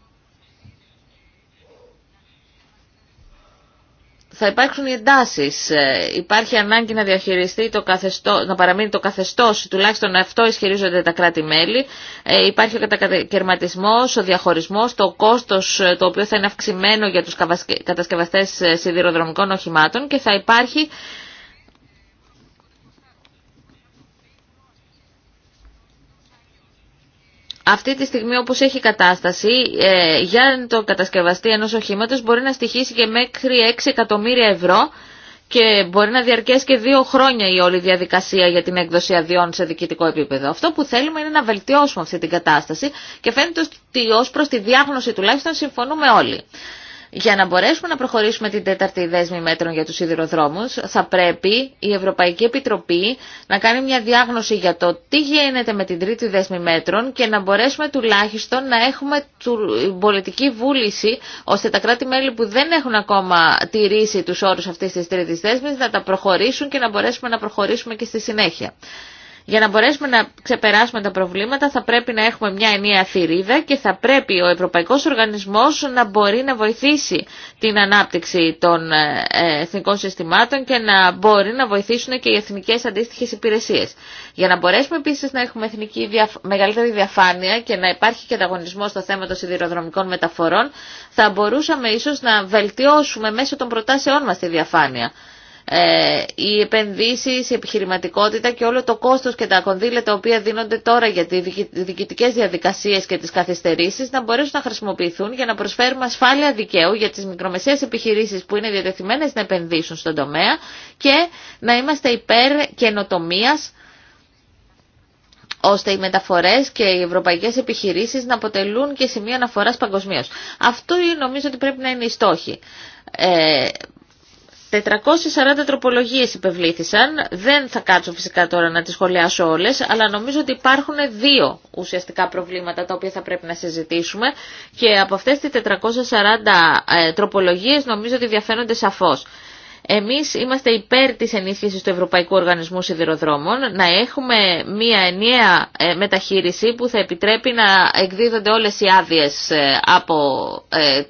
θα υπάρξουν οι εντάσεις. Ε, υπάρχει ανάγκη να διαχειριστεί το καθεστώ, να παραμείνει το καθεστώς, τουλάχιστον αυτό ισχυρίζονται τα κράτη-μέλη. Ε, υπάρχει ο κατακαιρματισμός, ο διαχωρισμός, το κόστος ε, το οποίο θα είναι αυξημένο για τους κατασκευαστές σιδηροδρομικών οχημάτων και θα υπάρχει αυτή τη στιγμή όπως έχει κατάσταση ε, για το κατασκευαστή ενός οχήματος μπορεί να στοιχήσει και μέχρι 6 εκατομμύρια ευρώ και μπορεί να διαρκέσει και δύο χρόνια η όλη διαδικασία για την έκδοση αδειών σε διοικητικό επίπεδο. Αυτό που θέλουμε είναι να βελτιώσουμε αυτή την κατάσταση και φαίνεται ότι ω προς τη διάγνωση τουλάχιστον συμφωνούμε όλοι για να μπορέσουμε να προχωρήσουμε την τέταρτη δέσμη μέτρων για τους σιδηροδρόμους, θα πρέπει η Ευρωπαϊκή Επιτροπή να κάνει μια διάγνωση για το τι γίνεται με την τρίτη δέσμη μέτρων και να μπορέσουμε τουλάχιστον να έχουμε πολιτική βούληση ώστε τα κράτη-μέλη που δεν έχουν ακόμα τηρήσει τους όρους αυτής της τρίτης δέσμης να τα προχωρήσουν και να μπορέσουμε να προχωρήσουμε και στη συνέχεια. Για να μπορέσουμε να ξεπεράσουμε τα προβλήματα θα πρέπει να έχουμε μια ενιαία θηρίδα και θα πρέπει ο Ευρωπαϊκός Οργανισμός να μπορεί να βοηθήσει την ανάπτυξη των ε, εθνικών συστημάτων και να μπορεί να βοηθήσουν και οι εθνικές αντίστοιχες υπηρεσίες. Για να μπορέσουμε επίσης να έχουμε εθνική μεγαλύτερη διαφάνεια και να υπάρχει και ανταγωνισμό στο θέμα των σιδηροδρομικών μεταφορών, θα μπορούσαμε ίσως να βελτιώσουμε μέσω των προτάσεών μας τη διαφάνεια ε, οι επενδύσεις, η επιχειρηματικότητα και όλο το κόστος και τα κονδύλια τα οποία δίνονται τώρα για τις διοικητικές διαδικασίες και τις καθυστερήσεις να μπορέσουν να χρησιμοποιηθούν για να προσφέρουμε ασφάλεια δικαίου για τις μικρομεσαίες επιχειρήσεις που είναι διατεθειμένες να επενδύσουν στον τομέα και να είμαστε υπέρ καινοτομίας ώστε οι μεταφορές και οι ευρωπαϊκές επιχειρήσεις να αποτελούν και σημεία αναφοράς παγκοσμίως. Αυτό νομίζω ότι πρέπει να είναι η στόχη. Ε, 440 τροπολογίες υπευλήθησαν. Δεν θα κάτσω φυσικά τώρα να τις σχολιάσω όλες, αλλά νομίζω ότι υπάρχουν δύο ουσιαστικά προβλήματα τα οποία θα πρέπει να συζητήσουμε και από αυτές τις 440 ε, τροπολογίες νομίζω ότι διαφαίνονται σαφώς. Εμείς είμαστε υπέρ της ενίσχυσης του Ευρωπαϊκού Οργανισμού Σιδηροδρόμων να έχουμε μία ενιαία ε, μεταχείριση που θα επιτρέπει να εκδίδονται όλες οι άδειες ε, από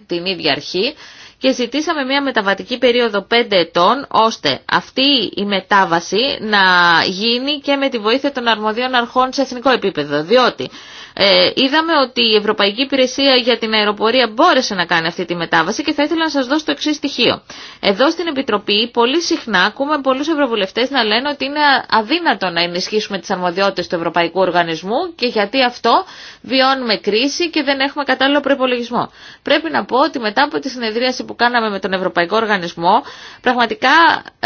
την ίδια αρχή και ζητήσαμε μια μεταβατική περίοδο 5 ετών ώστε αυτή η μετάβαση να γίνει και με τη βοήθεια των αρμοδίων αρχών σε εθνικό επίπεδο. Διότι ε, είδαμε ότι η Ευρωπαϊκή Υπηρεσία για την Αεροπορία μπόρεσε να κάνει αυτή τη μετάβαση και θα ήθελα να σας δώσω το εξή στοιχείο. Εδώ στην Επιτροπή πολύ συχνά ακούμε πολλούς ευρωβουλευτές να λένε ότι είναι αδύνατο να ενισχύσουμε τις αρμοδιότητες του Ευρωπαϊκού Οργανισμού και γιατί αυτό βιώνουμε κρίση και δεν έχουμε κατάλληλο προπολογισμό. Πρέπει να πω ότι μετά από τη συνεδρίαση που κάναμε με τον Ευρωπαϊκό Οργανισμό πραγματικά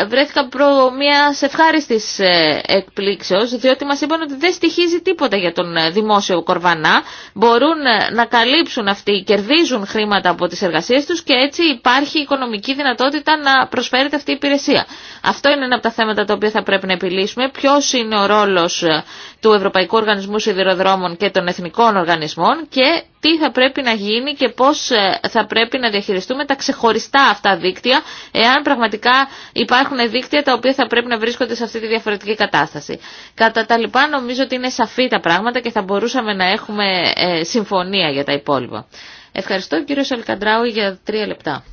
βρέθηκα προ μια ευχάριστη ε, εκπλήξεως διότι μας είπαν ότι δεν στοιχίζει τίποτα για τον ε, δημόσιο καβανά μπορούν ε, να καλύψουν αυτοί, κερδίζουν χρήματα από τις εργασίες τους και έτσι υπάρχει οικονομική δυνατότητα να προσφέρεται αυτή η υπηρεσία. Αυτό είναι ένα από τα θέματα τα οποία θα πρέπει να επιλύσουμε. Ποιος είναι ο ρόλος ε, του Ευρωπαϊκού Οργανισμού Σιδηροδρόμων και των Εθνικών Οργανισμών και τι θα πρέπει να γίνει και πώς ε, θα πρέπει να διαχειριστούμε τα ξεχωριστά αυτά δίκτυα, εάν πραγματικά υπάρχουν δίκτυα τα οποία θα πρέπει να βρίσκονται σε αυτή τη διαφορετική κατάσταση. Κατά τα λοιπά νομίζω ότι είναι σαφή τα πράγματα και θα μπορούσαμε να έχουμε ε, συμφωνία για τα υπόλοιπα. Ευχαριστώ κύριο Σαλκαντράου για τρία λεπτά.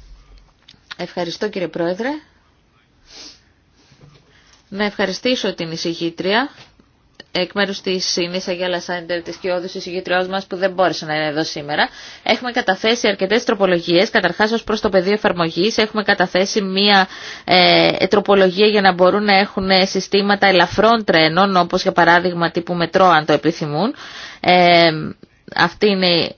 Ευχαριστώ κύριε Πρόεδρε. Να ευχαριστήσω την εισηγήτρια εκ μέρους της Ινίσα Αγία Σάντερ της Κιώδης εισηγητριός μας που δεν μπόρεσε να είναι εδώ σήμερα. Έχουμε καταθέσει αρκετές τροπολογίες, καταρχάς ως προς το πεδίο εφαρμογής. Έχουμε καταθέσει μία ε, τροπολογία για να μπορούν να έχουν συστήματα ελαφρών τρένων, όπως για παράδειγμα τύπου μετρό αν το επιθυμούν. Ε, αυτή είναι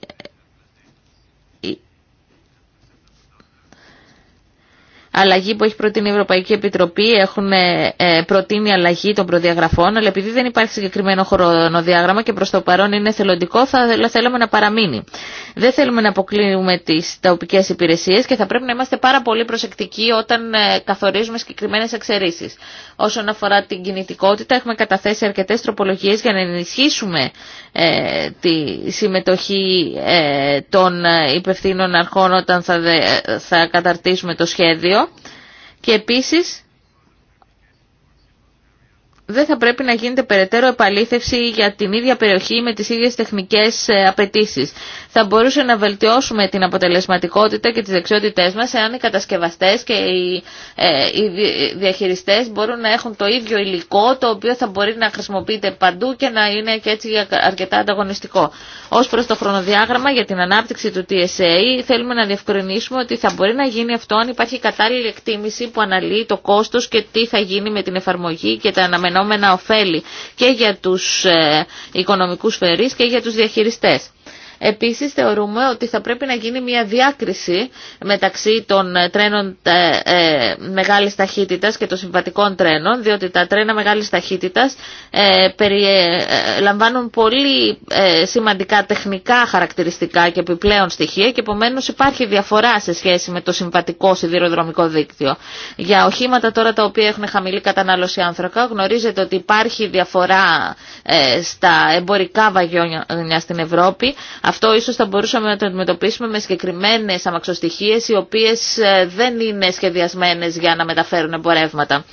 αλλαγή που έχει προτείνει η Ευρωπαϊκή Επιτροπή, έχουν ε, ε, προτείνει αλλαγή των προδιαγραφών, αλλά επειδή δεν υπάρχει συγκεκριμένο χρονοδιάγραμμα και προ το παρόν είναι θελοντικό, θα θέλαμε να παραμείνει. Δεν θέλουμε να αποκλείουμε τι τοπικέ υπηρεσίε και θα πρέπει να είμαστε πάρα πολύ προσεκτικοί όταν ε, καθορίζουμε συγκεκριμένε εξαιρήσει. Όσον αφορά την κινητικότητα, έχουμε καταθέσει αρκετέ τροπολογίε για να ενισχύσουμε τη συμμετοχή των υπευθύνων αρχών όταν θα καταρτήσουμε το σχέδιο και επίσης δεν θα πρέπει να γίνεται περαιτέρω επαλήθευση για την ίδια περιοχή με τις ίδιες τεχνικές ε, απαιτήσεις. Θα μπορούσε να βελτιώσουμε την αποτελεσματικότητα και τις δεξιότητές μας εάν οι κατασκευαστές και οι, ε, οι διαχειριστές μπορούν να έχουν το ίδιο υλικό το οποίο θα μπορεί να χρησιμοποιείται παντού και να είναι και έτσι αρκετά ανταγωνιστικό. Ως προς το χρονοδιάγραμμα για την ανάπτυξη του TSA θέλουμε να διευκρινίσουμε ότι θα μπορεί να γίνει αυτό αν υπάρχει κατάλληλη εκτίμηση που αναλύει το κόστος και τι θα γίνει με την εφαρμογή και τα αναμενόμενα ωφέλη και για τους ε, οικονομικούς φορείς και για τους διαχειριστές. Επίσης θεωρούμε ότι θα πρέπει να γίνει μια διάκριση μεταξύ των τρένων ε, ε, μεγάλης ταχύτητας και των συμβατικών τρένων, διότι τα τρένα μεγάλης ταχύτητας ε, λαμβάνουν πολύ σημαντικά τεχνικά χαρακτηριστικά και επιπλέον στοιχεία και επομένω υπάρχει διαφορά σε σχέση με το συμβατικό σιδηροδρομικό δίκτυο. Για οχήματα τώρα τα οποία έχουν χαμηλή κατανάλωση άνθρακα γνωρίζετε ότι υπάρχει διαφορά στα εμπορικά βαγιόνια στην Ευρώπη. Αυτό ίσως θα μπορούσαμε να το αντιμετωπίσουμε με συγκεκριμένες αμαξοστοιχίες οι οποίες ε, δεν είναι σχεδιασμένες για να μεταφέρουν εμπορεύματα.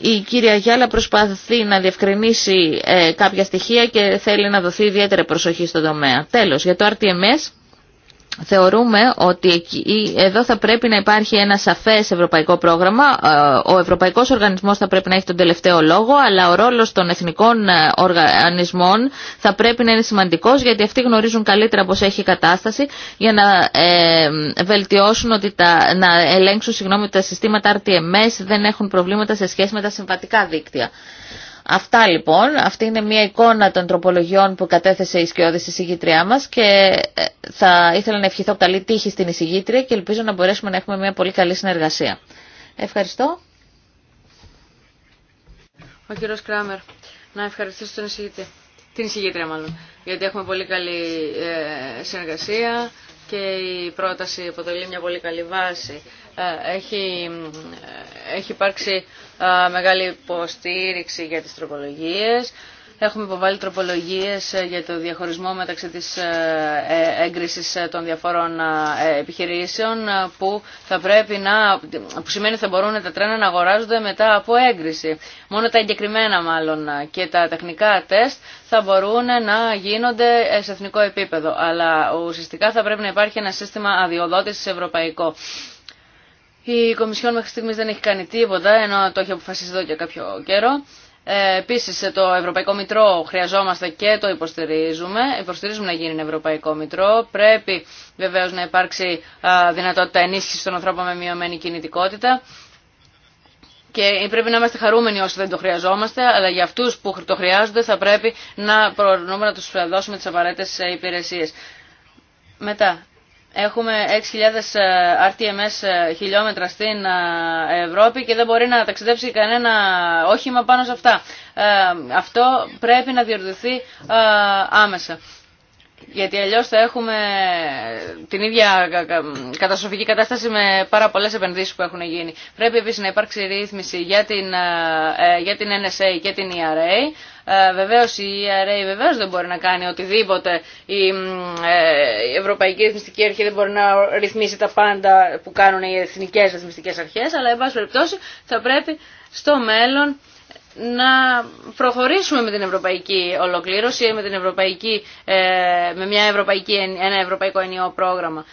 Η κυρία Γιάλα προσπαθεί να διευκρινίσει ε, κάποια στοιχεία και θέλει να δοθεί ιδιαίτερη προσοχή στο τομέα. Τέλος, για το RTMS Θεωρούμε ότι εδώ θα πρέπει να υπάρχει ένα σαφές ευρωπαϊκό πρόγραμμα. Ε, ο Ευρωπαϊκός Οργανισμός θα πρέπει να έχει τον τελευταίο λόγο, αλλά ο ρόλος των εθνικών ε, οργανισμών θα πρέπει να είναι σημαντικός, γιατί αυτοί γνωρίζουν καλύτερα πώς έχει η κατάσταση, για να ε, βελτιώσουν, ότι τα, να ελέγξουν συγγνώμη, τα συστήματα RTMS δεν έχουν προβλήματα σε σχέση με τα συμβατικά δίκτυα. Αυτά λοιπόν, αυτή είναι μια εικόνα των τροπολογιών που κατέθεσε η σκιώδης συγγητρία μας και ε, θα ήθελα να ευχηθώ καλή τύχη στην εισηγήτρια και ελπίζω να μπορέσουμε να έχουμε μια πολύ καλή συνεργασία. Ευχαριστώ. Ο κύριος Κράμερ, να ευχαριστήσω τον εισηγήτη. Την εισηγήτρια μάλλον, γιατί έχουμε πολύ καλή ε, συνεργασία και η πρόταση αποτελεί μια πολύ καλή βάση. Ε, έχει, έχει υπάρξει μεγάλη υποστήριξη για τις τροπολογίες. Έχουμε υποβάλει τροπολογίες ε, για το διαχωρισμό μεταξύ της ε, ε, έγκρισης των διαφόρων επιχειρήσεων που, θα πρέπει να, που σημαίνει ότι θα μπορούν τα τρένα να αγοράζονται μετά από έγκριση. Μόνο τα εγκεκριμένα μάλλον και τα τεχνικά τεστ θα μπορούν να γίνονται σε εθνικό επίπεδο. Αλλά ουσιαστικά θα πρέπει να υπάρχει ένα σύστημα αδειοδότησης ευρωπαϊκό. Η Κομισιόν μέχρι στιγμής δεν έχει κάνει τίποτα, ενώ το έχει αποφασίσει εδώ και κάποιο καιρό. Ε, Επίση, το Ευρωπαϊκό Μητρό χρειαζόμαστε και το υποστηρίζουμε. Υποστηρίζουμε να γίνει Ευρωπαϊκό Μητρό. Πρέπει βεβαίω να υπάρξει δυνατότητα ενίσχυση των ανθρώπων με μειωμένη κινητικότητα. Και πρέπει να είμαστε χαρούμενοι όσοι δεν το χρειαζόμαστε, αλλά για αυτού που το χρειάζονται θα πρέπει να προνούμε να του δώσουμε τι απαραίτητε ε, υπηρεσίε. Μετά, Έχουμε 6.000 RTMS ε, ε, χιλιόμετρα στην ε, Ευρώπη και δεν μπορεί να ταξιδέψει κανένα όχημα πάνω σε αυτά. Αυτό πρέπει να διορθωθεί άμεσα γιατί αλλιώ θα έχουμε την ίδια καταστροφική κατάσταση με πάρα πολλέ επενδύσει που έχουν γίνει. Πρέπει επίση να υπάρξει ρύθμιση για την, ε, ε, για την NSA και την ERA. Ε, Βεβαίω η ERA βεβαίως δεν μπορεί να κάνει οτιδήποτε. Η Ευρωπαϊκή Ρυθμιστική Αρχή δεν μπορεί να ρυθμίσει τα πάντα που κάνουν οι εθνικέ ρυθμιστικέ αρχέ, αλλά εν πάση περιπτώσει θα πρέπει στο μέλλον να προχωρήσουμε με την ευρωπαϊκή ολοκλήρωση, με, την ευρωπαϊκή, ε, με μια ευρωπαϊκή, ένα ευρωπαϊκό ενιαίο πρόγραμμα.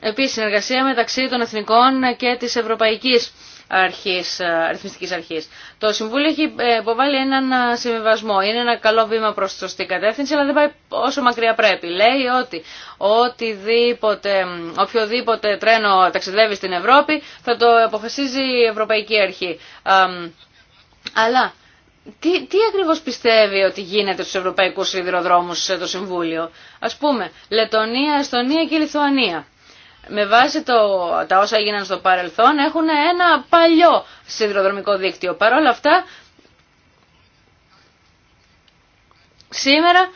Επίσης, συνεργασία μεταξύ των εθνικών και της ευρωπαϊκής αρχής, ε, αριθμιστικής αρχής. Το Συμβούλιο έχει ε, υποβάλει έναν συμβιβασμό. Είναι ένα καλό βήμα προς τη σωστή κατεύθυνση, αλλά δεν πάει όσο μακριά πρέπει. Λέει ότι οποιοδήποτε τρένο ταξιδεύει στην Ευρώπη θα το αποφασίζει η Ευρωπαϊκή Αρχή. Αλλά τι, τι ακριβώς πιστεύει ότι γίνεται στους ευρωπαϊκούς σιδηροδρόμους το Συμβούλιο. Ας πούμε, Λετωνία, Εστονία και Λιθουανία. Με βάση το, τα όσα έγιναν στο παρελθόν έχουν ένα παλιό σιδηροδρομικό δίκτυο. Παρ' όλα αυτά, σήμερα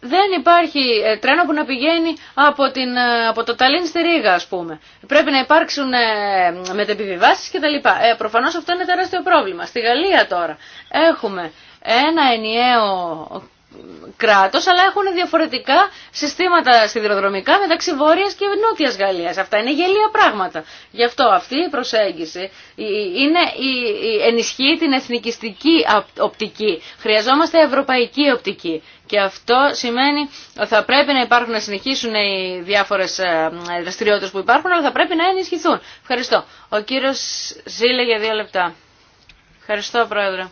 δεν υπάρχει ε, τρένο που να πηγαίνει από, την, ε, από το Ταλίν στη Ρήγα, ας πούμε. Πρέπει να υπάρξουν ε, μετεπιβιβάσεις κτλ. Ε, προφανώς αυτό είναι τεράστιο πρόβλημα. Στη Γαλλία τώρα έχουμε ένα ενιαίο κράτος, αλλά έχουν διαφορετικά συστήματα σιδηροδρομικά μεταξύ Βόρειας και Νότιας Γαλλίας. Αυτά είναι γελία πράγματα. Γι' αυτό αυτή η προσέγγιση είναι, ενισχύει την εθνικιστική οπτική. Χρειαζόμαστε ευρωπαϊκή οπτική. Και αυτό σημαίνει ότι θα πρέπει να υπάρχουν, να συνεχίσουν οι διάφορε δραστηριότητε που υπάρχουν, αλλά θα πρέπει να ενισχυθούν. Ευχαριστώ. Ο κύριο Ζήλε για δύο λεπτά. Ευχαριστώ, Πρόεδρε.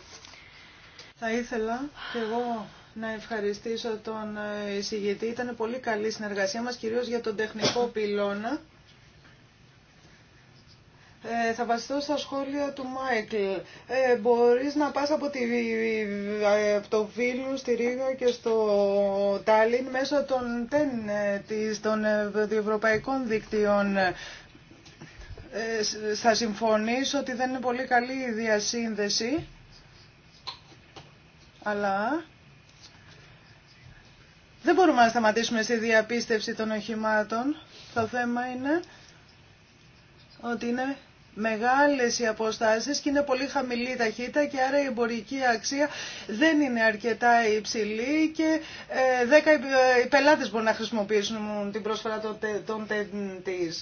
Θα ήθελα και εγώ να ευχαριστήσω τον ε, εισηγητή. Ήταν πολύ καλή συνεργασία μας, κυρίω για τον τεχνικό πυλώνα. Ε, θα βασιστώ στα σχόλια του Μάικλ. Ε, μπορείς να πας από, τη, ε, το Βίλνου στη Ρίγα και στο Τάλιν μέσω των, τεν, ε, της, των ευρωπαϊκών δικτύων. Ε, θα συμφωνήσω ότι δεν είναι πολύ καλή η διασύνδεση, αλλά... Δεν μπορούμε να σταματήσουμε στη διαπίστευση των οχημάτων. Το θέμα είναι ότι είναι μεγάλες οι αποστάσεις και είναι πολύ χαμηλή η ταχύτητα και άρα η εμπορική αξία δεν είναι αρκετά υψηλή και 10 ε, ε, οι πελάτες μπορούν να χρησιμοποιήσουν την πρόσφατα των τέντη.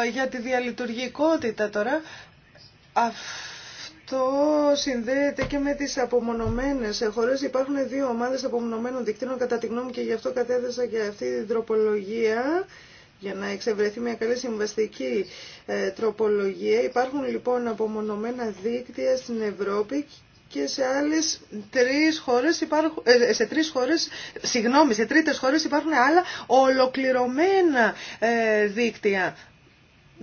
Ε, για τη διαλειτουργικότητα τώρα, αυτό συνδέεται και με τις απομονωμένες χώρες. Υπάρχουν δύο ομάδες απομονωμένων δικτύων κατά τη γνώμη και γι' αυτό κατέθεσα και αυτή την τροπολογία για να εξευρεθεί μια καλή συμβαστική ε, τροπολογία. Υπάρχουν λοιπόν απομονωμένα δίκτυα στην Ευρώπη και σε άλλες τρεις χώρες υπάρχουν, ε, σε τρεις χώρες, συγγνώμη, σε τρίτες χώρες υπάρχουν άλλα ολοκληρωμένα ε, δίκτυα.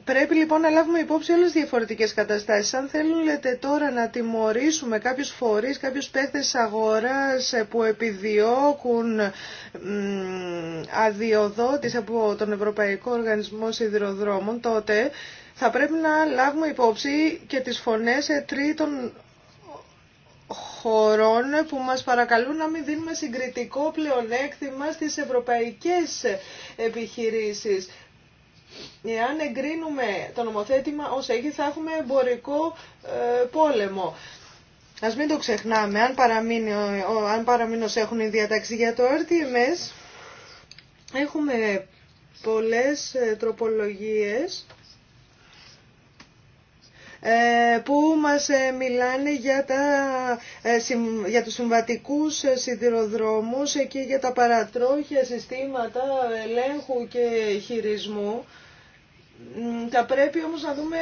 Πρέπει λοιπόν να λάβουμε υπόψη τις διαφορετικές καταστάσεις. Αν θέλετε τώρα να τιμωρήσουμε κάποιους φορείς, κάποιους παίχτες αγοράς ε, που επιδιώκουν αδειοδότης από τον Ευρωπαϊκό Οργανισμό Σιδηροδρόμων, τότε θα πρέπει να λάβουμε υπόψη και τις φωνές ε, τρίτων χωρών που μας παρακαλούν να μην δίνουμε συγκριτικό πλεονέκτημα στις ευρωπαϊκές επιχειρήσεις. Εάν εγκρίνουμε το νομοθέτημα ως έχει θα έχουμε εμπορικό ε, πόλεμο. Ας μην το ξεχνάμε, αν, παραμείνει, αν έχουν οι διατάξει για το RTMS, έχουμε πολλές ε, τροπολογίες ε, που μας μιλάνε για, τα, για τους συμβατικούς σιδηροδρόμους και για τα παρατρόχια συστήματα ελέγχου και χειρισμού. Θα πρέπει όμως να δούμε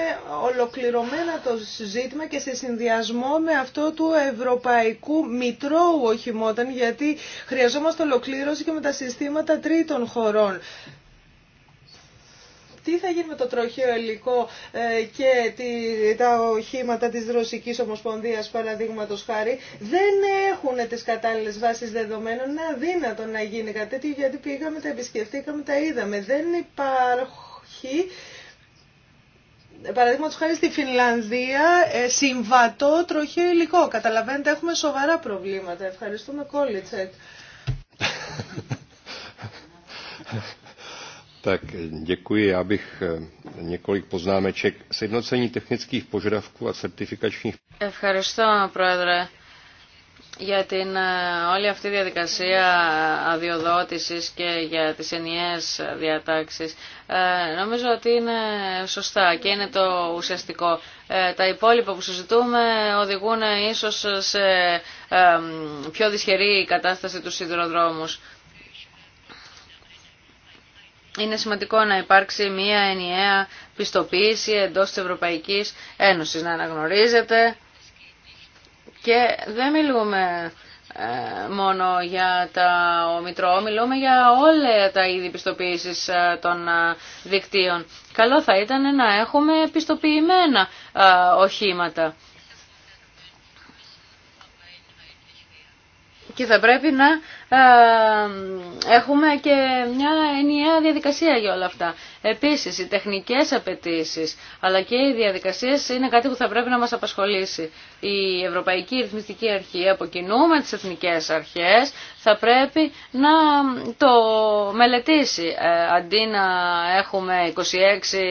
ολοκληρωμένα το ζήτημα και σε συνδυασμό με αυτό του ευρωπαϊκού μητρώου οχημόταν γιατί χρειαζόμαστε ολοκλήρωση και με τα συστήματα τρίτων χωρών. Τι θα γίνει με το τροχαίο υλικό ε, και τα οχήματα της Ρωσικής Ομοσπονδίας, παραδείγματος χάρη, δεν έχουν τις κατάλληλες βάσεις δεδομένων. Είναι αδύνατο να γίνει κάτι τέτοιο γιατί πήγαμε, τα επισκεφτήκαμε, τα είδαμε. Δεν υπάρχουν υπάρχει Παραδείγματο χάρη στη Φινλανδία, ε, συμβατό τροχαίο υλικό. Καταλαβαίνετε, έχουμε σοβαρά προβλήματα. Ευχαριστούμε, Κόλιτσετ. Tak, děkuji. Já bych eh, několik poznámeček. Sjednocení technických požadavků a certifikačních. Ευχαριστώ, Πρόεδρε για την ε, όλη αυτή διαδικασία αδειοδότησης και για τις ενιαίες διατάξεις ε, νομίζω ότι είναι σωστά και είναι το ουσιαστικό. Ε, τα υπόλοιπα που συζητούμε οδηγούν ίσως σε πιο δυσχερή κατάσταση του σιδηροδρόμου. Είναι σημαντικό να υπάρξει μία ενιαία πιστοποίηση εντός της Ευρωπαϊκής Ένωσης, να αναγνωρίζεται και δεν μιλούμε ε, μόνο για τα ομιτρό, μιλούμε για όλα τα είδη πιστοποίησης ε, των ε, δικτύων. Καλό θα ήταν να έχουμε πιστοποιημένα οχήματα. και θα πρέπει να έχουμε και μια ενιαία διαδικασία για όλα αυτά. Επίσης, οι τεχνικές απαιτήσει, αλλά και οι διαδικασίες είναι κάτι που θα πρέπει να μας απασχολήσει. Η Ευρωπαϊκή Ρυθμιστική Αρχή από κοινού με τις εθνικές αρχές θα πρέπει να το μελετήσει. Ε, αντί να έχουμε 26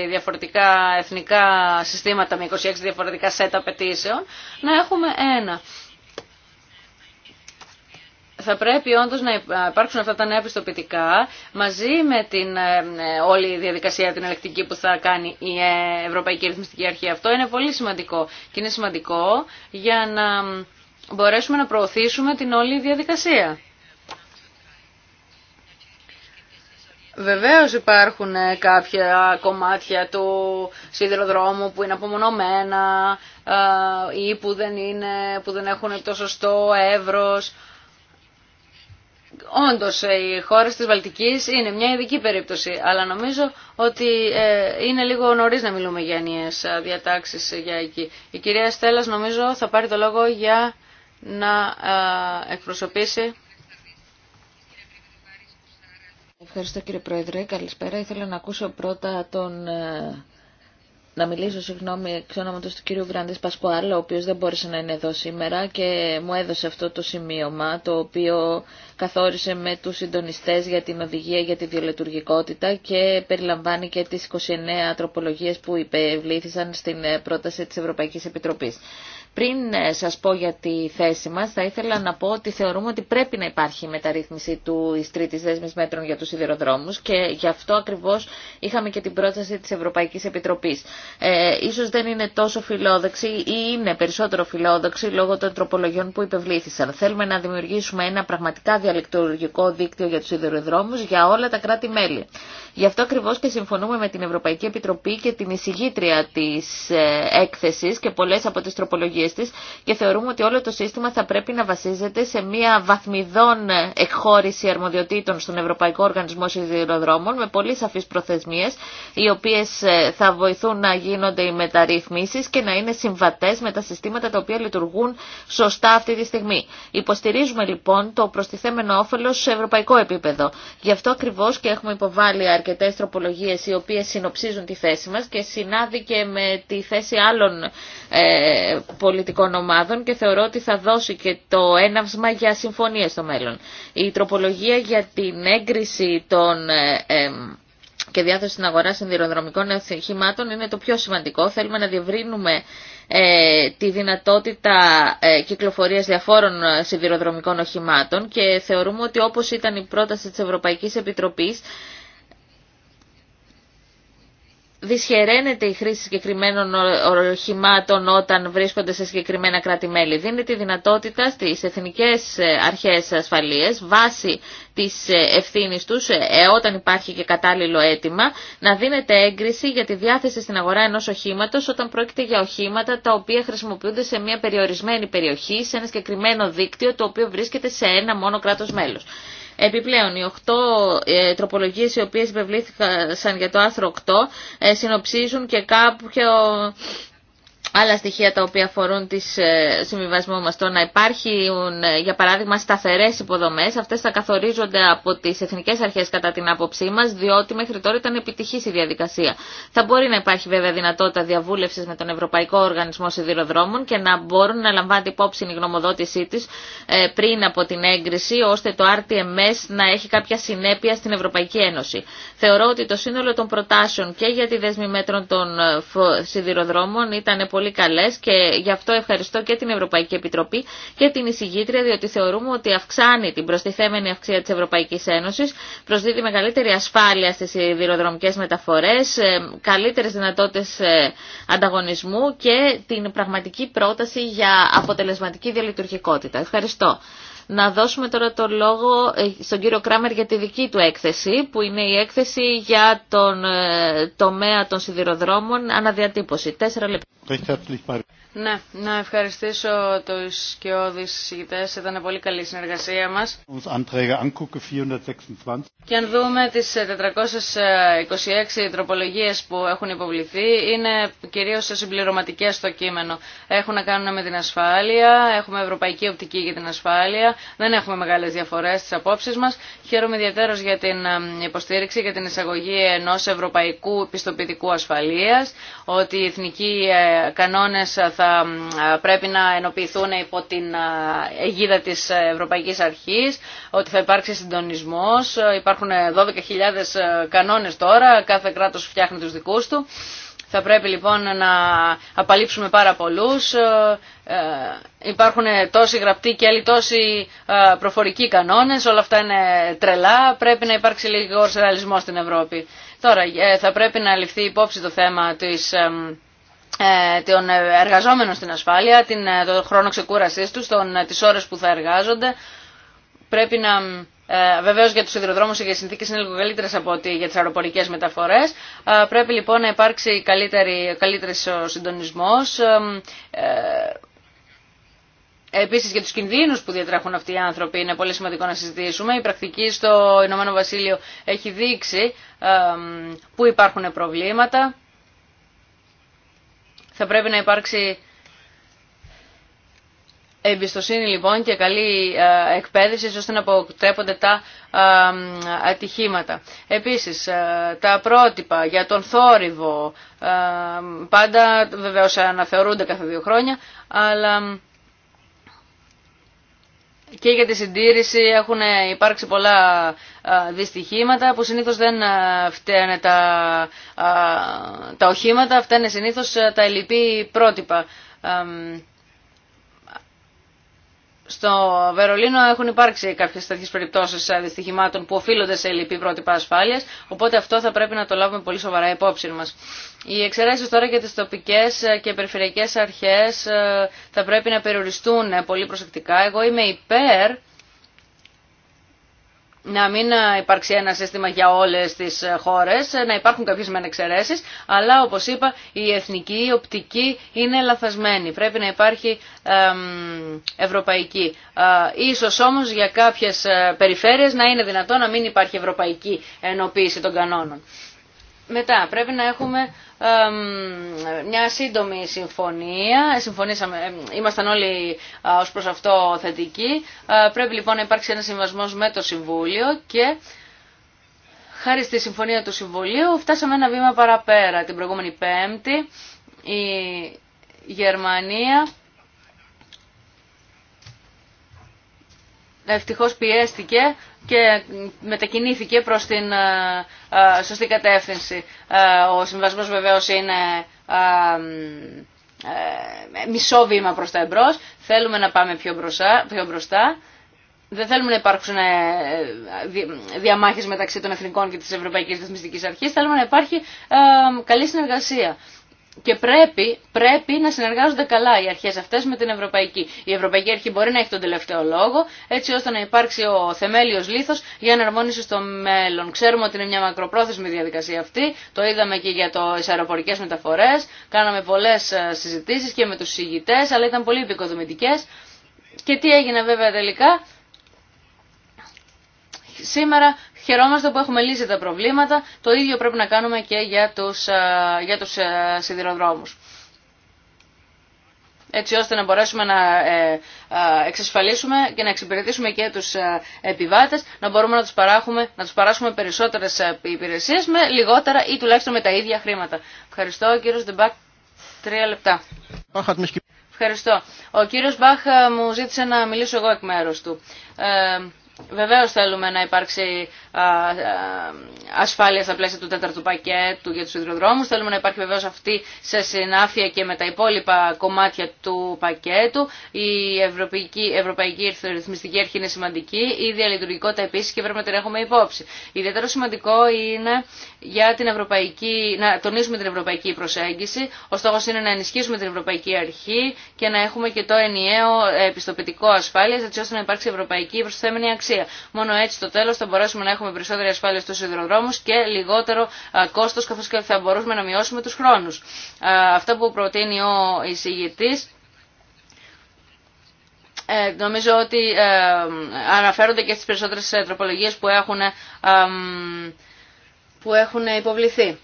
διαφορετικά εθνικά συστήματα με 26 διαφορετικά σετ απαιτήσεων, να έχουμε ένα θα πρέπει όντω να υπάρξουν αυτά τα νέα πιστοποιητικά μαζί με την ε, όλη η διαδικασία την ελεκτική που θα κάνει η Ευρωπαϊκή Ρυθμιστική Αρχή. Αυτό είναι πολύ σημαντικό και είναι σημαντικό για να μπορέσουμε να προωθήσουμε την όλη διαδικασία. Βεβαίως υπάρχουν κάποια κομμάτια του σιδηροδρόμου που είναι απομονωμένα ε, ή που δεν, που δεν έχουν το σωστό εύρος. Όντω ε, οι χώρε τη Βαλτική είναι μια ειδική περίπτωση, αλλά νομίζω ότι ε, είναι λίγο νωρί να μιλούμε για νέε διατάξεις για εκεί. Η κυρία Στέλλας νομίζω θα πάρει το λόγο για να ε, εκπροσωπήσει. Ευχαριστώ κύριε Πρόεδρε. Καλησπέρα. Ήθελα να ακούσω πρώτα τον να μιλήσω συγγνώμη εξ του κύριου Γκράντες Πασκουάλ, ο οποίο δεν μπόρεσε να είναι εδώ σήμερα και μου έδωσε αυτό το σημείωμα, το οποίο καθόρισε με του συντονιστέ για την οδηγία για τη βιολετουργικότητα και περιλαμβάνει και τι 29 τροπολογίες που υπευλήθησαν στην ε, πρόταση τη Ευρωπαϊκή Επιτροπή. Πριν ε, σας πω για τη θέση μας, θα ήθελα να πω ότι θεωρούμε ότι πρέπει να υπάρχει μεταρρύθμιση του τρίτης δέσμης μέτρων για τους σιδηροδρόμους και γι' αυτό ακριβώς είχαμε και την πρόταση της Ευρωπαϊκής Επιτροπής. Ε, ίσως δεν είναι τόσο φιλόδοξη ή είναι περισσότερο φιλόδοξη λόγω των τροπολογιών που υπευλήθησαν. Θέλουμε να δημιουργήσουμε ένα πραγματικά διαλεκτουργικό δίκτυο για τους σιδηροδρόμους για όλα τα κράτη-μέλη. Γι' αυτό ακριβώς και συμφωνούμε με την Ευρωπαϊκή Επιτροπή και την εισηγήτρια της ε, έκθεσης και πολλές από τις τροπολογίες της και θεωρούμε ότι όλο το σύστημα θα πρέπει να βασίζεται σε μια βαθμιδόν εκχώρηση αρμοδιοτήτων στον Ευρωπαϊκό Οργανισμό Σιδηροδρόμων με πολύ σαφείς προθεσμίες οι οποίες ε, θα βοηθούν να γίνονται οι μεταρρυθμίσεις και να είναι συμβατές με τα συστήματα τα οποία λειτουργούν σωστά αυτή τη στιγμή. Υποστηρίζουμε λοιπόν το προστιθέμενο όφελο σε ευρωπαϊκό επίπεδο. Γι' αυτό ακριβώς και έχουμε υποβάλει αρκετές τροπολογίες οι οποίες συνοψίζουν τη θέση μας και συνάδει και με τη θέση άλλων ε, πολιτικών ομάδων και θεωρώ ότι θα δώσει και το έναυσμα για συμφωνίες στο μέλλον. Η τροπολογία για την έγκριση των... Ε, και διάθεση στην αγορά συνδυροδρομικών οχημάτων είναι το πιο σημαντικό. Θέλουμε να διευρύνουμε ε, τη δυνατότητα ε, κυκλοφορίας διαφόρων σιδηροδρομικών οχημάτων και θεωρούμε ότι όπως ήταν η πρόταση της Ευρωπαϊκής Επιτροπής δυσχεραίνεται η χρήση συγκεκριμένων οροχημάτων όταν βρίσκονται σε συγκεκριμένα κράτη-μέλη. Δίνει τη δυνατότητα στις εθνικές ε, αρχές ασφαλείας βάσει της ε, ευθύνης τους ε, όταν υπάρχει και κατάλληλο αίτημα να δίνεται έγκριση για τη διάθεση στην αγορά ενός οχήματος όταν πρόκειται για οχήματα τα οποία χρησιμοποιούνται σε μια περιορισμένη περιοχή, σε ένα συγκεκριμένο δίκτυο το οποίο βρίσκεται σε ένα μόνο κράτος μέλος. Επιπλέον, οι 8 ε, τροπολογίε οι οποίε υπευλήθηκαν για το άρθρο 8 ε, συνοψίζουν και κάποιο άλλα στοιχεία τα οποία αφορούν τη ε, συμβιβασμό μα Το να υπάρχουν, ε, για παράδειγμα, σταθερές υποδομές, αυτές θα καθορίζονται από τις εθνικές αρχές κατά την άποψή μα, διότι μέχρι τώρα ήταν επιτυχής η διαδικασία. Θα μπορεί να υπάρχει βέβαια δυνατότητα διαβούλευση με τον Ευρωπαϊκό Οργανισμό Σιδηροδρόμων και να μπορούν να λαμβάνει υπόψη η γνωμοδότησή της ε, πριν από την έγκριση, ώστε το RTMS να έχει κάποια συνέπεια στην Ευρωπαϊκή Ένωση. Θεωρώ ότι το σύνολο των προτάσεων και για τη δέσμη μέτρων των σιδηροδρόμων ήταν πολύ πολύ και γι' αυτό ευχαριστώ και την Ευρωπαϊκή Επιτροπή και την εισηγήτρια διότι θεωρούμε ότι αυξάνει την προστιθέμενη αυξία της Ευρωπαϊκής Ένωσης, προσδίδει μεγαλύτερη ασφάλεια στις σιδηροδρομικές μεταφορές, ε, καλύτερες δυνατότητες ε, ανταγωνισμού και την πραγματική πρόταση για αποτελεσματική διαλειτουργικότητα. Ευχαριστώ. Να δώσουμε τώρα το λόγο ε, στον κύριο Κράμερ για τη δική του έκθεση, που είναι η έκθεση για τον ε, τομέα των σιδηροδρόμων αναδιατύπωση. Τέσσερα λεπτά. Ναι, να ευχαριστήσω τους σκιώδεις συζητητές. Ήταν πολύ καλή η συνεργασία μας. Και αν δούμε τις 426 ε, τροπολογίες που έχουν υποβληθεί, είναι κυρίως συμπληρωματικές στο κείμενο. Έχουν να κάνουν με την ασφάλεια, έχουμε ευρωπαϊκή οπτική για την ασφάλεια, δεν έχουμε μεγάλε διαφορέ στι απόψει μα. Χαίρομαι ιδιαίτερω για την υποστήριξη για την εισαγωγή ενό ευρωπαϊκού πιστοποιητικού ασφαλεία, ότι οι εθνικοί ε, κανόνε θα πρέπει να ενοποιηθούν υπό την ε, αιγίδα τη Ευρωπαϊκή Αρχή, ότι θα υπάρξει συντονισμό. Υπάρχουν 12.000 ε, κανόνε τώρα, κάθε κράτο φτιάχνει του δικού του. Θα πρέπει λοιπόν να απαλείψουμε πάρα πολλούς. Ε, ε, υπάρχουν τόσοι γραπτοί και άλλοι τόσοι ε, προφορικοί κανόνες. Όλα αυτά είναι τρελά. Πρέπει να υπάρξει λίγο ρεαλισμό στην Ευρώπη. Τώρα θα πρέπει να ληφθεί υπόψη το θέμα της των εργαζόμενων στην ασφάλεια, τον χρόνο ξεκούρασής τους, τον, τις ώρες που θα εργάζονται. Πρέπει να ε, Βεβαίω για του σιδηροδρόμου οι συνθήκε είναι λίγο καλύτερε από ότι για τι αεροπορικέ μεταφορέ. Ε, πρέπει λοιπόν να υπάρξει καλύτερη συντονισμό. Ε, Επίση για του κινδύνου που διατρέχουν αυτοί οι άνθρωποι είναι πολύ σημαντικό να συζητήσουμε. Η πρακτική στο Ηνωμένο Βασίλειο έχει δείξει που υπάρχουν προβλήματα. Θα πρέπει να υπάρξει Εμπιστοσύνη λοιπόν και καλή ε, εκπαίδευση ώστε να αποτρέπονται τα ε, ατυχήματα. Επίσης ε, τα πρότυπα για τον θόρυβο πάντα βεβαίω αναθεωρούνται κάθε δύο χρόνια αλλά και για τη συντήρηση έχουν υπάρξει πολλά δυστυχήματα που συνήθως δεν φταίνε τα, τα οχήματα, φταίνε συνήθως τα ελληπή πρότυπα στο Βερολίνο έχουν υπάρξει κάποιε τέτοιε περιπτώσει ε, δυστυχημάτων που οφείλονται σε λυπή πρότυπα ασφάλεια, οπότε αυτό θα πρέπει να το λάβουμε πολύ σοβαρά υπόψη μα. Οι εξαιρέσει τώρα για τι τοπικέ ε, και περιφερειακέ αρχέ ε, θα πρέπει να περιοριστούν πολύ προσεκτικά. Εγώ είμαι υπέρ να μην ε, υπάρξει ένα σύστημα για όλες τις ε, χώρες, ε, να υπάρχουν κάποιες μεν εξαιρέσεις, αλλά όπως είπα η εθνική, η οπτική είναι λαθασμένη. Πρέπει να υπάρχει ευρωπαϊκή. Ίσως όμως για κάποιες περιφέρειες να είναι δυνατό να μην υπάρχει ευρωπαϊκή ενοποίηση των κανόνων. Μετά πρέπει να έχουμε μια σύντομη συμφωνία. Συμφωνήσαμε, ήμασταν όλοι ως προς αυτό θετικοί. Πρέπει λοιπόν να υπάρξει ένα συμβασμός με το Συμβούλιο και χάρη στη συμφωνία του Συμβουλίου φτάσαμε ένα βήμα παραπέρα. Την προηγούμενη Πέμπτη η Γερμανία ευτυχώς πιέστηκε και μετακινήθηκε προς την ε, ε, σωστή κατεύθυνση. Ε, ο συμβασμός βεβαίως είναι ε, μισό βήμα προς τα εμπρός. Θέλουμε να πάμε πιο μπροστά. Δεν θέλουμε να υπάρξουν διαμάχες μεταξύ των εθνικών και της Ευρωπαϊκής Δεθμιστικής Αρχής. Θέλουμε να υπάρχει καλή συνεργασία και πρέπει, πρέπει να συνεργάζονται καλά οι αρχές αυτές με την Ευρωπαϊκή. Η Ευρωπαϊκή Αρχή μπορεί να έχει τον τελευταίο λόγο, έτσι ώστε να υπάρξει ο θεμέλιος λίθος για εναρμόνιση στο μέλλον. Ξέρουμε ότι είναι μια μακροπρόθεσμη διαδικασία αυτή. Το είδαμε και για τι αεροπορικές μεταφορές, Κάναμε πολλές ε, συζητήσεις και με τους συγητέ, αλλά ήταν πολύ επικοδομητικές. Και τι έγινε βέβαια τελικά. Σήμερα Χαιρόμαστε που έχουμε λύσει τα προβλήματα. Το ίδιο πρέπει να κάνουμε και για τους, για τους σιδηροδρόμους. Έτσι ώστε να μπορέσουμε να ε, εξασφαλίσουμε και να εξυπηρετήσουμε και τους επιβάτες, να μπορούμε να τους, παράχουμε, να τους παράσουμε περισσότερες υπηρεσίες με λιγότερα ή τουλάχιστον με τα ίδια χρήματα. Ευχαριστώ κύριο Δεμπακ. Τρία λεπτά. Ευχαριστώ. Ο κύριος Μπάχ ε, μου ζήτησε να μιλήσω εγώ εκ μέρους του. Ε, Βεβαίω θέλουμε να υπάρξει ασφάλεια στα πλαίσια του τέταρτου πακέτου για του υδροδρόμου. Θέλουμε να υπάρχει βεβαίω αυτή σε συνάφεια και με τα υπόλοιπα κομμάτια του πακέτου. Η Ευρωπαϊκή, Ευρωπαϊκή Ρυθμιστική Αρχή είναι σημαντική. Η διαλειτουργικότητα επίση και πρέπει να την έχουμε υπόψη. Ιδιαίτερο σημαντικό είναι για την ευρωπαϊκή, να τονίσουμε την ευρωπαϊκή προσέγγιση. Ο στόχο είναι να ενισχύσουμε την ευρωπαϊκή αρχή και να έχουμε και το ενιαίο επιστοποιητικό ασφάλεια, έτσι ώστε να υπάρξει ευρωπαϊκή προσθέμενη αξία. Μόνο έτσι στο τέλος θα μπορέσουμε να έχουμε περισσότερη ασφάλεια στους υδροδρόμους και λιγότερο κόστος καθώς και θα μπορούμε να μειώσουμε τους χρόνους. Αυτό που προτείνει ο εισηγητής ε, νομίζω ότι ε, αναφέρονται και στις περισσότερες ε, τροπολογίες που έχουν, που έχουν υποβληθεί.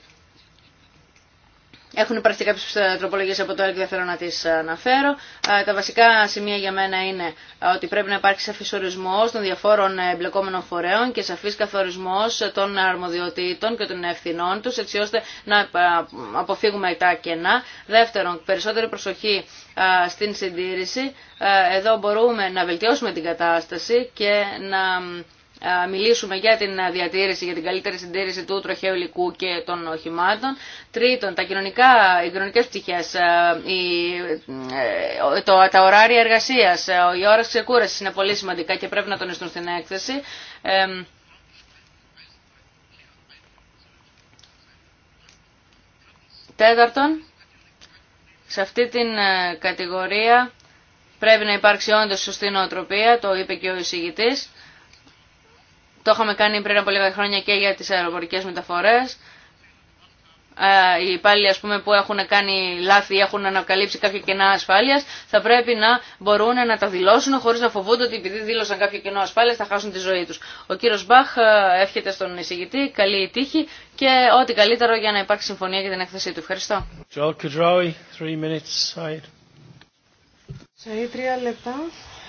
Έχουν υπάρξει κάποιε τροπολογίε από το ΕΛΚ, δεν θέλω να τι ε, αναφέρω. Ε, τα βασικά σημεία για μένα είναι ε, ότι πρέπει να υπάρχει σαφή ορισμό των διαφόρων εμπλεκόμενων φορέων και σαφή καθορισμό των αρμοδιοτήτων και των ευθυνών του, έτσι ώστε να αποφύγουμε τα κενά. Δεύτερον, περισσότερη προσοχή στην συντήρηση. Εδώ μπορούμε να βελτιώσουμε την κατάσταση και να μιλήσουμε για την διατήρηση, για την καλύτερη συντήρηση του τροχαίου υλικού και των οχημάτων. Τρίτον, τα κοινωνικά, οι κοινωνικέ πτυχές, ε, το, τα ωράρια εργασίας, οι ε, ώρα ξεκούραση είναι πολύ σημαντικά και πρέπει να τονιστούν στην έκθεση. Ε, τέταρτον, σε αυτή την κατηγορία πρέπει να υπάρξει όντως σωστή νοοτροπία, το είπε και ο εισηγητής. Το είχαμε κάνει πριν από λίγα χρόνια και για τις αεροπορικές μεταφορές. Ε, οι υπάλληλοι ας πούμε, που έχουν κάνει λάθη ή έχουν ανακαλύψει κάποια κενά ασφάλεια θα πρέπει να μπορούν να τα δηλώσουν χωρί να φοβούνται ότι επειδή δήλωσαν κάποιο κενό ασφάλεια θα χάσουν τη ζωή του. Ο κύριο Μπαχ ε, εύχεται στον εισηγητή καλή τύχη και ό,τι καλύτερο για να υπάρξει συμφωνία για την έκθεσή του. Ευχαριστώ. τρία λεπτά.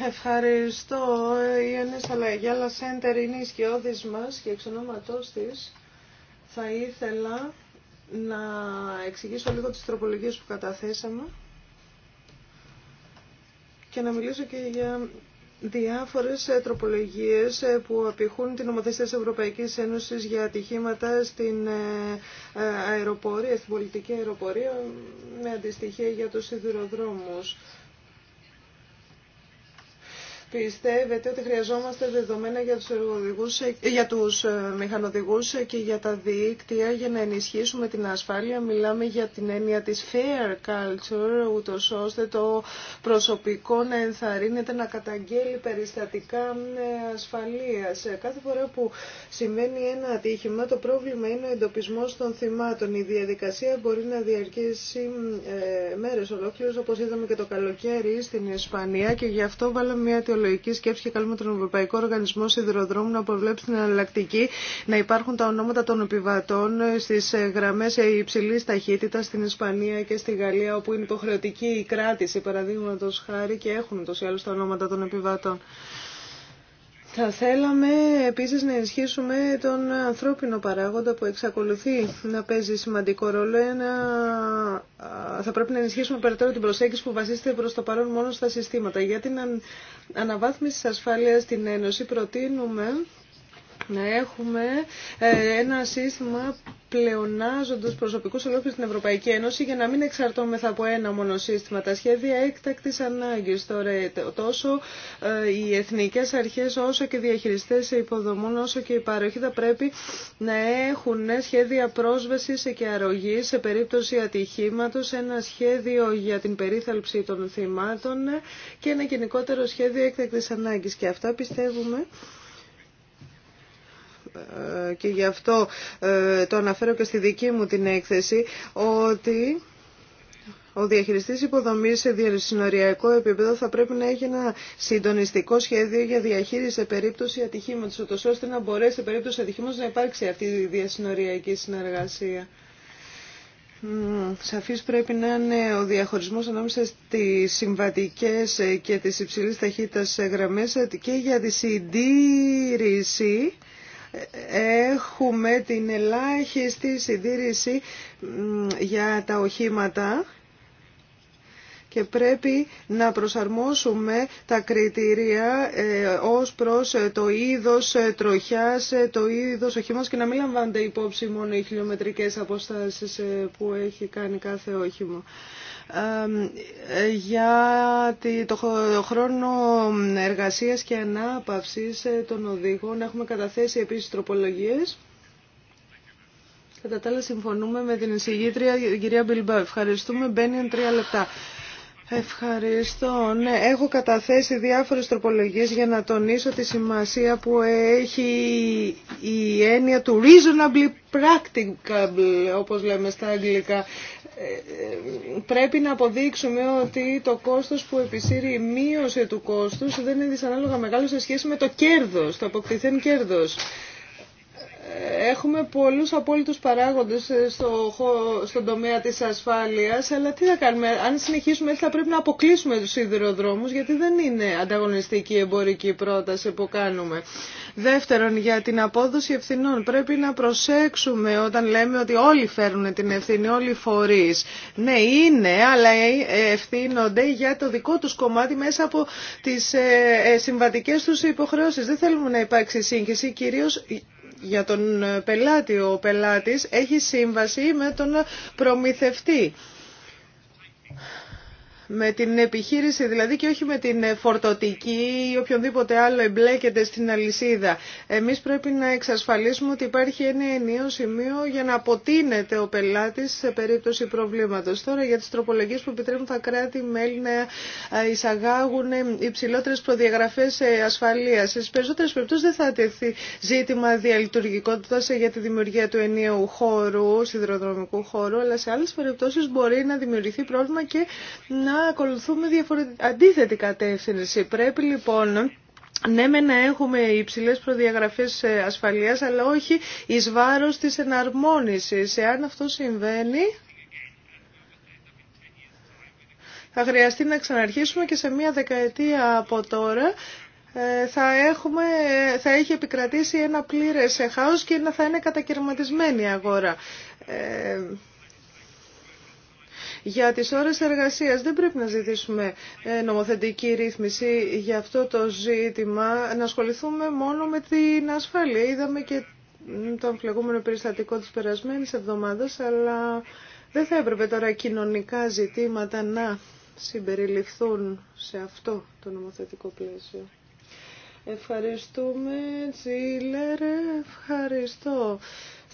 Ευχαριστώ. Η Ένες Αλαγιάλα Σέντερ είναι η μας και εξ ονόματός της θα ήθελα να εξηγήσω λίγο τις τροπολογίες που καταθέσαμε και να μιλήσω και για διάφορες τροπολογίες που απηχούν την Ομοθεσία της Ευρωπαϊκής Ένωσης για ατυχήματα στην ε, ε, αεροπορία, στην πολιτική αεροπορία με αντιστοιχεία για τους σιδηροδρόμους. Πιστεύετε ότι χρειαζόμαστε δεδομένα για τους, εργοδηγούς, για τους ε, μηχανοδηγούς και για τα δίκτυα για να ενισχύσουμε την ασφάλεια. Μιλάμε για την έννοια της fair culture, ούτως ώστε το προσωπικό να ενθαρρύνεται να καταγγέλει περιστατικά ασφαλείας. Κάθε φορά που συμβαίνει ένα ατύχημα, το πρόβλημα είναι ο εντοπισμός των θυμάτων. Η διαδικασία μπορεί να διαρκέσει ε, μέρες ολόκληρες, όπως είδαμε και το καλοκαίρι στην Ισπανία και γι' αυτό βάλαμε μια Λογική σκέψη και καλούμε τον Ευρωπαϊκό Οργανισμό Σιδηροδρόμου να προβλέψει την εναλλακτική να υπάρχουν τα ονόματα των επιβατών στι ε, γραμμέ ε, υψηλή ταχύτητα στην Ισπανία και στη Γαλλία, όπου είναι υποχρεωτική η κράτηση, παραδείγματο χάρη, και έχουν τόσο ή άλλω τα ονόματα των επιβατών. Θα θέλαμε επίσης να ενισχύσουμε τον ανθρώπινο παράγοντα που εξακολουθεί να παίζει σημαντικό ρόλο. Ένα... Θα πρέπει να ενισχύσουμε περαιτέρω την προσέγγιση που βασίζεται προς το παρόν μόνο στα συστήματα. Για την αναβάθμιση της ασφάλειας στην Ένωση προτείνουμε να έχουμε ε, ένα σύστημα πλεονάζοντος προσωπικού σε στην Ευρωπαϊκή Ένωση για να μην εξαρτώμεθα από ένα μόνο σύστημα. Τα σχέδια έκτακτης ανάγκης τώρα ε, τόσο ε, οι εθνικές αρχές όσο και διαχειριστές υποδομών όσο και η παροχή θα πρέπει να έχουν σχέδια πρόσβασης και αρρωγής σε περίπτωση ατυχήματος, ένα σχέδιο για την περίθαλψη των θυμάτων και ένα γενικότερο σχέδιο έκτακτης ανάγκης. Και αυτά πιστεύουμε ε, και γι' αυτό ε, το αναφέρω και στη δική μου την έκθεση, ότι ο διαχειριστής υποδομής σε διασυνοριακό επίπεδο θα πρέπει να έχει ένα συντονιστικό σχέδιο για διαχείριση σε περίπτωση ατυχήματος, ούτως ώστε να μπορέσει σε περίπτωση ατυχήματος να υπάρξει αυτή η διασυνοριακή συνεργασία. Σαφής πρέπει να είναι ο διαχωρισμός ανάμεσα στις συμβατικές ε, και τις υψηλής ταχύτητας γραμμές και για τη συντήρηση έχουμε την ελάχιστη συντήρηση για τα οχήματα και πρέπει να προσαρμόσουμε τα κριτήρια ε, ως προς ε, το είδος ε, τροχιάς, το είδος οχήματος και να μην λαμβάνονται υπόψη μόνο οι χιλιομετρικές αποστάσεις που έχει κάνει κάθε όχημα για το χρόνο εργασίας και ανάπαυσης ε, των οδηγών. Έχουμε καταθέσει επίσης τροπολογίες. Κατά τα άλλα συμφωνούμε με την εισηγήτρια κυρία Μπιλμπά. Ευχαριστούμε. Μπαίνει τρία λεπτά. Ευχαριστώ. Ναι, έχω καταθέσει διάφορες τροπολογίες για να τονίσω τη σημασία που έχει η έννοια του reasonably practicable, όπως λέμε στα αγγλικά πρέπει να αποδείξουμε ότι το κόστος που επισύρει η μείωση του κόστους δεν είναι δυσανάλογα μεγάλο σε σχέση με το κέρδος, το αποκτηθέν κέρδος έχουμε πολλούς απόλυτους παράγοντες ε, στο, στον τομέα της ασφάλειας, αλλά τι θα κάνουμε, αν συνεχίσουμε έτσι θα πρέπει να αποκλείσουμε τους σιδηροδρόμους, γιατί δεν είναι ανταγωνιστική εμπορική πρόταση που κάνουμε. Δεύτερον, για την απόδοση ευθυνών πρέπει να προσέξουμε όταν λέμε ότι όλοι φέρνουν την ευθύνη, όλοι οι φορείς. Ναι, είναι, αλλά ε, ευθύνονται για το δικό τους κομμάτι μέσα από τις ε, συμβατικές τους υποχρεώσεις. Δεν θέλουμε να υπάρξει σύγχυση, κυρίως για τον ε, πελάτη. Ο πελάτης έχει σύμβαση με τον προμηθευτή με την επιχείρηση δηλαδή και όχι με την φορτωτική ή οποιονδήποτε άλλο εμπλέκεται στην αλυσίδα. Εμείς πρέπει να εξασφαλίσουμε ότι υπάρχει ένα ενίο σημείο για να αποτείνεται ο πελάτης σε περίπτωση προβλήματος. Τώρα για τις τροπολογίες που επιτρέπουν τα κράτη-μέλη να ε, εισαγάγουν υψηλότερες προδιαγραφές ε, ασφαλείας. Σε περισσότερες περιπτώσεις δεν θα τεθεί ζήτημα διαλειτουργικότητας ε, για τη δημιουργία του ενιαίου χώρου, σιδηροδρομικού χώρου, αλλά σε άλλες περιπτώσεις μπορεί να δημιουργηθεί πρόβλημα και να ακολουθούμε αντίθετη κατεύθυνση. Πρέπει λοιπόν ναι, με να έχουμε υψηλέ προδιαγραφέ ε, ασφαλεία, αλλά όχι ει βάρο τη εναρμόνιση. Εάν αυτό συμβαίνει, θα χρειαστεί να ξαναρχίσουμε και σε μία δεκαετία από τώρα ε, θα, έχουμε, ε, θα έχει επικρατήσει ένα πλήρες χάος και θα είναι κατακαιρματισμένη η αγορά. Για τις ώρες εργασίας δεν πρέπει να ζητήσουμε ε, νομοθετική ρύθμιση για αυτό το ζήτημα, να ασχοληθούμε μόνο με την ασφάλεια. Είδαμε και τον φλεγόμενο περιστατικό της περασμένης εβδομάδας, αλλά δεν θα έπρεπε τώρα κοινωνικά ζητήματα να συμπεριληφθούν σε αυτό το νομοθετικό πλαίσιο. Ευχαριστούμε, Τζίλερ, ευχαριστώ.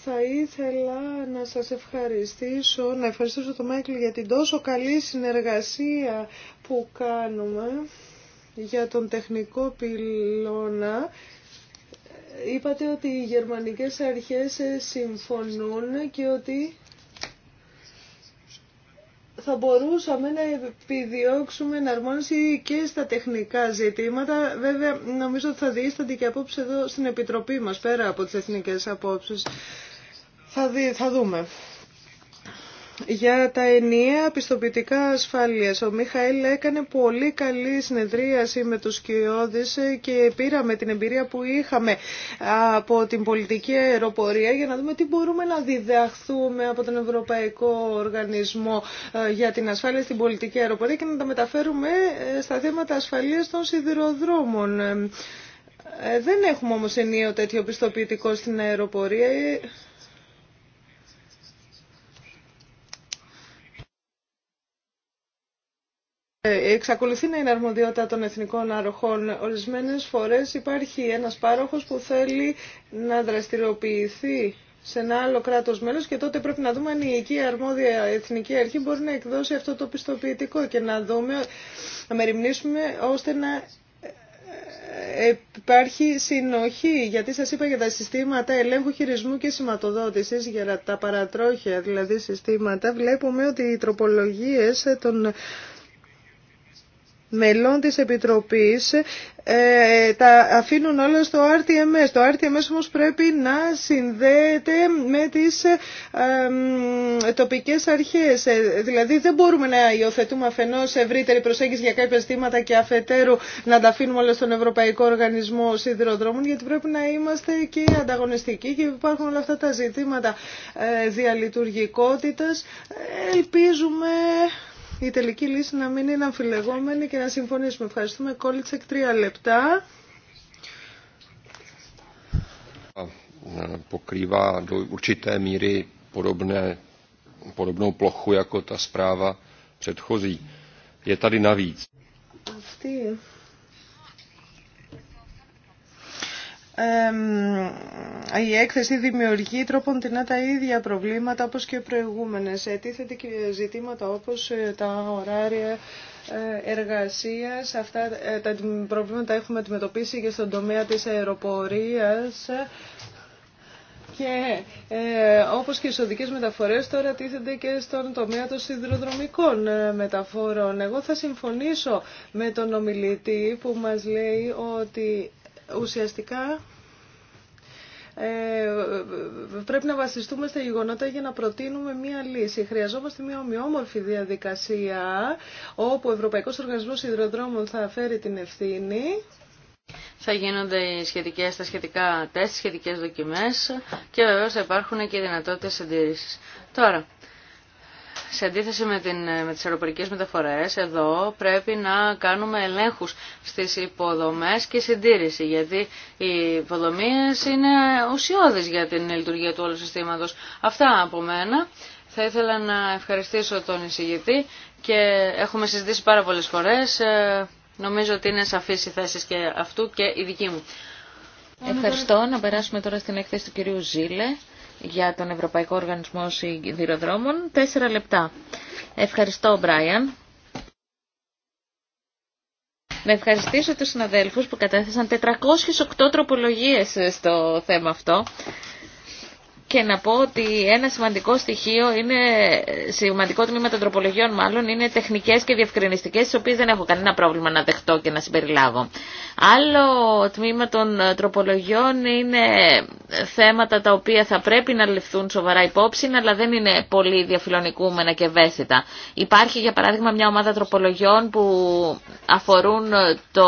Θα ήθελα να σας ευχαριστήσω, να ευχαριστήσω τον Μάικλ για την τόσο καλή συνεργασία που κάνουμε για τον τεχνικό πυλώνα. Είπατε ότι οι γερμανικές αρχές συμφωνούν και ότι θα μπορούσαμε να επιδιώξουμε εναρμόνιση και στα τεχνικά ζητήματα. Βέβαια, νομίζω ότι θα διήστανται και απόψε εδώ στην Επιτροπή μας, πέρα από τις εθνικές απόψεις. Θα, δει, θα δούμε. Για τα ενιαία πιστοποιητικά ασφάλειας, ο Μιχαήλ έκανε πολύ καλή συνεδρίαση με τους κοιόδης και πήραμε την εμπειρία που είχαμε από την πολιτική αεροπορία για να δούμε τι μπορούμε να διδαχθούμε από τον Ευρωπαϊκό Οργανισμό ε, για την ασφάλεια στην πολιτική αεροπορία και να τα μεταφέρουμε ε, στα θέματα ασφαλείας των σιδηροδρόμων. Ε, δεν έχουμε όμως ενιαίο τέτοιο πιστοποιητικό στην αεροπορία. Εξακολουθεί να είναι αρμοδιότητα των εθνικών αροχών. Ορισμένες φορές υπάρχει ένας πάροχος που θέλει να δραστηριοποιηθεί σε ένα άλλο κράτος μέλος και τότε πρέπει να δούμε αν η εκεί αρμόδια εθνική αρχή μπορεί να εκδώσει αυτό το πιστοποιητικό και να δούμε, να μεριμνήσουμε ώστε να ε, υπάρχει συνοχή, γιατί σας είπα για τα συστήματα ελέγχου χειρισμού και σηματοδότησης, για τα παρατρόχια δηλαδή συστήματα, βλέπουμε ότι οι τροπολογίες των μελών της Επιτροπής ε, τα αφήνουν όλα στο RTMS. Το RTMS όμως πρέπει να συνδέεται με τις ε, ε, τοπικές αρχές. Ε, δηλαδή δεν μπορούμε να υιοθετούμε αφενός ευρύτερη προσέγγιση για κάποια ζητήματα και αφετέρου να τα αφήνουμε όλα στον Ευρωπαϊκό Οργανισμό Σιδηροδρόμων γιατί πρέπει να είμαστε και ανταγωνιστικοί και υπάρχουν όλα αυτά τα ζητήματα ε, διαλειτουργικότητας. Ελπίζουμε η τελική λύση να μην είναι αμφιλεγόμενη και να συμφωνήσουμε. Ευχαριστούμε. Κόλλητσεκ τρία λεπτά. Pokrývá do určité míry podobné, podobnou plochu jako ta zpráva předchozí. Je tady navíc. Αυτή η έκθεση δημιουργεί τρόπον την τα ίδια προβλήματα όπως και προηγούμενες. Ετίθεται και ζητήματα όπως ε, τα ωράρια ε, εργασίας. Αυτά ε, τα προβλήματα έχουμε αντιμετωπίσει και στον τομέα της αεροπορίας. Και όπως και οι οδικές μεταφορές τώρα τίθενται και στον τομέα των σιδηροδρομικών μεταφορών. Εγώ θα συμφωνήσω με τον ομιλητή που μας λέει ότι ουσιαστικά ε, πρέπει να βασιστούμε στα γεγονότα για να προτείνουμε μία λύση. Χρειαζόμαστε μία ομοιόμορφη διαδικασία όπου ο Ευρωπαϊκός Οργανισμός Ιδροδρόμων θα φέρει την ευθύνη. Θα γίνονται σχετικές, τα σχετικά τεστ, σχετικές δοκιμές και βεβαίως θα υπάρχουν και οι δυνατότητες συντήρησης. Τώρα, σε αντίθεση με, την, με τις αεροπορικές μεταφορές, εδώ πρέπει να κάνουμε ελέγχους στις υποδομές και συντήρηση, γιατί οι υποδομίες είναι ουσιώδεις για την λειτουργία του όλου συστήματος. Αυτά από μένα. Θα ήθελα να ευχαριστήσω τον εισηγητή και έχουμε συζητήσει πάρα πολλές φορές. Ε, νομίζω ότι είναι σαφής η θέση και αυτού και η δική μου. Ευχαριστώ. Να περάσουμε τώρα στην έκθεση του κυρίου Ζήλε για τον Ευρωπαϊκό Οργανισμό Σιδηροδρόμων. Τέσσερα λεπτά. Ευχαριστώ, Μπράιαν. Να ευχαριστήσω τους συναδέλφους που κατέθεσαν 408 τροπολογίες στο θέμα αυτό και να πω ότι ένα σημαντικό στοιχείο είναι, σημαντικό τμήμα των τροπολογιών μάλλον, είναι τεχνικές και διευκρινιστικές, τις οποίες δεν έχω κανένα πρόβλημα να δεχτώ και να συμπεριλάβω. Άλλο τμήμα των ε, τροπολογιών είναι θέματα τα οποία θα πρέπει να ληφθούν σοβαρά υπόψη, αλλά δεν είναι πολύ διαφιλονικούμενα και ευαίσθητα. Υπάρχει για παράδειγμα μια ομάδα τροπολογιών που αφορούν το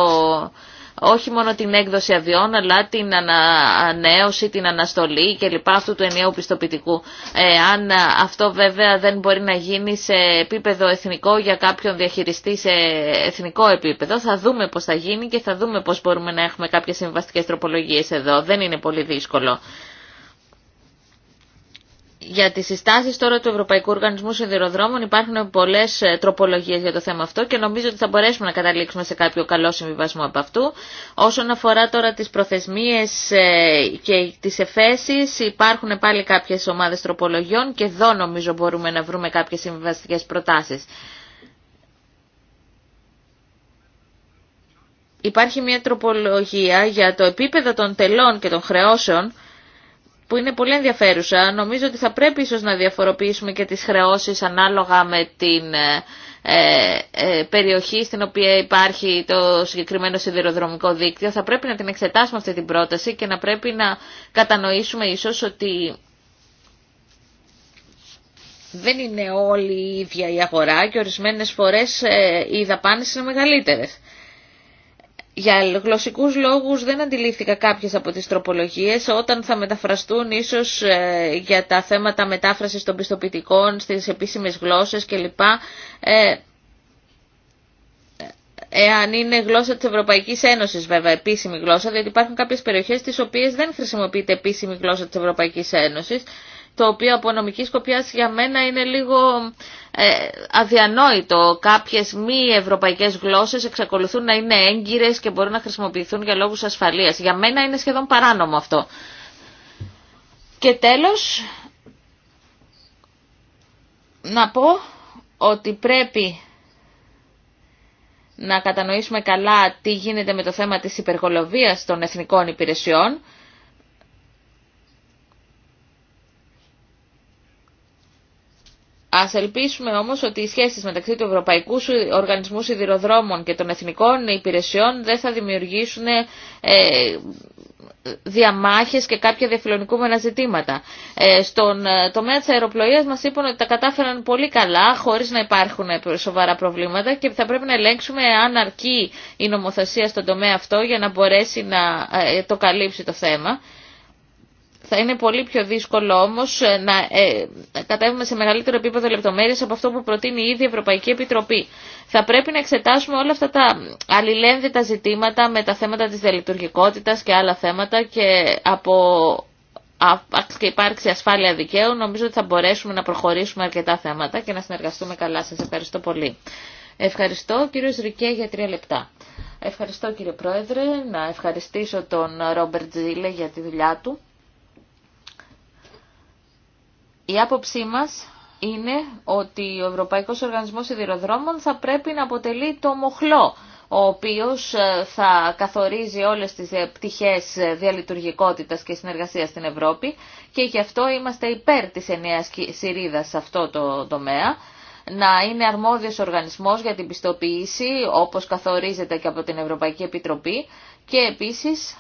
όχι μόνο την έκδοση αδειών αλλά την ανανέωση, την αναστολή λοιπά αυτού του ενιαίου πιστοποιητικού. Ε, αν αυτό βέβαια δεν μπορεί να γίνει σε επίπεδο εθνικό για κάποιον διαχειριστή σε εθνικό επίπεδο θα δούμε πώς θα γίνει και θα δούμε πώς μπορούμε να έχουμε κάποιες συμβαστικές τροπολογίες εδώ. Δεν είναι πολύ δύσκολο. Για τις συστάσεις τώρα του Ευρωπαϊκού Οργανισμού Σιδηροδρόμων υπάρχουν πολλές ε, τροπολογίες για το θέμα αυτό και νομίζω ότι θα μπορέσουμε να καταλήξουμε σε κάποιο καλό συμβιβασμό από αυτού. Όσον αφορά τώρα τις προθεσμίες ε, και τις εφέσεις υπάρχουν πάλι κάποιες ομάδες τροπολογιών και εδώ νομίζω μπορούμε να βρούμε κάποιες συμβιβαστικές προτάσεις. Υπάρχει μια τροπολογία για το επίπεδο των τελών και των χρεώσεων που είναι πολύ ενδιαφέρουσα. Νομίζω ότι θα πρέπει ίσως να διαφοροποιήσουμε και τις χρεώσεις ανάλογα με την ε, ε, ε, περιοχή στην οποία υπάρχει το συγκεκριμένο σιδηροδρομικό δίκτυο. Θα πρέπει να την εξετάσουμε αυτή την πρόταση και να πρέπει να κατανοήσουμε ίσως ότι δεν είναι όλη η ίδια η αγορά και ορισμένες φορές ε, οι δαπάνες είναι μεγαλύτερες για γλωσσικούς λόγους δεν αντιλήφθηκα κάποιες από τις τροπολογίες όταν θα μεταφραστούν ίσως ε, για τα θέματα μετάφρασης των πιστοποιητικών στις επίσημες γλώσσες κλπ. Ε, ε, εάν είναι γλώσσα της Ευρωπαϊκής Ένωσης βέβαια επίσημη γλώσσα, διότι υπάρχουν κάποιες περιοχές τις οποίες δεν χρησιμοποιείται επίσημη γλώσσα της Ευρωπαϊκής Ένωσης το οποίο από νομική σκοπιά για μένα είναι λίγο ε, αδιανόητο. Κάποιες μη ευρωπαϊκές γλώσσες εξακολουθούν να είναι έγκυρες και μπορούν να χρησιμοποιηθούν για λόγους ασφαλείας. Για μένα είναι σχεδόν παράνομο αυτό. Και τέλος, να πω ότι πρέπει να κατανοήσουμε καλά τι γίνεται με το θέμα της υπεργολοβίας των εθνικών υπηρεσιών Ας ελπίσουμε όμως ότι οι σχέσεις μεταξύ του Ευρωπαϊκού Οργανισμού Σιδηροδρόμων και των Εθνικών Υπηρεσιών δεν θα δημιουργήσουν ε, διαμάχες και κάποια διαφιλονικούμενα ζητήματα. Ε, στον ε, τομέα της αεροπλοείας μας είπαν ότι τα κατάφεραν πολύ καλά χωρίς να υπάρχουν ε, σοβαρά προβλήματα και θα πρέπει να ελέγξουμε αν αρκεί η νομοθεσία στον τομέα αυτό για να μπορέσει να ε, το καλύψει το θέμα. Θα είναι πολύ πιο δύσκολο όμως ε, ε, να κατέβουμε σε μεγαλύτερο επίπεδο λεπτομέρειες από αυτό που προτείνει η ίδια η Ευρωπαϊκή Επιτροπή. Θα πρέπει να εξετάσουμε όλα αυτά τα αλληλένδετα ζητήματα με τα θέματα της διαλειτουργικότητα και άλλα θέματα και από και υπάρξει ασφάλεια δικαίου, νομίζω ότι θα μπορέσουμε να προχωρήσουμε αρκετά θέματα και να συνεργαστούμε καλά. Σας ευχαριστώ πολύ. Ευχαριστώ κύριο Ρικέ για τρία λεπτά. Ευχαριστώ κύριε Πρόεδρε, να ευχαριστήσω τον Ρόμπερτ Τζίλε για τη δουλειά του. Η άποψή μας είναι ότι ο Ευρωπαϊκός Οργανισμός Σιδηροδρόμων θα πρέπει να αποτελεί το μοχλό ο οποίος ε, θα καθορίζει όλες τις ε, πτυχές ε, διαλειτουργικότητας και συνεργασίας στην Ευρώπη και γι' αυτό είμαστε υπέρ της ενιαίας σειρίδας σε αυτό το τομέα να είναι αρμόδιος οργανισμός για την πιστοποίηση όπως καθορίζεται και από την Ευρωπαϊκή Επιτροπή και επίσης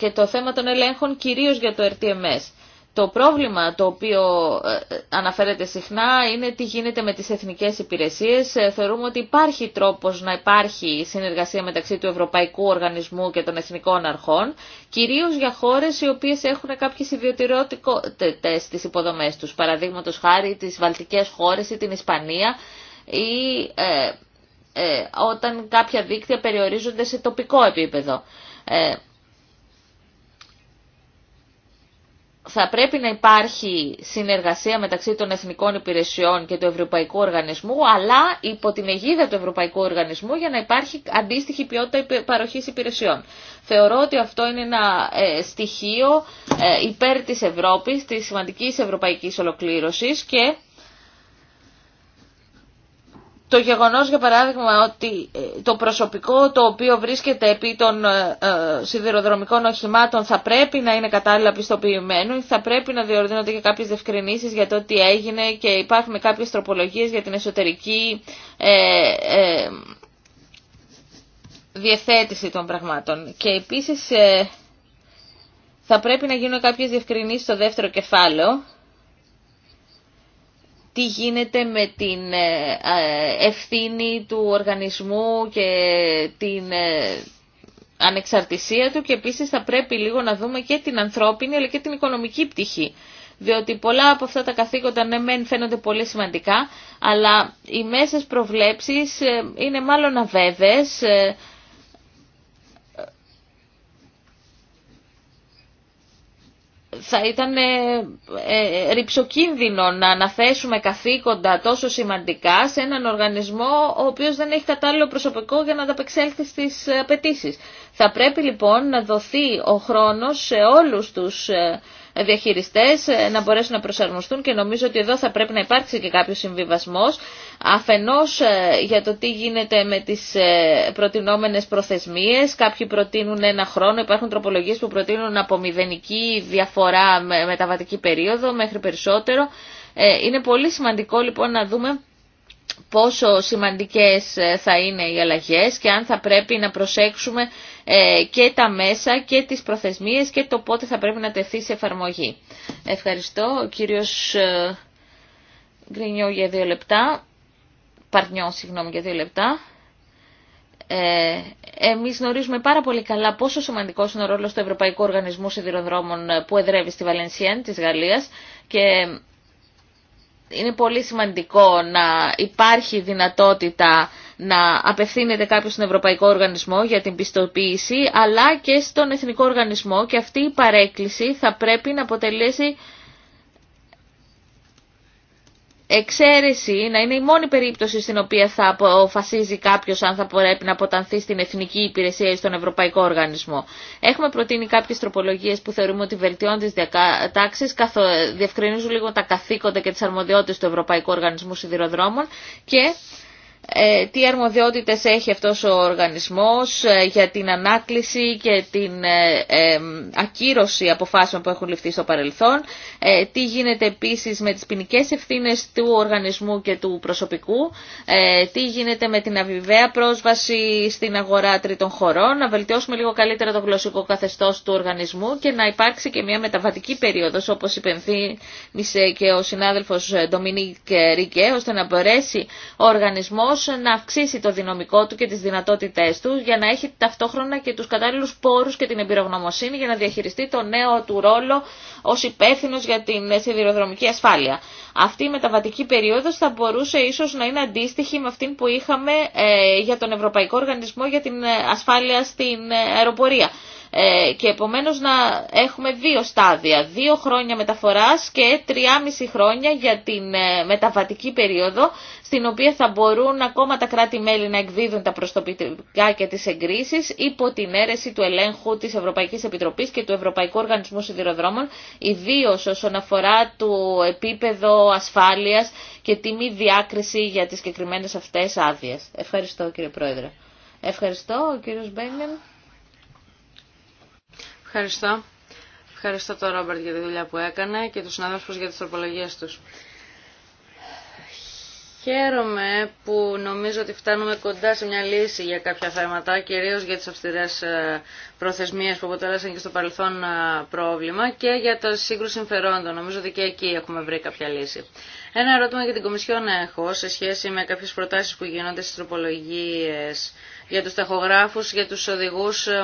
και το θέμα των ελέγχων κυρίως για το RTMS. Το πρόβλημα το οποίο ε, ε, αναφέρεται συχνά είναι τι γίνεται με τις εθνικές υπηρεσίες. Ε, θεωρούμε ότι υπάρχει τρόπος να υπάρχει συνεργασία μεταξύ του Ευρωπαϊκού Οργανισμού και των Εθνικών Αρχών, κυρίως για χώρες οι οποίες έχουν κάποιες ιδιωτηρότητες στις υποδομές τους, παραδείγματος χάρη τις Βαλτικές χώρες ή την Ισπανία ή ε, ε, όταν κάποια δίκτυα περιορίζονται σε τοπικό επίπεδο. Ε, θα πρέπει να υπάρχει συνεργασία μεταξύ των εθνικών υπηρεσιών και του Ευρωπαϊκού Οργανισμού, αλλά υπό την αιγίδα του Ευρωπαϊκού Οργανισμού για να υπάρχει αντίστοιχη ποιότητα παροχής υπηρεσιών. Θεωρώ ότι αυτό είναι ένα ε, στοιχείο ε, υπέρ της Ευρώπης, της σημαντικής ευρωπαϊκής ολοκλήρωσης και το γεγονός για παράδειγμα ότι ε, το προσωπικό το οποίο βρίσκεται επί των ε, ε, σιδηροδρομικών οχημάτων θα πρέπει να είναι κατάλληλα πιστοποιημένο, θα πρέπει να διορθώνονται και κάποιες δευκρινήσεις για το τι έγινε και υπάρχουν κάποιες τροπολογίες για την εσωτερική ε, των πραγμάτων. Και επίσης θα πρέπει να γίνουν κάποιες διευκρινήσεις στο δεύτερο κεφάλαιο τι γίνεται με την ε, ε, ευθύνη του οργανισμού και την ε, ανεξαρτησία του και επίσης θα πρέπει λίγο να δούμε και την ανθρώπινη αλλά και την οικονομική πτυχή. Διότι πολλά από αυτά τα καθήκοντα ναι μεν φαίνονται πολύ σημαντικά, αλλά οι μέσες προβλέψεις είναι μάλλον αβέβαιες, θα ήταν ε, ε, ρηψοκίνδυνο να αναθέσουμε καθήκοντα τόσο σημαντικά σε έναν οργανισμό ο οποίος δεν έχει κατάλληλο προσωπικό για να ανταπεξέλθει στις απαιτήσει. Θα πρέπει λοιπόν να δοθεί ο χρόνος σε όλους τους ε, διαχειριστές ε, να μπορέσουν να προσαρμοστούν και νομίζω ότι εδώ θα πρέπει να υπάρξει και κάποιο συμβιβασμός αφενός ε, για το τι γίνεται με τις ε, προτινόμενες προθεσμίες. Κάποιοι προτείνουν ένα χρόνο, υπάρχουν τροπολογίες που προτείνουν από μηδενική διαφορά με μεταβατική περίοδο μέχρι περισσότερο. Είναι πολύ σημαντικό λοιπόν να δούμε πόσο σημαντικές θα είναι οι αλλαγές και αν θα πρέπει να προσέξουμε ε, και τα μέσα και τις προθεσμίες και το πότε θα πρέπει να τεθεί σε εφαρμογή. Ευχαριστώ. Ο κύριος ε, Γκρινιό για δύο λεπτά. Παρνιό, συγγνώμη, για δύο λεπτά. Ε, εμείς γνωρίζουμε πάρα πολύ καλά πόσο σημαντικό είναι ο ρόλος του Ευρωπαϊκού Οργανισμού Σιδηροδρόμων που εδρεύει στη Βαλενσιέν της Γαλλίας και είναι πολύ σημαντικό να υπάρχει δυνατότητα να απευθύνεται κάποιος στον Ευρωπαϊκό Οργανισμό για την πιστοποίηση, αλλά και στον Εθνικό Οργανισμό και αυτή η παρέκκληση θα πρέπει να αποτελέσει εξαίρεση, να είναι η μόνη περίπτωση στην οποία θα αποφασίζει κάποιο αν θα πρέπει να αποτανθεί στην Εθνική Υπηρεσία ή στον Ευρωπαϊκό Οργανισμό. Έχουμε προτείνει κάποιε τροπολογίε που θεωρούμε ότι βελτιώνουν τι διατάξει, διευκρινίζουν λίγο τα καθήκοντα και τι αρμοδιότητε του Ευρωπαϊκού Οργανισμού Σιδηροδρόμων και ε, τι αρμοδιότητες έχει αυτός ο οργανισμός ε, για την ανάκληση και την ε, ακύρωση αποφάσεων που έχουν ληφθεί στο παρελθόν, τι γίνεται επίσης με τις ποινικέ ευθύνες του οργανισμού και του προσωπικού, τι γίνεται με την αβιβαία πρόσβαση στην αγορά τρίτων χωρών, να βελτιώσουμε λίγο καλύτερα το γλωσσικό καθεστώς του οργανισμού και να υπάρξει και μια μεταβατική περίοδος όπως υπενθύμησε και ο συνάδελφος Ντομινίκ Ρικέ, ώστε να μπορέσει ο οργανισμός να αυξήσει το δυναμικό του και τις δυνατότητές του για να έχει ταυτόχρονα και τους κατάλληλους πόρους και την εμπειρογνωμοσύνη για να διαχειριστεί το νέο του ρόλο ως υπεύθυνο για την σιδηροδρομική ασφάλεια. Αυτή η μεταβατική περίοδος θα μπορούσε ίσως να είναι αντίστοιχη με αυτήν που είχαμε ε, για τον Ευρωπαϊκό Οργανισμό για την ε, Ασφάλεια στην ε, Αεροπορία ε, και επομένως να έχουμε δύο στάδια, δύο χρόνια μεταφοράς και τριάμιση χρόνια για την ε, μεταβατική περίοδο στην οποία θα μπορούν ακόμα τα κράτη-μέλη να εκδίδουν τα προστοπικά και τις εγκρίσεις υπό την αίρεση του ελέγχου της Ευρωπαϊκής Επιτροπής και του Ευρωπαϊκού Οργανισμού Σιδηροδρόμων, ιδίω όσον αφορά το επίπεδο ασφάλειας και τη μη διάκριση για τις συγκεκριμένε αυτές άδειες. Ευχαριστώ κύριε Πρόεδρε. Ευχαριστώ ο κύριος Ευχαριστώ. Ευχαριστώ τον Ρόμπερτ για τη δουλειά που έκανε και τους συναδέλφους για τις τροπολογίες τους. Χαίρομαι που νομίζω ότι φτάνουμε κοντά σε μια λύση για κάποια θέματα, κυρίως για τις αυστηρές ε, προθεσμίες που αποτέλεσαν και στο παρελθόν ε, πρόβλημα και για το σύγκρουση συμφερόντων. Νομίζω ότι και εκεί έχουμε βρει κάποια λύση. Ένα ερώτημα για την Κομισιόν έχω σε σχέση με κάποιες προτάσεις που γίνονται στις τροπολογίες για τους ταχογράφους, για τους οδηγούς ε,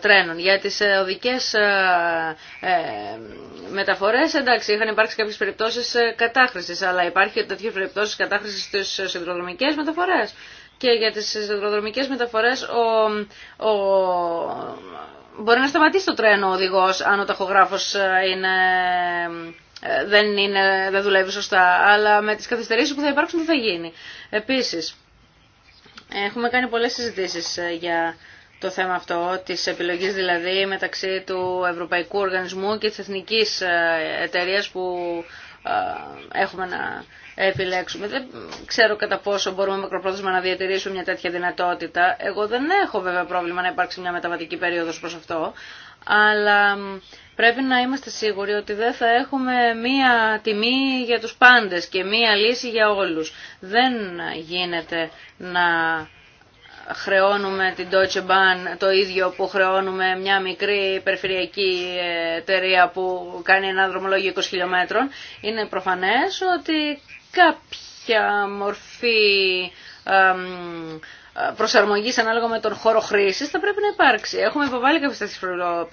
τρένων. Για τις οδικές μεταφορές, εντάξει, είχαν υπάρξει κάποιε περιπτώσεις κατάχρησης, αλλά υπάρχει τέτοιο περιπτώσεις κατάχρησης στις συνδρομικές μεταφορές. Και για τις σιδηροδρομικές μεταφορές ο, ο, μπορεί να σταματήσει το τρένο ο οδηγός αν ο ταχογράφος είναι δεν, είναι, δεν δουλεύει σωστά, αλλά με τις καθυστερήσεις που θα υπάρξουν δεν θα γίνει. Επίσης, έχουμε κάνει πολλές συζητήσεις ε, για το θέμα αυτό, της επιλογής δηλαδή μεταξύ του Ευρωπαϊκού Οργανισμού και της Εθνικής ε, Εταιρείας που ε, έχουμε να επιλέξουμε. Δεν ξέρω κατά πόσο μπορούμε μακροπρόθεσμα να διατηρήσουμε μια τέτοια δυνατότητα. Εγώ δεν έχω βέβαια πρόβλημα να υπάρξει μια μεταβατική περίοδος προς αυτό, αλλά πρέπει να είμαστε σίγουροι ότι δεν θα έχουμε μία τιμή για τους πάντες και μία λύση για όλους. Δεν γίνεται να χρεώνουμε την Deutsche Bahn το ίδιο που χρεώνουμε μια μικρή περιφερειακή εταιρεία που κάνει ένα δρομολόγιο 20 χιλιόμετρων. Είναι προφανές ότι κάποια μορφή προσαρμογή ανάλογα με τον χώρο χρήση θα πρέπει να υπάρξει. Έχουμε υποβάλει κάποιε τέτοιε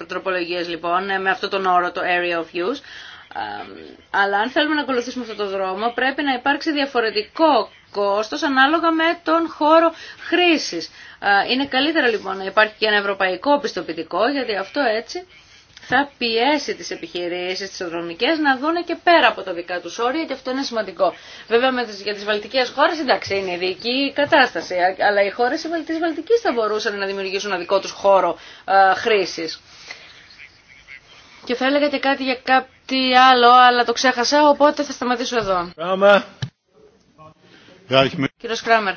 τροπολογίε λοιπόν ε, με αυτόν τον όρο το area of use. Αλλά αν θέλουμε να ακολουθήσουμε αυτόν τον δρόμο πρέπει να υπάρξει διαφορετικό κόστο ανάλογα με τον χώρο χρήση. Ε, είναι καλύτερα λοιπόν να υπάρχει και ένα ευρωπαϊκό πιστοποιητικό γιατί αυτό έτσι θα πιέσει τις επιχειρήσεις, τις οδρομικές να δουν και πέρα από τα δικά του όρια και αυτό είναι σημαντικό. Βέβαια με για τις βαλτικές χώρες εντάξει είναι ειδική κατάσταση, αλλά οι χώρες της βαλτικής θα μπορούσαν να δημιουργήσουν ένα δικό του χώρο χρήση. χρήσης. Και θα έλεγα και κάτι για κάτι άλλο, αλλά το ξέχασα, οπότε θα σταματήσω εδώ. Κύριο Κράμερ,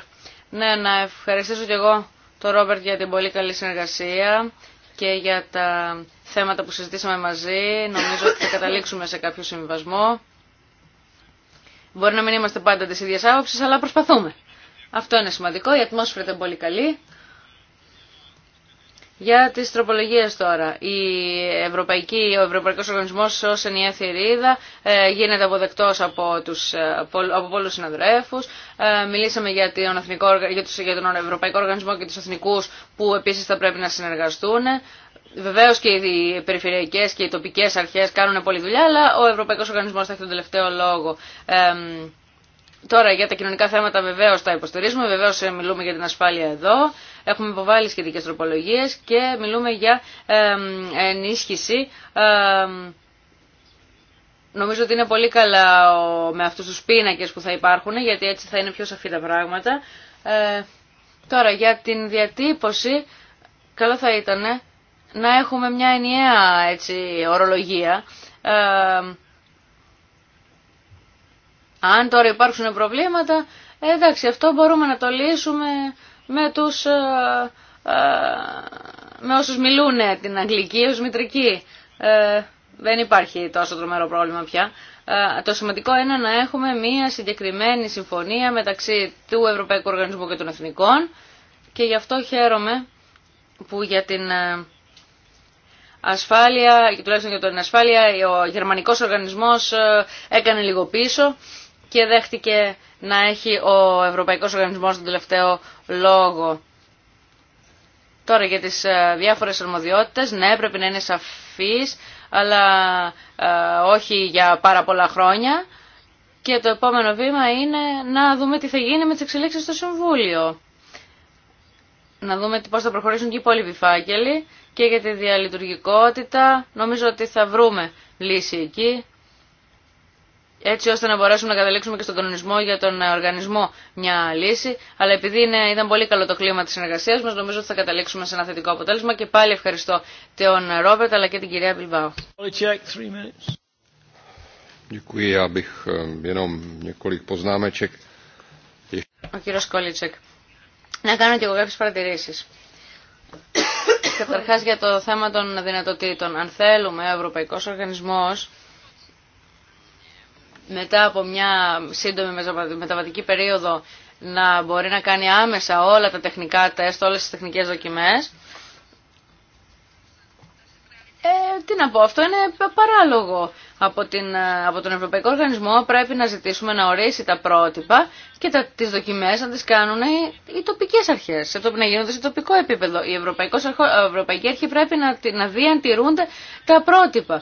ναι, να ευχαριστήσω και εγώ τον Ρόμπερτ για την πολύ καλή συνεργασία και για τα θέματα που συζητήσαμε μαζί. Νομίζω ότι θα καταλήξουμε σε κάποιο συμβιβασμό. Μπορεί να μην είμαστε πάντα τη ίδια άποψη, αλλά προσπαθούμε. Αυτό είναι σημαντικό. Η ατμόσφαιρα ήταν πολύ καλή. Για τι τροπολογίε τώρα. Η Ευρωπαϊκή, ο Ευρωπαϊκό Οργανισμό ω ενιαία θηρίδα ε, γίνεται αποδεκτό από, τους, ε, από πολλούς συναδρέφους. Ε, μιλήσαμε για, τον για, τους, για τον Ευρωπαϊκό Οργανισμό και του Εθνικού που επίση θα πρέπει να συνεργαστούν. Βεβαίω και οι περιφερειακέ και οι τοπικέ αρχέ κάνουν πολλή δουλειά, αλλά ο Ευρωπαϊκό Οργανισμό θα έχει τον τελευταίο λόγο. Ε, τώρα για τα κοινωνικά θέματα βεβαίω τα υποστηρίζουμε, βεβαίω ε, μιλούμε για την ασφάλεια εδώ. Έχουμε υποβάλει σχετικέ τροπολογίε και μιλούμε για ε, ενίσχυση. Ε, νομίζω ότι είναι πολύ καλά με αυτούς τους πίνακες που θα υπάρχουν, γιατί έτσι θα είναι πιο σαφή τα πράγματα. Ε, τώρα, για την διατύπωση, καλό θα ήταν να έχουμε μια ενιαία έτσι, ορολογία. Ε, αν τώρα υπάρξουν προβλήματα, ε, εντάξει, αυτό μπορούμε να το λύσουμε με τους... Ε, ε με όσους μιλούν την αγγλική ως μητρική. δεν υπάρχει τόσο τρομερό πρόβλημα πια. το σημαντικό είναι να έχουμε μία συγκεκριμένη συμφωνία μεταξύ του Ευρωπαϊκού Οργανισμού και των Εθνικών και γι' αυτό χαίρομαι που για την ασφάλεια, και τουλάχιστον για την ασφάλεια, ο γερμανικός οργανισμός ε, έκανε λίγο πίσω και δέχτηκε να έχει ο Ευρωπαϊκός Οργανισμός τον τελευταίο λόγο. Τώρα για τις ε, διάφορες αρμοδιότητες, ναι πρέπει να είναι σαφής, αλλά ε, όχι για πάρα πολλά χρόνια. Και το επόμενο βήμα είναι να δούμε τι θα γίνει με τις εξελίξεις στο Συμβούλιο να δούμε πώς θα προχωρήσουν και οι υπόλοιποι φάκελοι και για τη διαλειτουργικότητα. Νομίζω ότι θα βρούμε λύση εκεί, έτσι ώστε να μπορέσουμε να καταλήξουμε και στον κανονισμό για τον οργανισμό μια λύση. Αλλά επειδή είναι, ήταν πολύ καλό το κλίμα της συνεργασίας μας, νομίζω ότι θα καταλήξουμε σε ένα θετικό αποτέλεσμα. Και πάλι ευχαριστώ τον Ρόμπερτ αλλά και την κυρία Μπιλβάου. Eh, Ο κύριος Κόλιτσεκ να κάνω και εγώ κάποιες παρατηρήσεις. Καταρχά για το θέμα των δυνατοτήτων. Αν θέλουμε ο Ευρωπαϊκός Οργανισμός μετά από μια σύντομη μεταβατική περίοδο να μπορεί να κάνει άμεσα όλα τα τεχνικά τεστ, όλες τις τεχνικές δοκιμέ, ε, τι να πω, αυτό είναι παράλογο από, την, ε, από τον Ευρωπαϊκό Οργανισμό. Πρέπει να ζητήσουμε να ορίσει τα πρότυπα και τα, τις δοκιμές να τις κάνουν οι, οι τοπικές αρχές. να γίνονται σε τοπικό επίπεδο. Η ε, Ευρωπαϊκή Αρχή πρέπει να, να δει αν τα πρότυπα.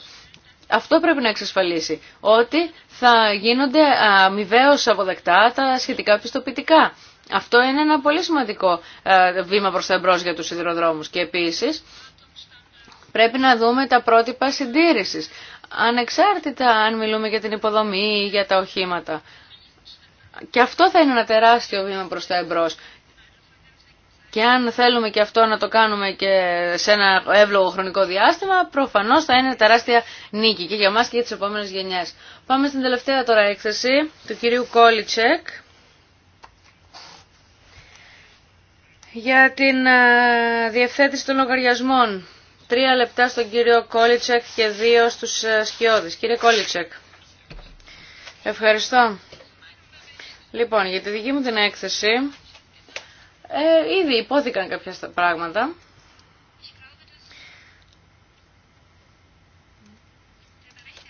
Αυτό πρέπει να εξασφαλίσει, ότι θα γίνονται αμοιβαίω αποδεκτά τα σχετικά πιστοποιητικά. Αυτό είναι ένα πολύ σημαντικό ε, βήμα προς τα εμπρός για τους σιδηροδρόμους. Και επίσης, Πρέπει να δούμε τα πρότυπα συντήρησης, ανεξάρτητα αν μιλούμε για την υποδομή ή για τα οχήματα. Και αυτό θα είναι ένα τεράστιο βήμα προς τα εμπρός. Και αν θέλουμε και αυτό να το κάνουμε και σε ένα εύλογο χρονικό διάστημα, προφανώς θα είναι τεράστια νίκη και για μας και για τις επόμενες γενιές. Πάμε στην τελευταία τώρα έκθεση του κυρίου Κόλιτσεκ. Για την ε, διευθέτηση των λογαριασμών. Τρία λεπτά στον κύριο Κόλιτσεκ και δύο στους ε, σκιώδεις. Κύριε Κόλιτσεκ, ευχαριστώ. Λοιπόν, για τη δική μου την έκθεση, ε, ήδη υπόθηκαν κάποια πράγματα.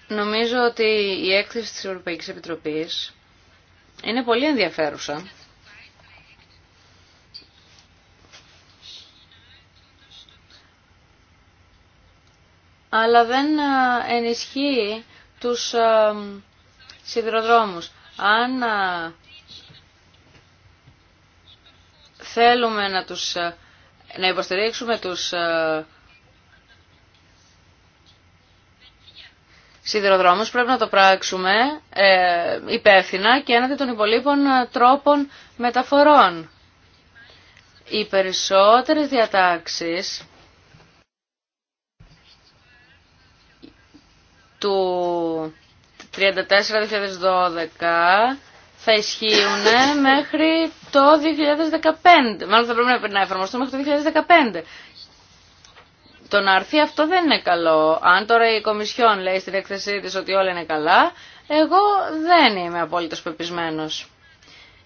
Νομίζω ότι η έκθεση της Ευρωπαϊκής Επιτροπής είναι πολύ ενδιαφέρουσα. αλλά δεν ε, ενισχύει τους ε, σιδηροδρόμους. Αν ε, θέλουμε να, τους, να υποστηρίξουμε τους σιδηροδρόμους πρέπει να το πράξουμε υπεύθυνα και έναντι των υπολείπων τρόπων μεταφορών. Οι περισσότερες διατάξεις του 34-2012 θα ισχύουν μέχρι το 2015. Μάλλον θα πρέπει να εφαρμοστούν μέχρι το 2015. Το να αρθεί αυτό δεν είναι καλό. Αν τώρα η Κομισιόν λέει στην έκθεσή της ότι όλα είναι καλά, εγώ δεν είμαι απόλυτος πεπισμένος.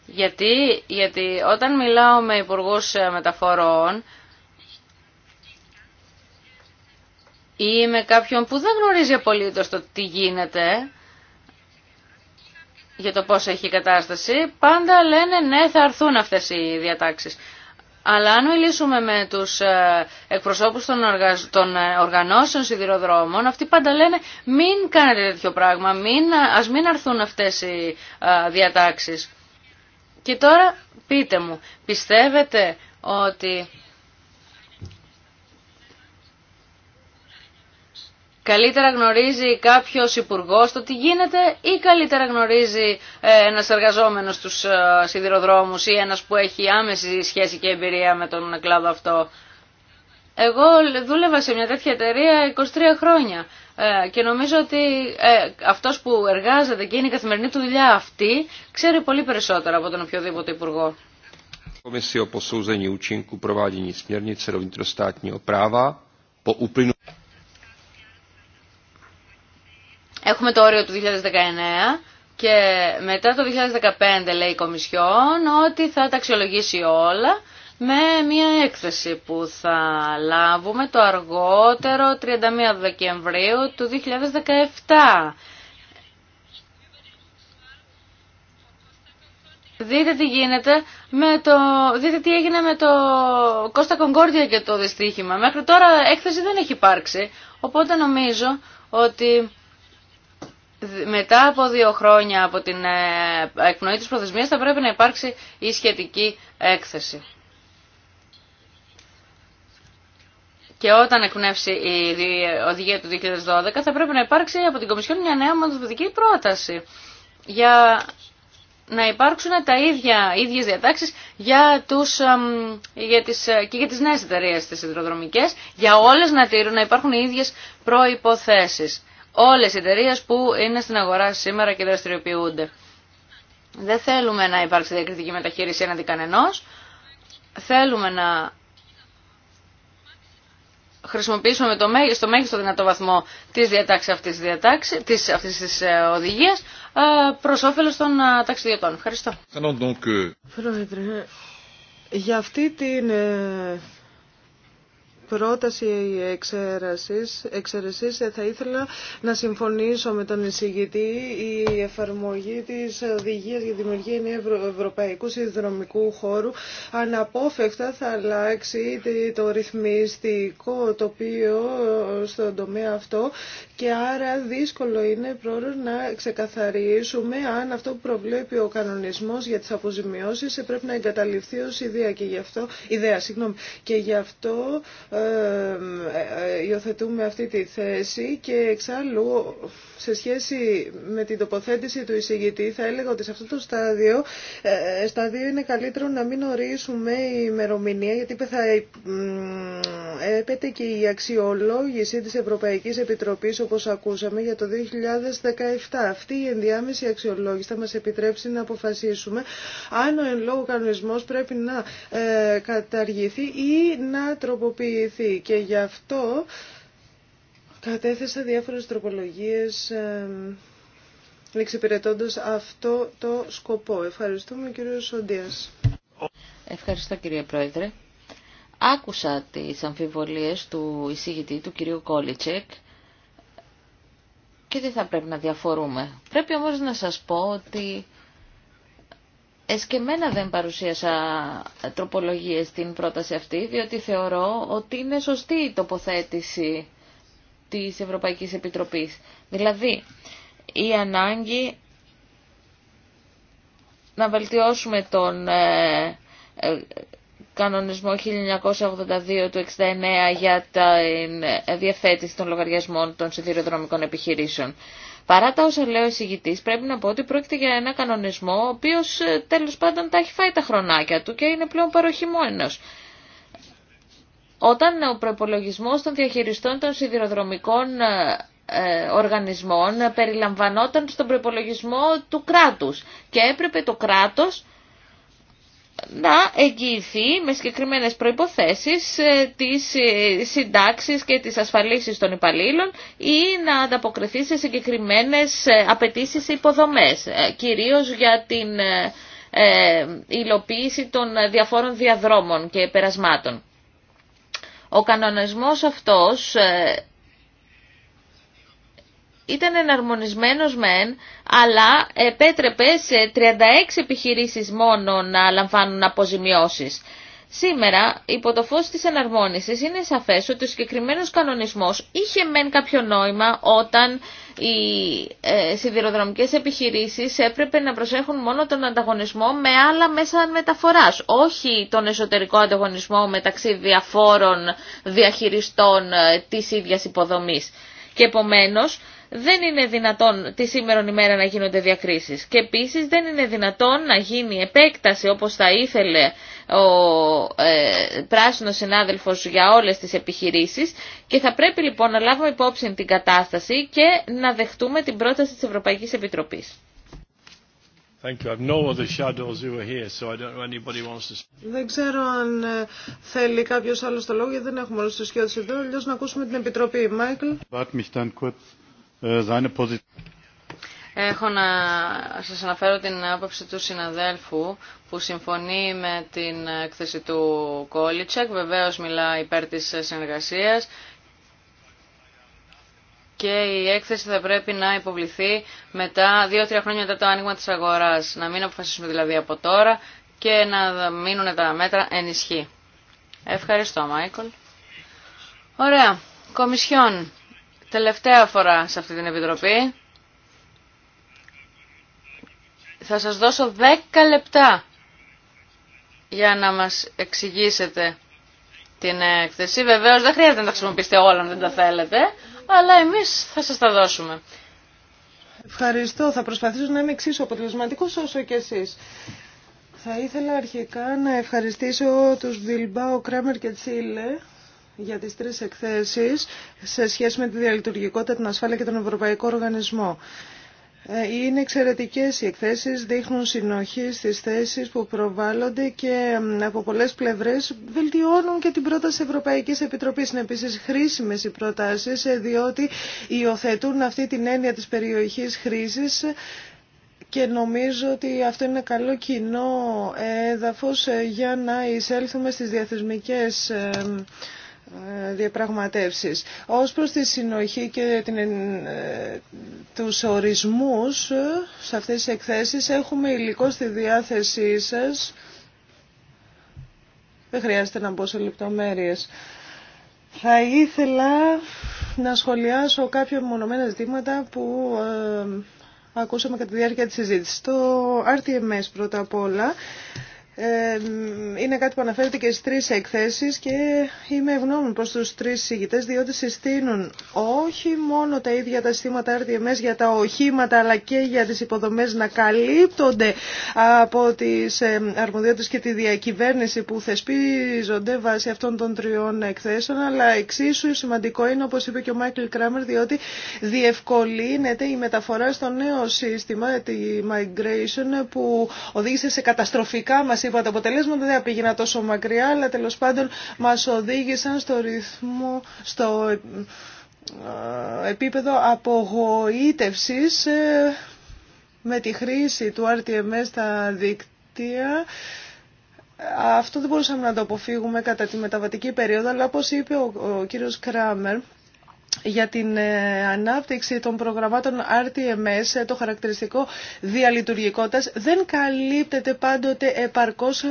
Γιατί, γιατί όταν μιλάω με υπουργούς ε, μεταφορών, ή με κάποιον που δεν γνωρίζει απολύτως το τι γίνεται για το πώς έχει η κατάσταση, πάντα λένε ναι θα αρθούν αυτές οι διατάξεις. Αλλά αν μιλήσουμε με τους ε, εκπροσώπους των, ε, οργανώσεων σιδηροδρόμων, αυτοί πάντα λένε μην κάνετε τέτοιο πράγμα, μην, ας μην αρθούν αυτές οι ε, διατάξεις. Και τώρα πείτε μου, πιστεύετε ότι Καλύτερα γνωρίζει κάποιος υπουργό το τι γίνεται ή καλύτερα γνωρίζει ε, ένας εργαζόμενος στους ε, σιδηροδρόμους ή ένας που έχει άμεση σχέση και εμπειρία με τον κλάδο αυτό. Εγώ δούλευα σε μια τέτοια εταιρεία 23 χρόνια ε, και νομίζω ότι αυτός που εργάζεται και είναι η καθημερινή του δουλειά αυτή ξέρει πολύ περισσότερα από τον οποιοδήποτε υπουργό. Έχουμε το όριο του 2019 και μετά το 2015 λέει η Κομισιόν ότι θα τα αξιολογήσει όλα με μια έκθεση που θα λάβουμε το αργότερο 31 Δεκεμβρίου του 2017. Δείτε τι γίνεται με το... Δείτε τι έγινε με το Κώστα Κονκόρδια και το δυστύχημα. Μέχρι τώρα έκθεση δεν έχει υπάρξει. Οπότε νομίζω ότι μετά από δύο χρόνια από την ε, εκπνοή της προθεσμίας θα πρέπει να υπάρξει η σχετική έκθεση. Και όταν εκπνεύσει η οδηγία του 2012 θα πρέπει να υπάρξει από την Κομισιόν μια νέα μαθηματική πρόταση για να υπάρξουν τα ίδια, ίδιες διατάξεις για τους, για τις, ε, και για τις νέες εταιρείες τις υδροδρομικές, για όλες να, να υπάρχουν οι ίδιες προϋποθέσεις όλες οι εταιρείε που είναι στην αγορά σήμερα και δραστηριοποιούνται. Δεν θέλουμε να υπάρξει διακριτική μεταχείριση έναντι κανενό. Θέλουμε να χρησιμοποιήσουμε το μέγιστο, στο μέγιστο δυνατό βαθμό της διατάξης αυτής της, διατάξης, της, αυτής της ε, οδηγίας ε, προς όφελος των ε, ταξιδιωτών. Ευχαριστώ. Πρόεδρε, για αυτή την πρόταση εξαίρεσης, εξαίρεσης θα ήθελα να συμφωνήσω με τον εισηγητή η εφαρμογή της οδηγίας για δημιουργία νέου ευρωπαϊκού συνδρομικού χώρου αναπόφευκτα θα αλλάξει το ρυθμιστικό τοπίο ε, στον τομέα αυτό και άρα δύσκολο είναι πρόωρο να ξεκαθαρίσουμε αν αυτό που προβλέπει ο κανονισμός για τις αποζημιώσεις πρέπει να εγκαταλειφθεί ως ιδέα και γι' αυτό, ιδέα, συγγνώμη, και γι' αυτό υιοθετούμε αυτή τη θέση και εξάλλου σε σχέση με την τοποθέτηση του εισηγητή θα έλεγα ότι σε αυτό το στάδιο, ε, στάδιο είναι καλύτερο να μην ορίσουμε η ημερομηνία γιατί θα ε, έπεται και η αξιολόγηση της Ευρωπαϊκής Επιτροπής όπως ακούσαμε για το 2017. Αυτή η ενδιάμεση αξιολόγηση θα μας επιτρέψει να αποφασίσουμε αν ο εν λόγω κανονισμός πρέπει να ε, καταργηθεί ή να τροποποιηθεί και γι' αυτό κατέθεσα διάφορες τροπολογίες εξυπηρετώντας αυτό το σκοπό. Ευχαριστούμε κύριο Σοντίας. Ευχαριστώ κύριε Πρόεδρε. Άκουσα τις αμφιβολίες του εισηγητή του κυρίου Κόλιτσεκ και δεν θα πρέπει να διαφορούμε. Πρέπει όμως να σας πω ότι Εσκεμένα δεν παρουσίασα τροπολογίες στην πρόταση αυτή, διότι θεωρώ ότι είναι σωστή η τοποθέτηση της Ευρωπαϊκής Επιτροπής. Δηλαδή, η ανάγκη να βελτιώσουμε τον ε, ε, κανονισμό 1982 του 69 για την ε, διαθέτηση των λογαριασμών των σιδηροδρομικών επιχειρήσεων. Παρά τα όσα λέει ο εισηγητή, πρέπει να πω ότι πρόκειται για ένα κανονισμό ο οποίο ε, τέλο πάντων τα έχει φάει τα χρονάκια του και είναι πλέον παροχημένο. Όταν ο προπολογισμό των διαχειριστών των σιδηροδρομικών ε, ε, οργανισμών περιλαμβανόταν στον προπολογισμό του κράτους και έπρεπε το κράτος να εγγυηθεί με συγκεκριμένες προϋποθέσεις ε, τις ε, συντάξεις και τις ασφαλίσεις των υπαλλήλων ή να ανταποκριθεί σε συγκεκριμένες ε, απαιτήσει υποδομές, κυρίως για την υλοποίηση των διαφόρων διαδρόμων και περασμάτων. Ο κανονισμός αυτός ήταν εναρμονισμένος μεν, αλλά επέτρεπε σε 36 επιχειρήσεις μόνο να λαμβάνουν αποζημιώσεις. Σήμερα, υπό το φως της εναρμόνισης, είναι σαφές ότι ο συγκεκριμένος κανονισμός είχε μεν κάποιο νόημα όταν οι ε, σιδηροδρομικές επιχειρήσεις έπρεπε να προσέχουν μόνο τον ανταγωνισμό με άλλα μέσα μεταφοράς, όχι τον εσωτερικό ανταγωνισμό μεταξύ διαφόρων διαχειριστών ε, της ίδιας υποδομής. Και επομένως, δεν είναι δυνατόν τη σήμερα ημέρα να γίνονται διακρίσεις. Και επίσης δεν είναι δυνατόν να γίνει επέκταση όπως θα ήθελε ο ε, πράσινος συνάδελφος για όλες τις επιχειρήσεις και θα πρέπει λοιπόν να λάβουμε υπόψη την κατάσταση και να δεχτούμε την πρόταση της Ευρωπαϊκής Επιτροπής. Δεν ξέρω αν ε, θέλει κάποιο άλλο το λόγο, γιατί δεν έχουμε όλου του εδώ. αλλιώς να ακούσουμε την Επιτροπή. Μάικλ. Ε, Έχω να σας αναφέρω την άποψη του συναδέλφου που συμφωνεί με την έκθεση του Κόλιτσεκ. Βεβαίως μιλά υπέρ της συνεργασίας και η έκθεση θα πρέπει να υποβληθεί μετά, δύο-τρία χρόνια μετά το άνοιγμα της αγοράς. Να μην αποφασίσουμε δηλαδή από τώρα και να μείνουν τα μέτρα ενισχύ. Ευχαριστώ Μάικολ. Ωραία. Κομισιόν. Τελευταία φορά σε αυτή την Επιτροπή. Θα σας δώσω 10 λεπτά για να μας εξηγήσετε την έκθεση. Βεβαίως δεν χρειάζεται να τα χρησιμοποιήσετε όλα αν δεν τα θέλετε, αλλά εμείς θα σας τα δώσουμε. Ευχαριστώ. Θα προσπαθήσω να είμαι εξίσου αποτελεσματικός όσο και εσείς. Θα ήθελα αρχικά να ευχαριστήσω τους Βιλμπάου Κράμερ και Τσίλε για τις τρεις εκθέσεις σε σχέση με τη διαλειτουργικότητα, την ασφάλεια και τον Ευρωπαϊκό Οργανισμό. Ε, είναι εξαιρετικές οι εκθέσεις, δείχνουν συνοχή στις θέσεις που προβάλλονται και από πολλές πλευρές βελτιώνουν και την πρόταση Ευρωπαϊκής Επιτροπής. Είναι επίσης χρήσιμες οι προτάσεις ε, διότι υιοθετούν αυτή την έννοια της περιοχής χρήσης και νομίζω ότι αυτό είναι ένα καλό κοινό έδαφος ε, για να εισέλθουμε στις διαθεσμικές διαπραγματεύσεις. Ως προς τη συνοχή και την, ε, τους ορισμούς ε, σε αυτές τις εκθέσεις έχουμε υλικό στη διάθεσή σας. Δεν χρειάζεται να μπω σε λεπτομέρειες. Θα ήθελα να σχολιάσω κάποια μονομένα ζητήματα που ε, ακούσαμε κατά τη διάρκεια της συζήτησης. Το RTMS πρώτα απ' όλα είναι κάτι που αναφέρεται και στις τρεις εκθέσεις και είμαι ευγνώμων προς τους τρεις συγητές διότι συστήνουν όχι μόνο τα ίδια τα συστήματα RDMS για τα οχήματα αλλά και για τις υποδομές να καλύπτονται από τις αρμοδιότητες και τη διακυβέρνηση που θεσπίζονται βάσει αυτών των τριών εκθέσεων αλλά εξίσου σημαντικό είναι όπως είπε και ο Μάικλ Κράμερ διότι διευκολύνεται η μεταφορά στο νέο σύστημα τη migration που οδήγησε σε καταστροφικά μας είπα, τα αποτελέσματα δεν πήγαινα τόσο μακριά, αλλά τέλος πάντων μας οδήγησαν στο ρυθμό, στο ε, επίπεδο απογοήτευσης ε, με τη χρήση του RTMS στα δίκτυα. Αυτό δεν μπορούσαμε να το αποφύγουμε κατά τη μεταβατική περίοδο, αλλά όπως είπε ο κύριος Κράμερ, για την ε, ανάπτυξη των προγραμμάτων RTMS, ε, το χαρακτηριστικό διαλειτουργικότητας, δεν καλύπτεται πάντοτε επαρκώς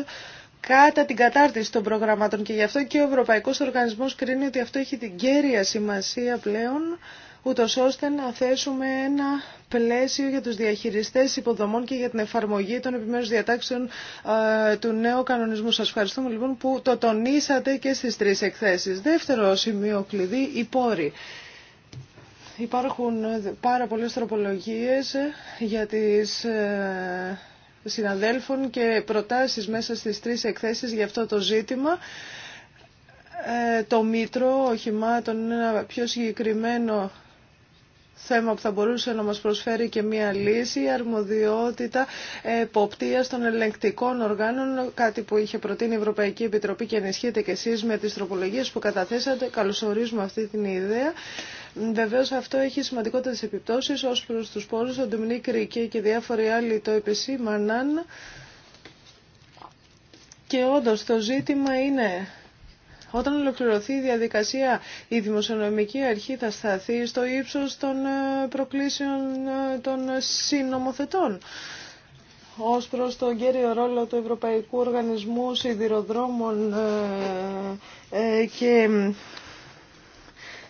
κατά την κατάρτιση των προγραμμάτων και γι' αυτό και ο Ευρωπαϊκός Οργανισμός κρίνει ότι αυτό έχει την κέρια σημασία πλέον ούτως ώστε να θέσουμε ένα πλαίσιο για τους διαχειριστές υποδομών και για την εφαρμογή των επιμέρους διατάξεων ε, του νέου κανονισμού. Σας ευχαριστούμε λοιπόν που το τονίσατε και στις τρεις εκθέσεις. Δεύτερο σημείο κλειδί, οι πόροι. Υπάρχουν πάρα πολλές τροπολογίες για τις ε, συναδέλφων και προτάσεις μέσα στις τρεις εκθέσεις για αυτό το ζήτημα. Ε, το μήτρο οχημάτων είναι ένα πιο συγκεκριμένο θέμα που θα μπορούσε να μας προσφέρει και μία λύση, η αρμοδιότητα εποπτείας των ελεγκτικών οργάνων, κάτι που είχε προτείνει η Ευρωπαϊκή Επιτροπή και ενισχύεται και εσείς με τις τροπολογίες που καταθέσατε. Καλωσορίζουμε αυτή την ιδέα. Βεβαίω αυτό έχει σημαντικότερες επιπτώσεις ως προς τους πόρους. Ο Ντομινίκ και διάφοροι άλλοι το επισήμαναν. Και όντω το ζήτημα είναι όταν ολοκληρωθεί η διαδικασία, η Δημοσιονομική Αρχή θα σταθεί στο ύψος των ε, προκλήσεων ε, των συνομοθετών ως προς τον κύριο ρόλο του Ευρωπαϊκού Οργανισμού Σιδηροδρόμων ε, και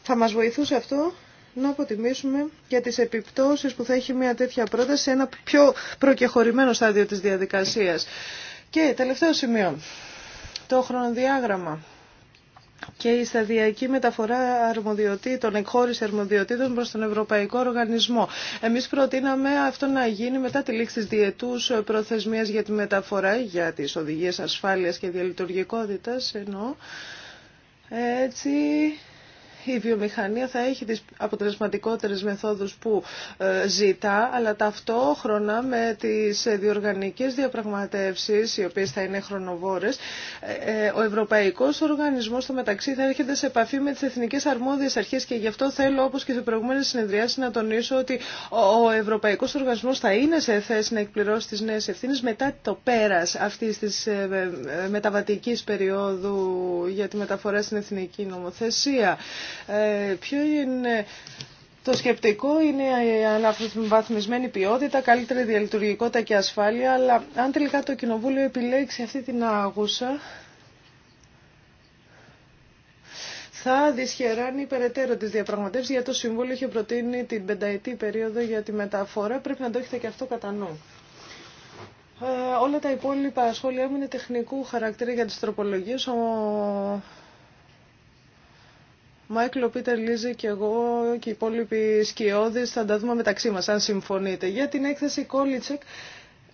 θα μας βοηθούσε αυτό να αποτιμήσουμε για τις επιπτώσεις που θα έχει μια τέτοια πρόταση σε ένα πιο προκεχωρημένο στάδιο της διαδικασίας. Και τελευταίο σημείο, το χρονοδιάγραμμα και η σταδιακή μεταφορά αρμοδιοτήτων, εκχώρηση αρμοδιοτήτων προ τον Ευρωπαϊκό Οργανισμό. Εμείς προτείναμε αυτό να γίνει μετά τη λήξη της διετούς προθεσμίας για τη μεταφορά, για τις οδηγίες ασφάλειας και διαλειτουργικότητα ενώ έτσι η βιομηχανία θα έχει τις αποτελεσματικότερες μεθόδους που ε, ζητά, αλλά ταυτόχρονα με τις διοργανικές διαπραγματεύσεις, οι οποίες θα είναι χρονοβόρες, ε, ε, ο Ευρωπαϊκός Οργανισμός στο μεταξύ θα έρχεται σε επαφή με τις εθνικές αρμόδιες αρχές και γι' αυτό θέλω, όπως και σε προηγούμενες συνεδριάσεις, να τονίσω ότι ο Ευρωπαϊκός Οργανισμός θα είναι σε θέση να εκπληρώσει τις νέες ευθύνες μετά το πέρας αυτής της μεταβατικής περίοδου για τη μεταφορά στην εθνική νομοθεσία. Ε, ποιο είναι το σκεπτικό είναι η αναβαθμισμένη ποιότητα, καλύτερη διαλειτουργικότητα και ασφάλεια, αλλά αν τελικά το Κοινοβούλιο επιλέξει αυτή την άγουσα, θα δυσχεράνει περαιτέρω τις διαπραγματεύσεις, για το Συμβούλιο είχε προτείνει την πενταετή περίοδο για τη μεταφορά, πρέπει να το έχετε και αυτό κατά νου. Ε, όλα τα υπόλοιπα σχόλια μου είναι τεχνικού χαρακτήρα για τις τροπολογίες. Ο Μάικλ, ο Πίτερ Λίζη και εγώ και οι υπόλοιποι σκιώδεις θα τα δούμε μεταξύ μας, αν συμφωνείτε. Για την έκθεση Κόλιτσεκ,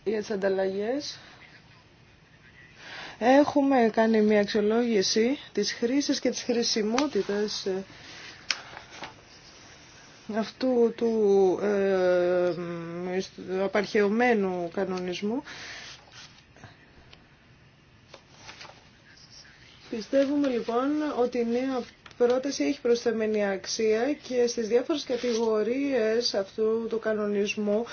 για τις ανταλλαγές, έχουμε κάνει μια αξιολόγηση της χρήσης και της χρησιμότητας ε, αυτού του ε, απαρχαιωμένου κανονισμού. Πιστεύουμε λοιπόν ότι είναι πρόταση έχει προσθεμένη αξία και στις διάφορες κατηγορίες αυτού του κανονισμού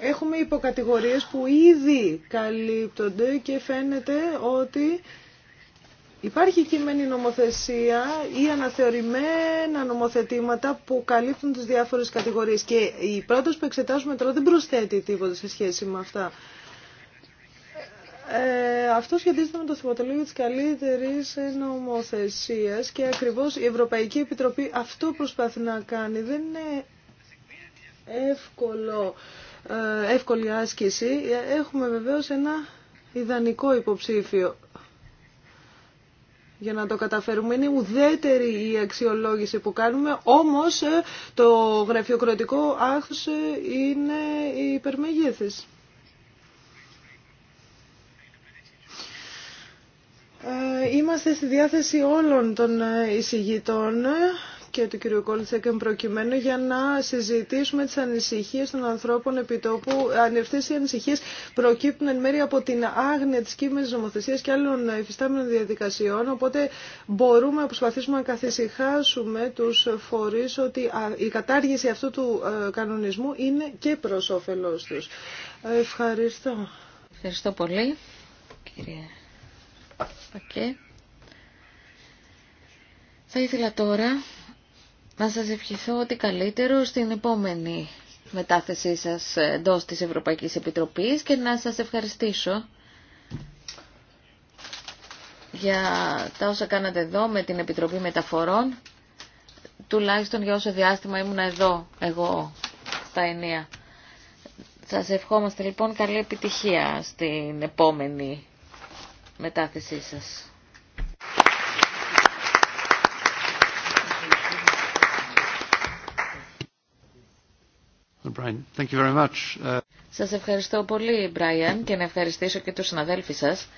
έχουμε υποκατηγορίες που ήδη καλύπτονται και φαίνεται ότι Υπάρχει κείμενη νομοθεσία ή αναθεωρημένα νομοθετήματα που καλύπτουν τις διάφορες κατηγορίες και η πρόταση που εξετάζουμε τώρα δεν προσθέτει τίποτα σε σχέση με αυτά. Ε, αυτό σχετίζεται με το θυματολόγιο τη καλύτερη νομοθεσία και ακριβώς η Ευρωπαϊκή Επιτροπή αυτό προσπαθεί να κάνει. Δεν είναι εύκολο, ε, εύκολη άσκηση. Έχουμε βεβαίως ένα ιδανικό υποψήφιο για να το καταφέρουμε. Είναι ουδέτερη η αξιολόγηση που κάνουμε, όμως ε, το γραφειοκρατικό άχθος είναι η Ε, είμαστε στη διάθεση όλων των ε, εισηγητών ε, και του κύριου Κόλτσεκεν προκειμένου για να συζητήσουμε τις ανησυχίες των ανθρώπων επί τόπου. αυτές οι ανησυχίες προκύπτουν εν μέρει από την άγνοια της κείμενης νομοθεσίας και άλλων υφιστάμενων διαδικασιών, οπότε μπορούμε να προσπαθήσουμε να καθησυχάσουμε τους φορείς ότι η κατάργηση αυτού του κανονισμού είναι και προς όφελός τους. Ευχαριστώ. Ευχαριστώ πολύ, κύριε θα ήθελα τώρα να σας ευχηθώ ότι καλύτερο στην επόμενη μετάθεσή σας εντό της Ευρωπαϊκής Επιτροπής και να σας ευχαριστήσω για τα όσα κάνατε εδώ με την Επιτροπή Μεταφορών, τουλάχιστον για όσο διάστημα ήμουν εδώ εγώ στα ενία. Σας ευχόμαστε λοιπόν καλή επιτυχία στην επόμενη μετάθεσή uh, σας. ευχαριστώ πολύ, Μπράιαν, και να ευχαριστήσω και τους συναδέλφους σας.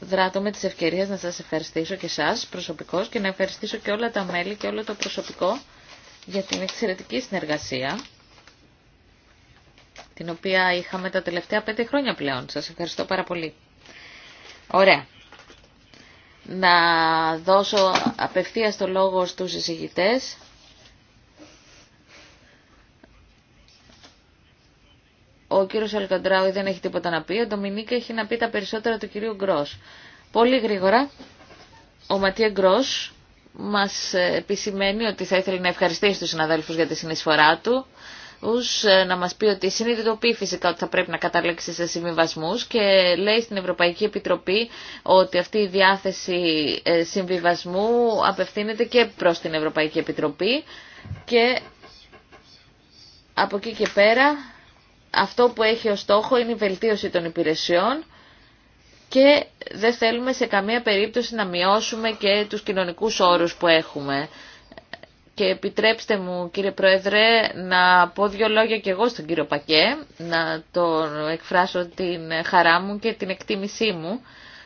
Δράτω με τις ευκαιρίες να σας ευχαριστήσω και εσάς προσωπικώς και να ευχαριστήσω και όλα τα μέλη και όλο το προσωπικό για την εξαιρετική συνεργασία, την οποία είχαμε τα τελευταία πέντε χρόνια πλέον. Σας ευχαριστώ πάρα πολύ. Ωραία. Να δώσω απευθείας το λόγο στους εισηγητές. Ο κύριος Αλκαντράου δεν έχει τίποτα να πει. Ο Ντομινίκ έχει να πει τα περισσότερα του κυρίου Γκρός. Πολύ γρήγορα, ο Ματία Γκρός μας επισημαίνει ότι θα ήθελε να ευχαριστήσει τους συναδέλφους για τη συνεισφορά του. Ε, να μας πει ότι συνειδητοποιεί φυσικά ότι θα πρέπει να καταλήξει σε συμβιβασμού και λέει στην Ευρωπαϊκή Επιτροπή ότι αυτή η διάθεση ε, συμβιβασμού απευθύνεται και προς την Ευρωπαϊκή Επιτροπή και από εκεί και πέρα αυτό που έχει ως στόχο είναι η βελτίωση των υπηρεσιών και δεν θέλουμε σε καμία περίπτωση να μειώσουμε και τους κοινωνικούς όρους που έχουμε και επιτρέψτε μου κύριε Πρόεδρε να πω δύο λόγια και εγώ στον κύριο Πακέ, να το εκφράσω την χαρά μου και την εκτίμησή μου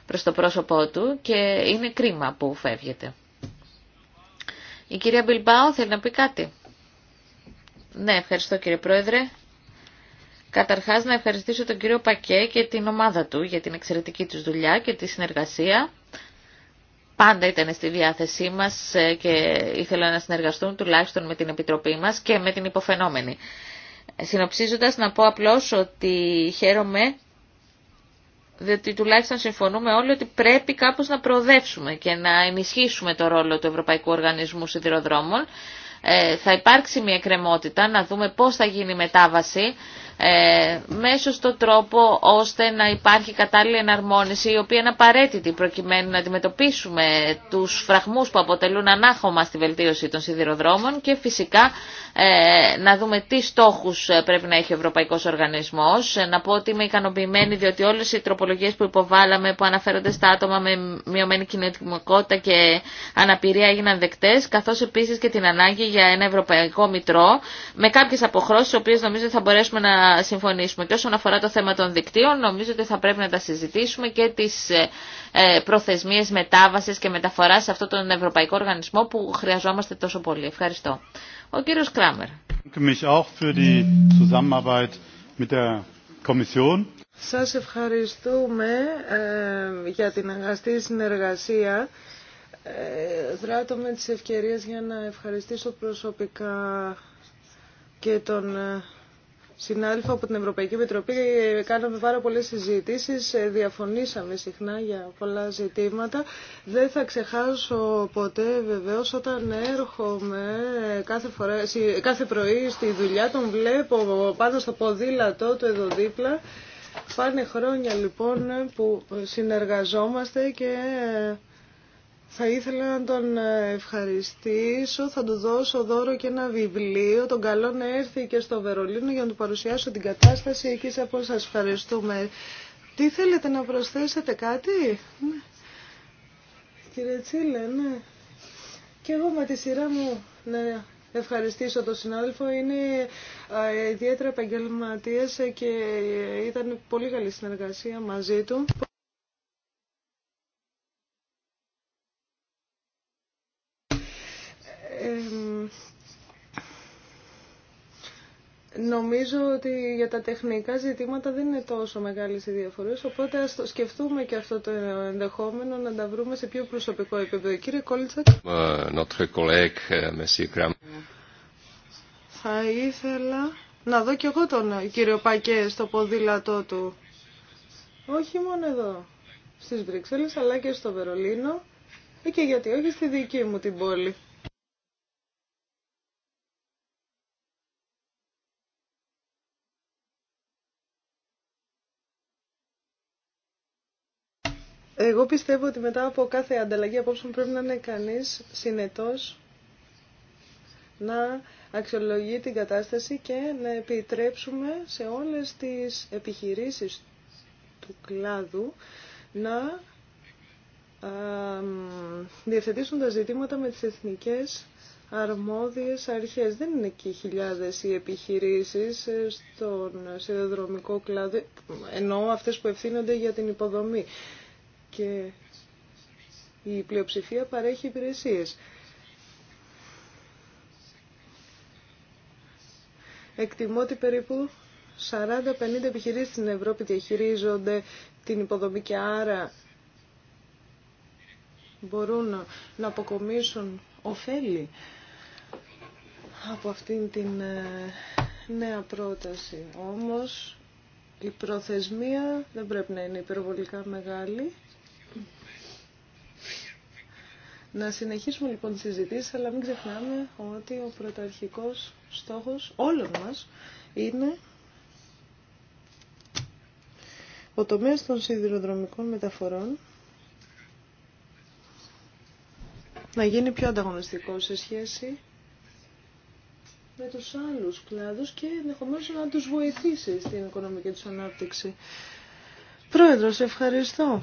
προς το πρόσωπό του και είναι κρίμα που φεύγεται. Η κυρία Μπιλμπάου θέλει να πει κάτι. Ναι, ευχαριστώ κύριε Πρόεδρε. Καταρχάς να ευχαριστήσω τον κύριο Πακέ και την ομάδα του για την εξαιρετική τους δουλειά και τη συνεργασία πάντα ήταν στη διάθεσή μας ε, και ήθελαν να συνεργαστούν τουλάχιστον με την Επιτροπή μας και με την υποφαινόμενη. Συνοψίζοντας να πω απλώς ότι χαίρομαι διότι τουλάχιστον συμφωνούμε όλοι ότι πρέπει κάπως να προοδεύσουμε και να ενισχύσουμε το ρόλο του Ευρωπαϊκού Οργανισμού Σιδηροδρόμων. Ε, θα υπάρξει μια κρεμότητα, να δούμε πώς θα γίνει η μετάβαση ε, μέσω στον τρόπο ώστε να υπάρχει κατάλληλη εναρμόνιση η οποία είναι απαραίτητη προκειμένου να αντιμετωπίσουμε τους φραγμούς που αποτελούν ανάχωμα στη βελτίωση των σιδηροδρόμων και φυσικά ε, να δούμε τι στόχους ε, πρέπει να έχει ο Ευρωπαϊκός Οργανισμός. Ε, να πω ότι είμαι ικανοποιημένη διότι όλες οι τροπολογίες που υποβάλαμε που αναφέρονται στα άτομα με μειωμένη κοινωνικότητα και αναπηρία έγιναν δεκτές καθώς επίσης και την ανάγκη για ένα ευρωπαϊκό μητρό με κάποιες αποχρώσεις οι οποίες νομίζω θα μπορέσουμε να συμφωνήσουμε. Και όσον αφορά το θέμα των δικτύων, νομίζω ότι θα πρέπει να τα συζητήσουμε και τις ε, ε, προθεσμίες μετάβασης και μεταφοράς σε αυτόν τον Ευρωπαϊκό Οργανισμό που χρειαζόμαστε τόσο πολύ. Ευχαριστώ. Ο κύριος Κράμερ. Σας ευχαριστούμε ε, για την αγαστή συνεργασία. Δράτω με τις ευκαιρίες για να ευχαριστήσω προσωπικά και τον συνάδελφο από την Ευρωπαϊκή Επιτροπή κάναμε πάρα πολλές συζητήσεις, ε, διαφωνήσαμε συχνά για πολλά ζητήματα. Δεν θα ξεχάσω ποτέ βεβαίως όταν έρχομαι κάθε, φορά, κάθε πρωί στη δουλειά, τον βλέπω πάνω στο ποδήλατό του εδώ δίπλα. Πάνε χρόνια λοιπόν που συνεργαζόμαστε και ε, θα ήθελα να τον ε, ευχαριστήσω, θα του δώσω δώρο και ένα βιβλίο. Τον καλό να έρθει και στο Βερολίνο για να του παρουσιάσω την κατάσταση εκεί σε πώς σας ευχαριστούμε. Τι θέλετε να προσθέσετε κάτι, ναι. κύριε Τσίλε, ναι. Και εγώ με τη σειρά μου να ευχαριστήσω τον συνάδελφο. Είναι ιδιαίτερα επαγγελματίας και ήταν πολύ καλή συνεργασία μαζί του. Νομίζω ότι για τα τεχνικά ζητήματα δεν είναι τόσο μεγάλες οι διαφορές, οπότε ας σκεφτούμε και αυτό το ενδεχόμενο να τα βρούμε σε πιο προσωπικό επίπεδο. Κύριε Κόλτσακ. Ε, ε, Θα ήθελα να δω και εγώ τον κύριο Πακέ στο ποδήλατό του. Όχι μόνο εδώ, στις Βρυξέλλες, αλλά και στο Βερολίνο και γιατί όχι στη δική μου την πόλη. Εγώ πιστεύω ότι μετά από κάθε ανταλλαγή απόψεων πρέπει να είναι κανείς συνετός να αξιολογεί την κατάσταση και να επιτρέψουμε σε όλες τις επιχειρήσεις του κλάδου να διευθετήσουν τα ζητήματα με τις εθνικές αρμόδιες αρχές. Δεν είναι και χιλιάδες οι επιχειρήσεις ε, στον σιδηροδρομικό κλάδο, ενώ αυτές που ευθύνονται για την υποδομή και η πλειοψηφία παρέχει υπηρεσίες. Εκτιμώ ότι περίπου 40-50 επιχειρήσεις στην Ευρώπη διαχειρίζονται την υποδομή και άρα μπορούν να αποκομίσουν ωφέλη από αυτήν την ε, νέα πρόταση. Όμως η προθεσμία δεν πρέπει να είναι υπερβολικά μεγάλη. Να συνεχίσουμε λοιπόν τις συζητήσεις, αλλά μην ξεχνάμε ότι ο πρωταρχικός στόχος όλων μας είναι ο τομέας των σιδηροδρομικών μεταφορών να γίνει πιο ανταγωνιστικό σε σχέση με τους άλλους κλάδους και ενδεχομένως να τους βοηθήσει στην οικονομική τους ανάπτυξη. Πρόεδρος, ευχαριστώ.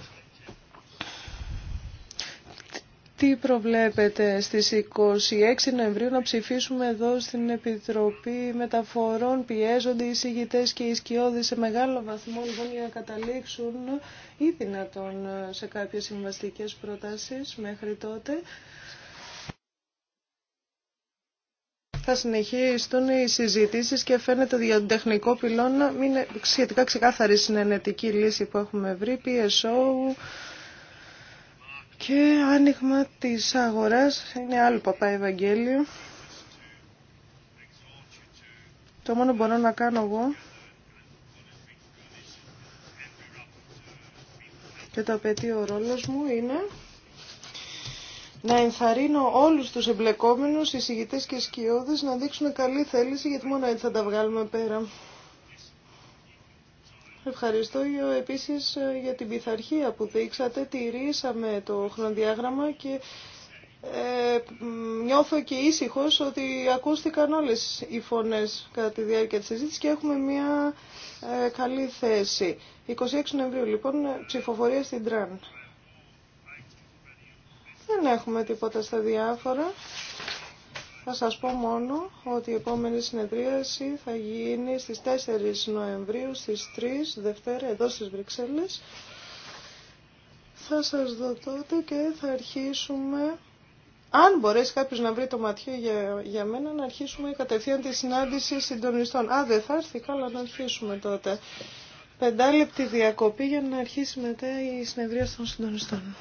Τι προβλέπετε στις 26 Νοεμβρίου να ψηφίσουμε εδώ στην Επιτροπή Μεταφορών. Πιέζονται οι συγητές και οι σκιώδεις σε μεγάλο βαθμό λοιπόν για να καταλήξουν ή δυνατόν σε κάποιες συμβαστικές προτάσεις μέχρι τότε. θα συνεχίσουν οι συζητήσει και φαίνεται ότι για τον τεχνικό πυλώνα είναι σχετικά ξεκάθαρη συνενετική λύση που έχουμε βρει. PSO, και άνοιγμα της αγοράς είναι άλλο παπά Ευαγγέλιο. Το μόνο μπορώ να κάνω εγώ και το απαιτεί ο ρόλος μου είναι να ενθαρρύνω όλους τους εμπλεκόμενους, εισηγητές και σκιώδες να δείξουν καλή θέληση γιατί μόνο έτσι θα τα βγάλουμε πέρα. Ευχαριστώ επίσης ε, για την πειθαρχία που δείξατε. Τηρήσαμε το χρονοδιάγραμμα και ε, νιώθω και ήσυχο ότι ακούστηκαν όλες οι φωνές κατά τη διάρκεια της συζήτησης και έχουμε μια ε, καλή θέση. 26 Νοεμβρίου λοιπόν ψηφοφορία στην Τραν. Δεν έχουμε τίποτα στα διάφορα. Θα σας πω μόνο ότι η επόμενη συνεδρίαση θα γίνει στις 4 Νοεμβρίου, στις 3 Δευτέρα, εδώ στις Βρυξέλλες. Θα σας δω τότε και θα αρχίσουμε, αν μπορέσει κάποιος να βρει το ματιό για, για μένα, να αρχίσουμε κατευθείαν τη συνάντηση συντονιστών. Α, δεν θα έρθει, καλά να αρχίσουμε τότε. Πεντάλεπτη διακοπή για να αρχίσει μετά η συνεδρία των συντονιστών.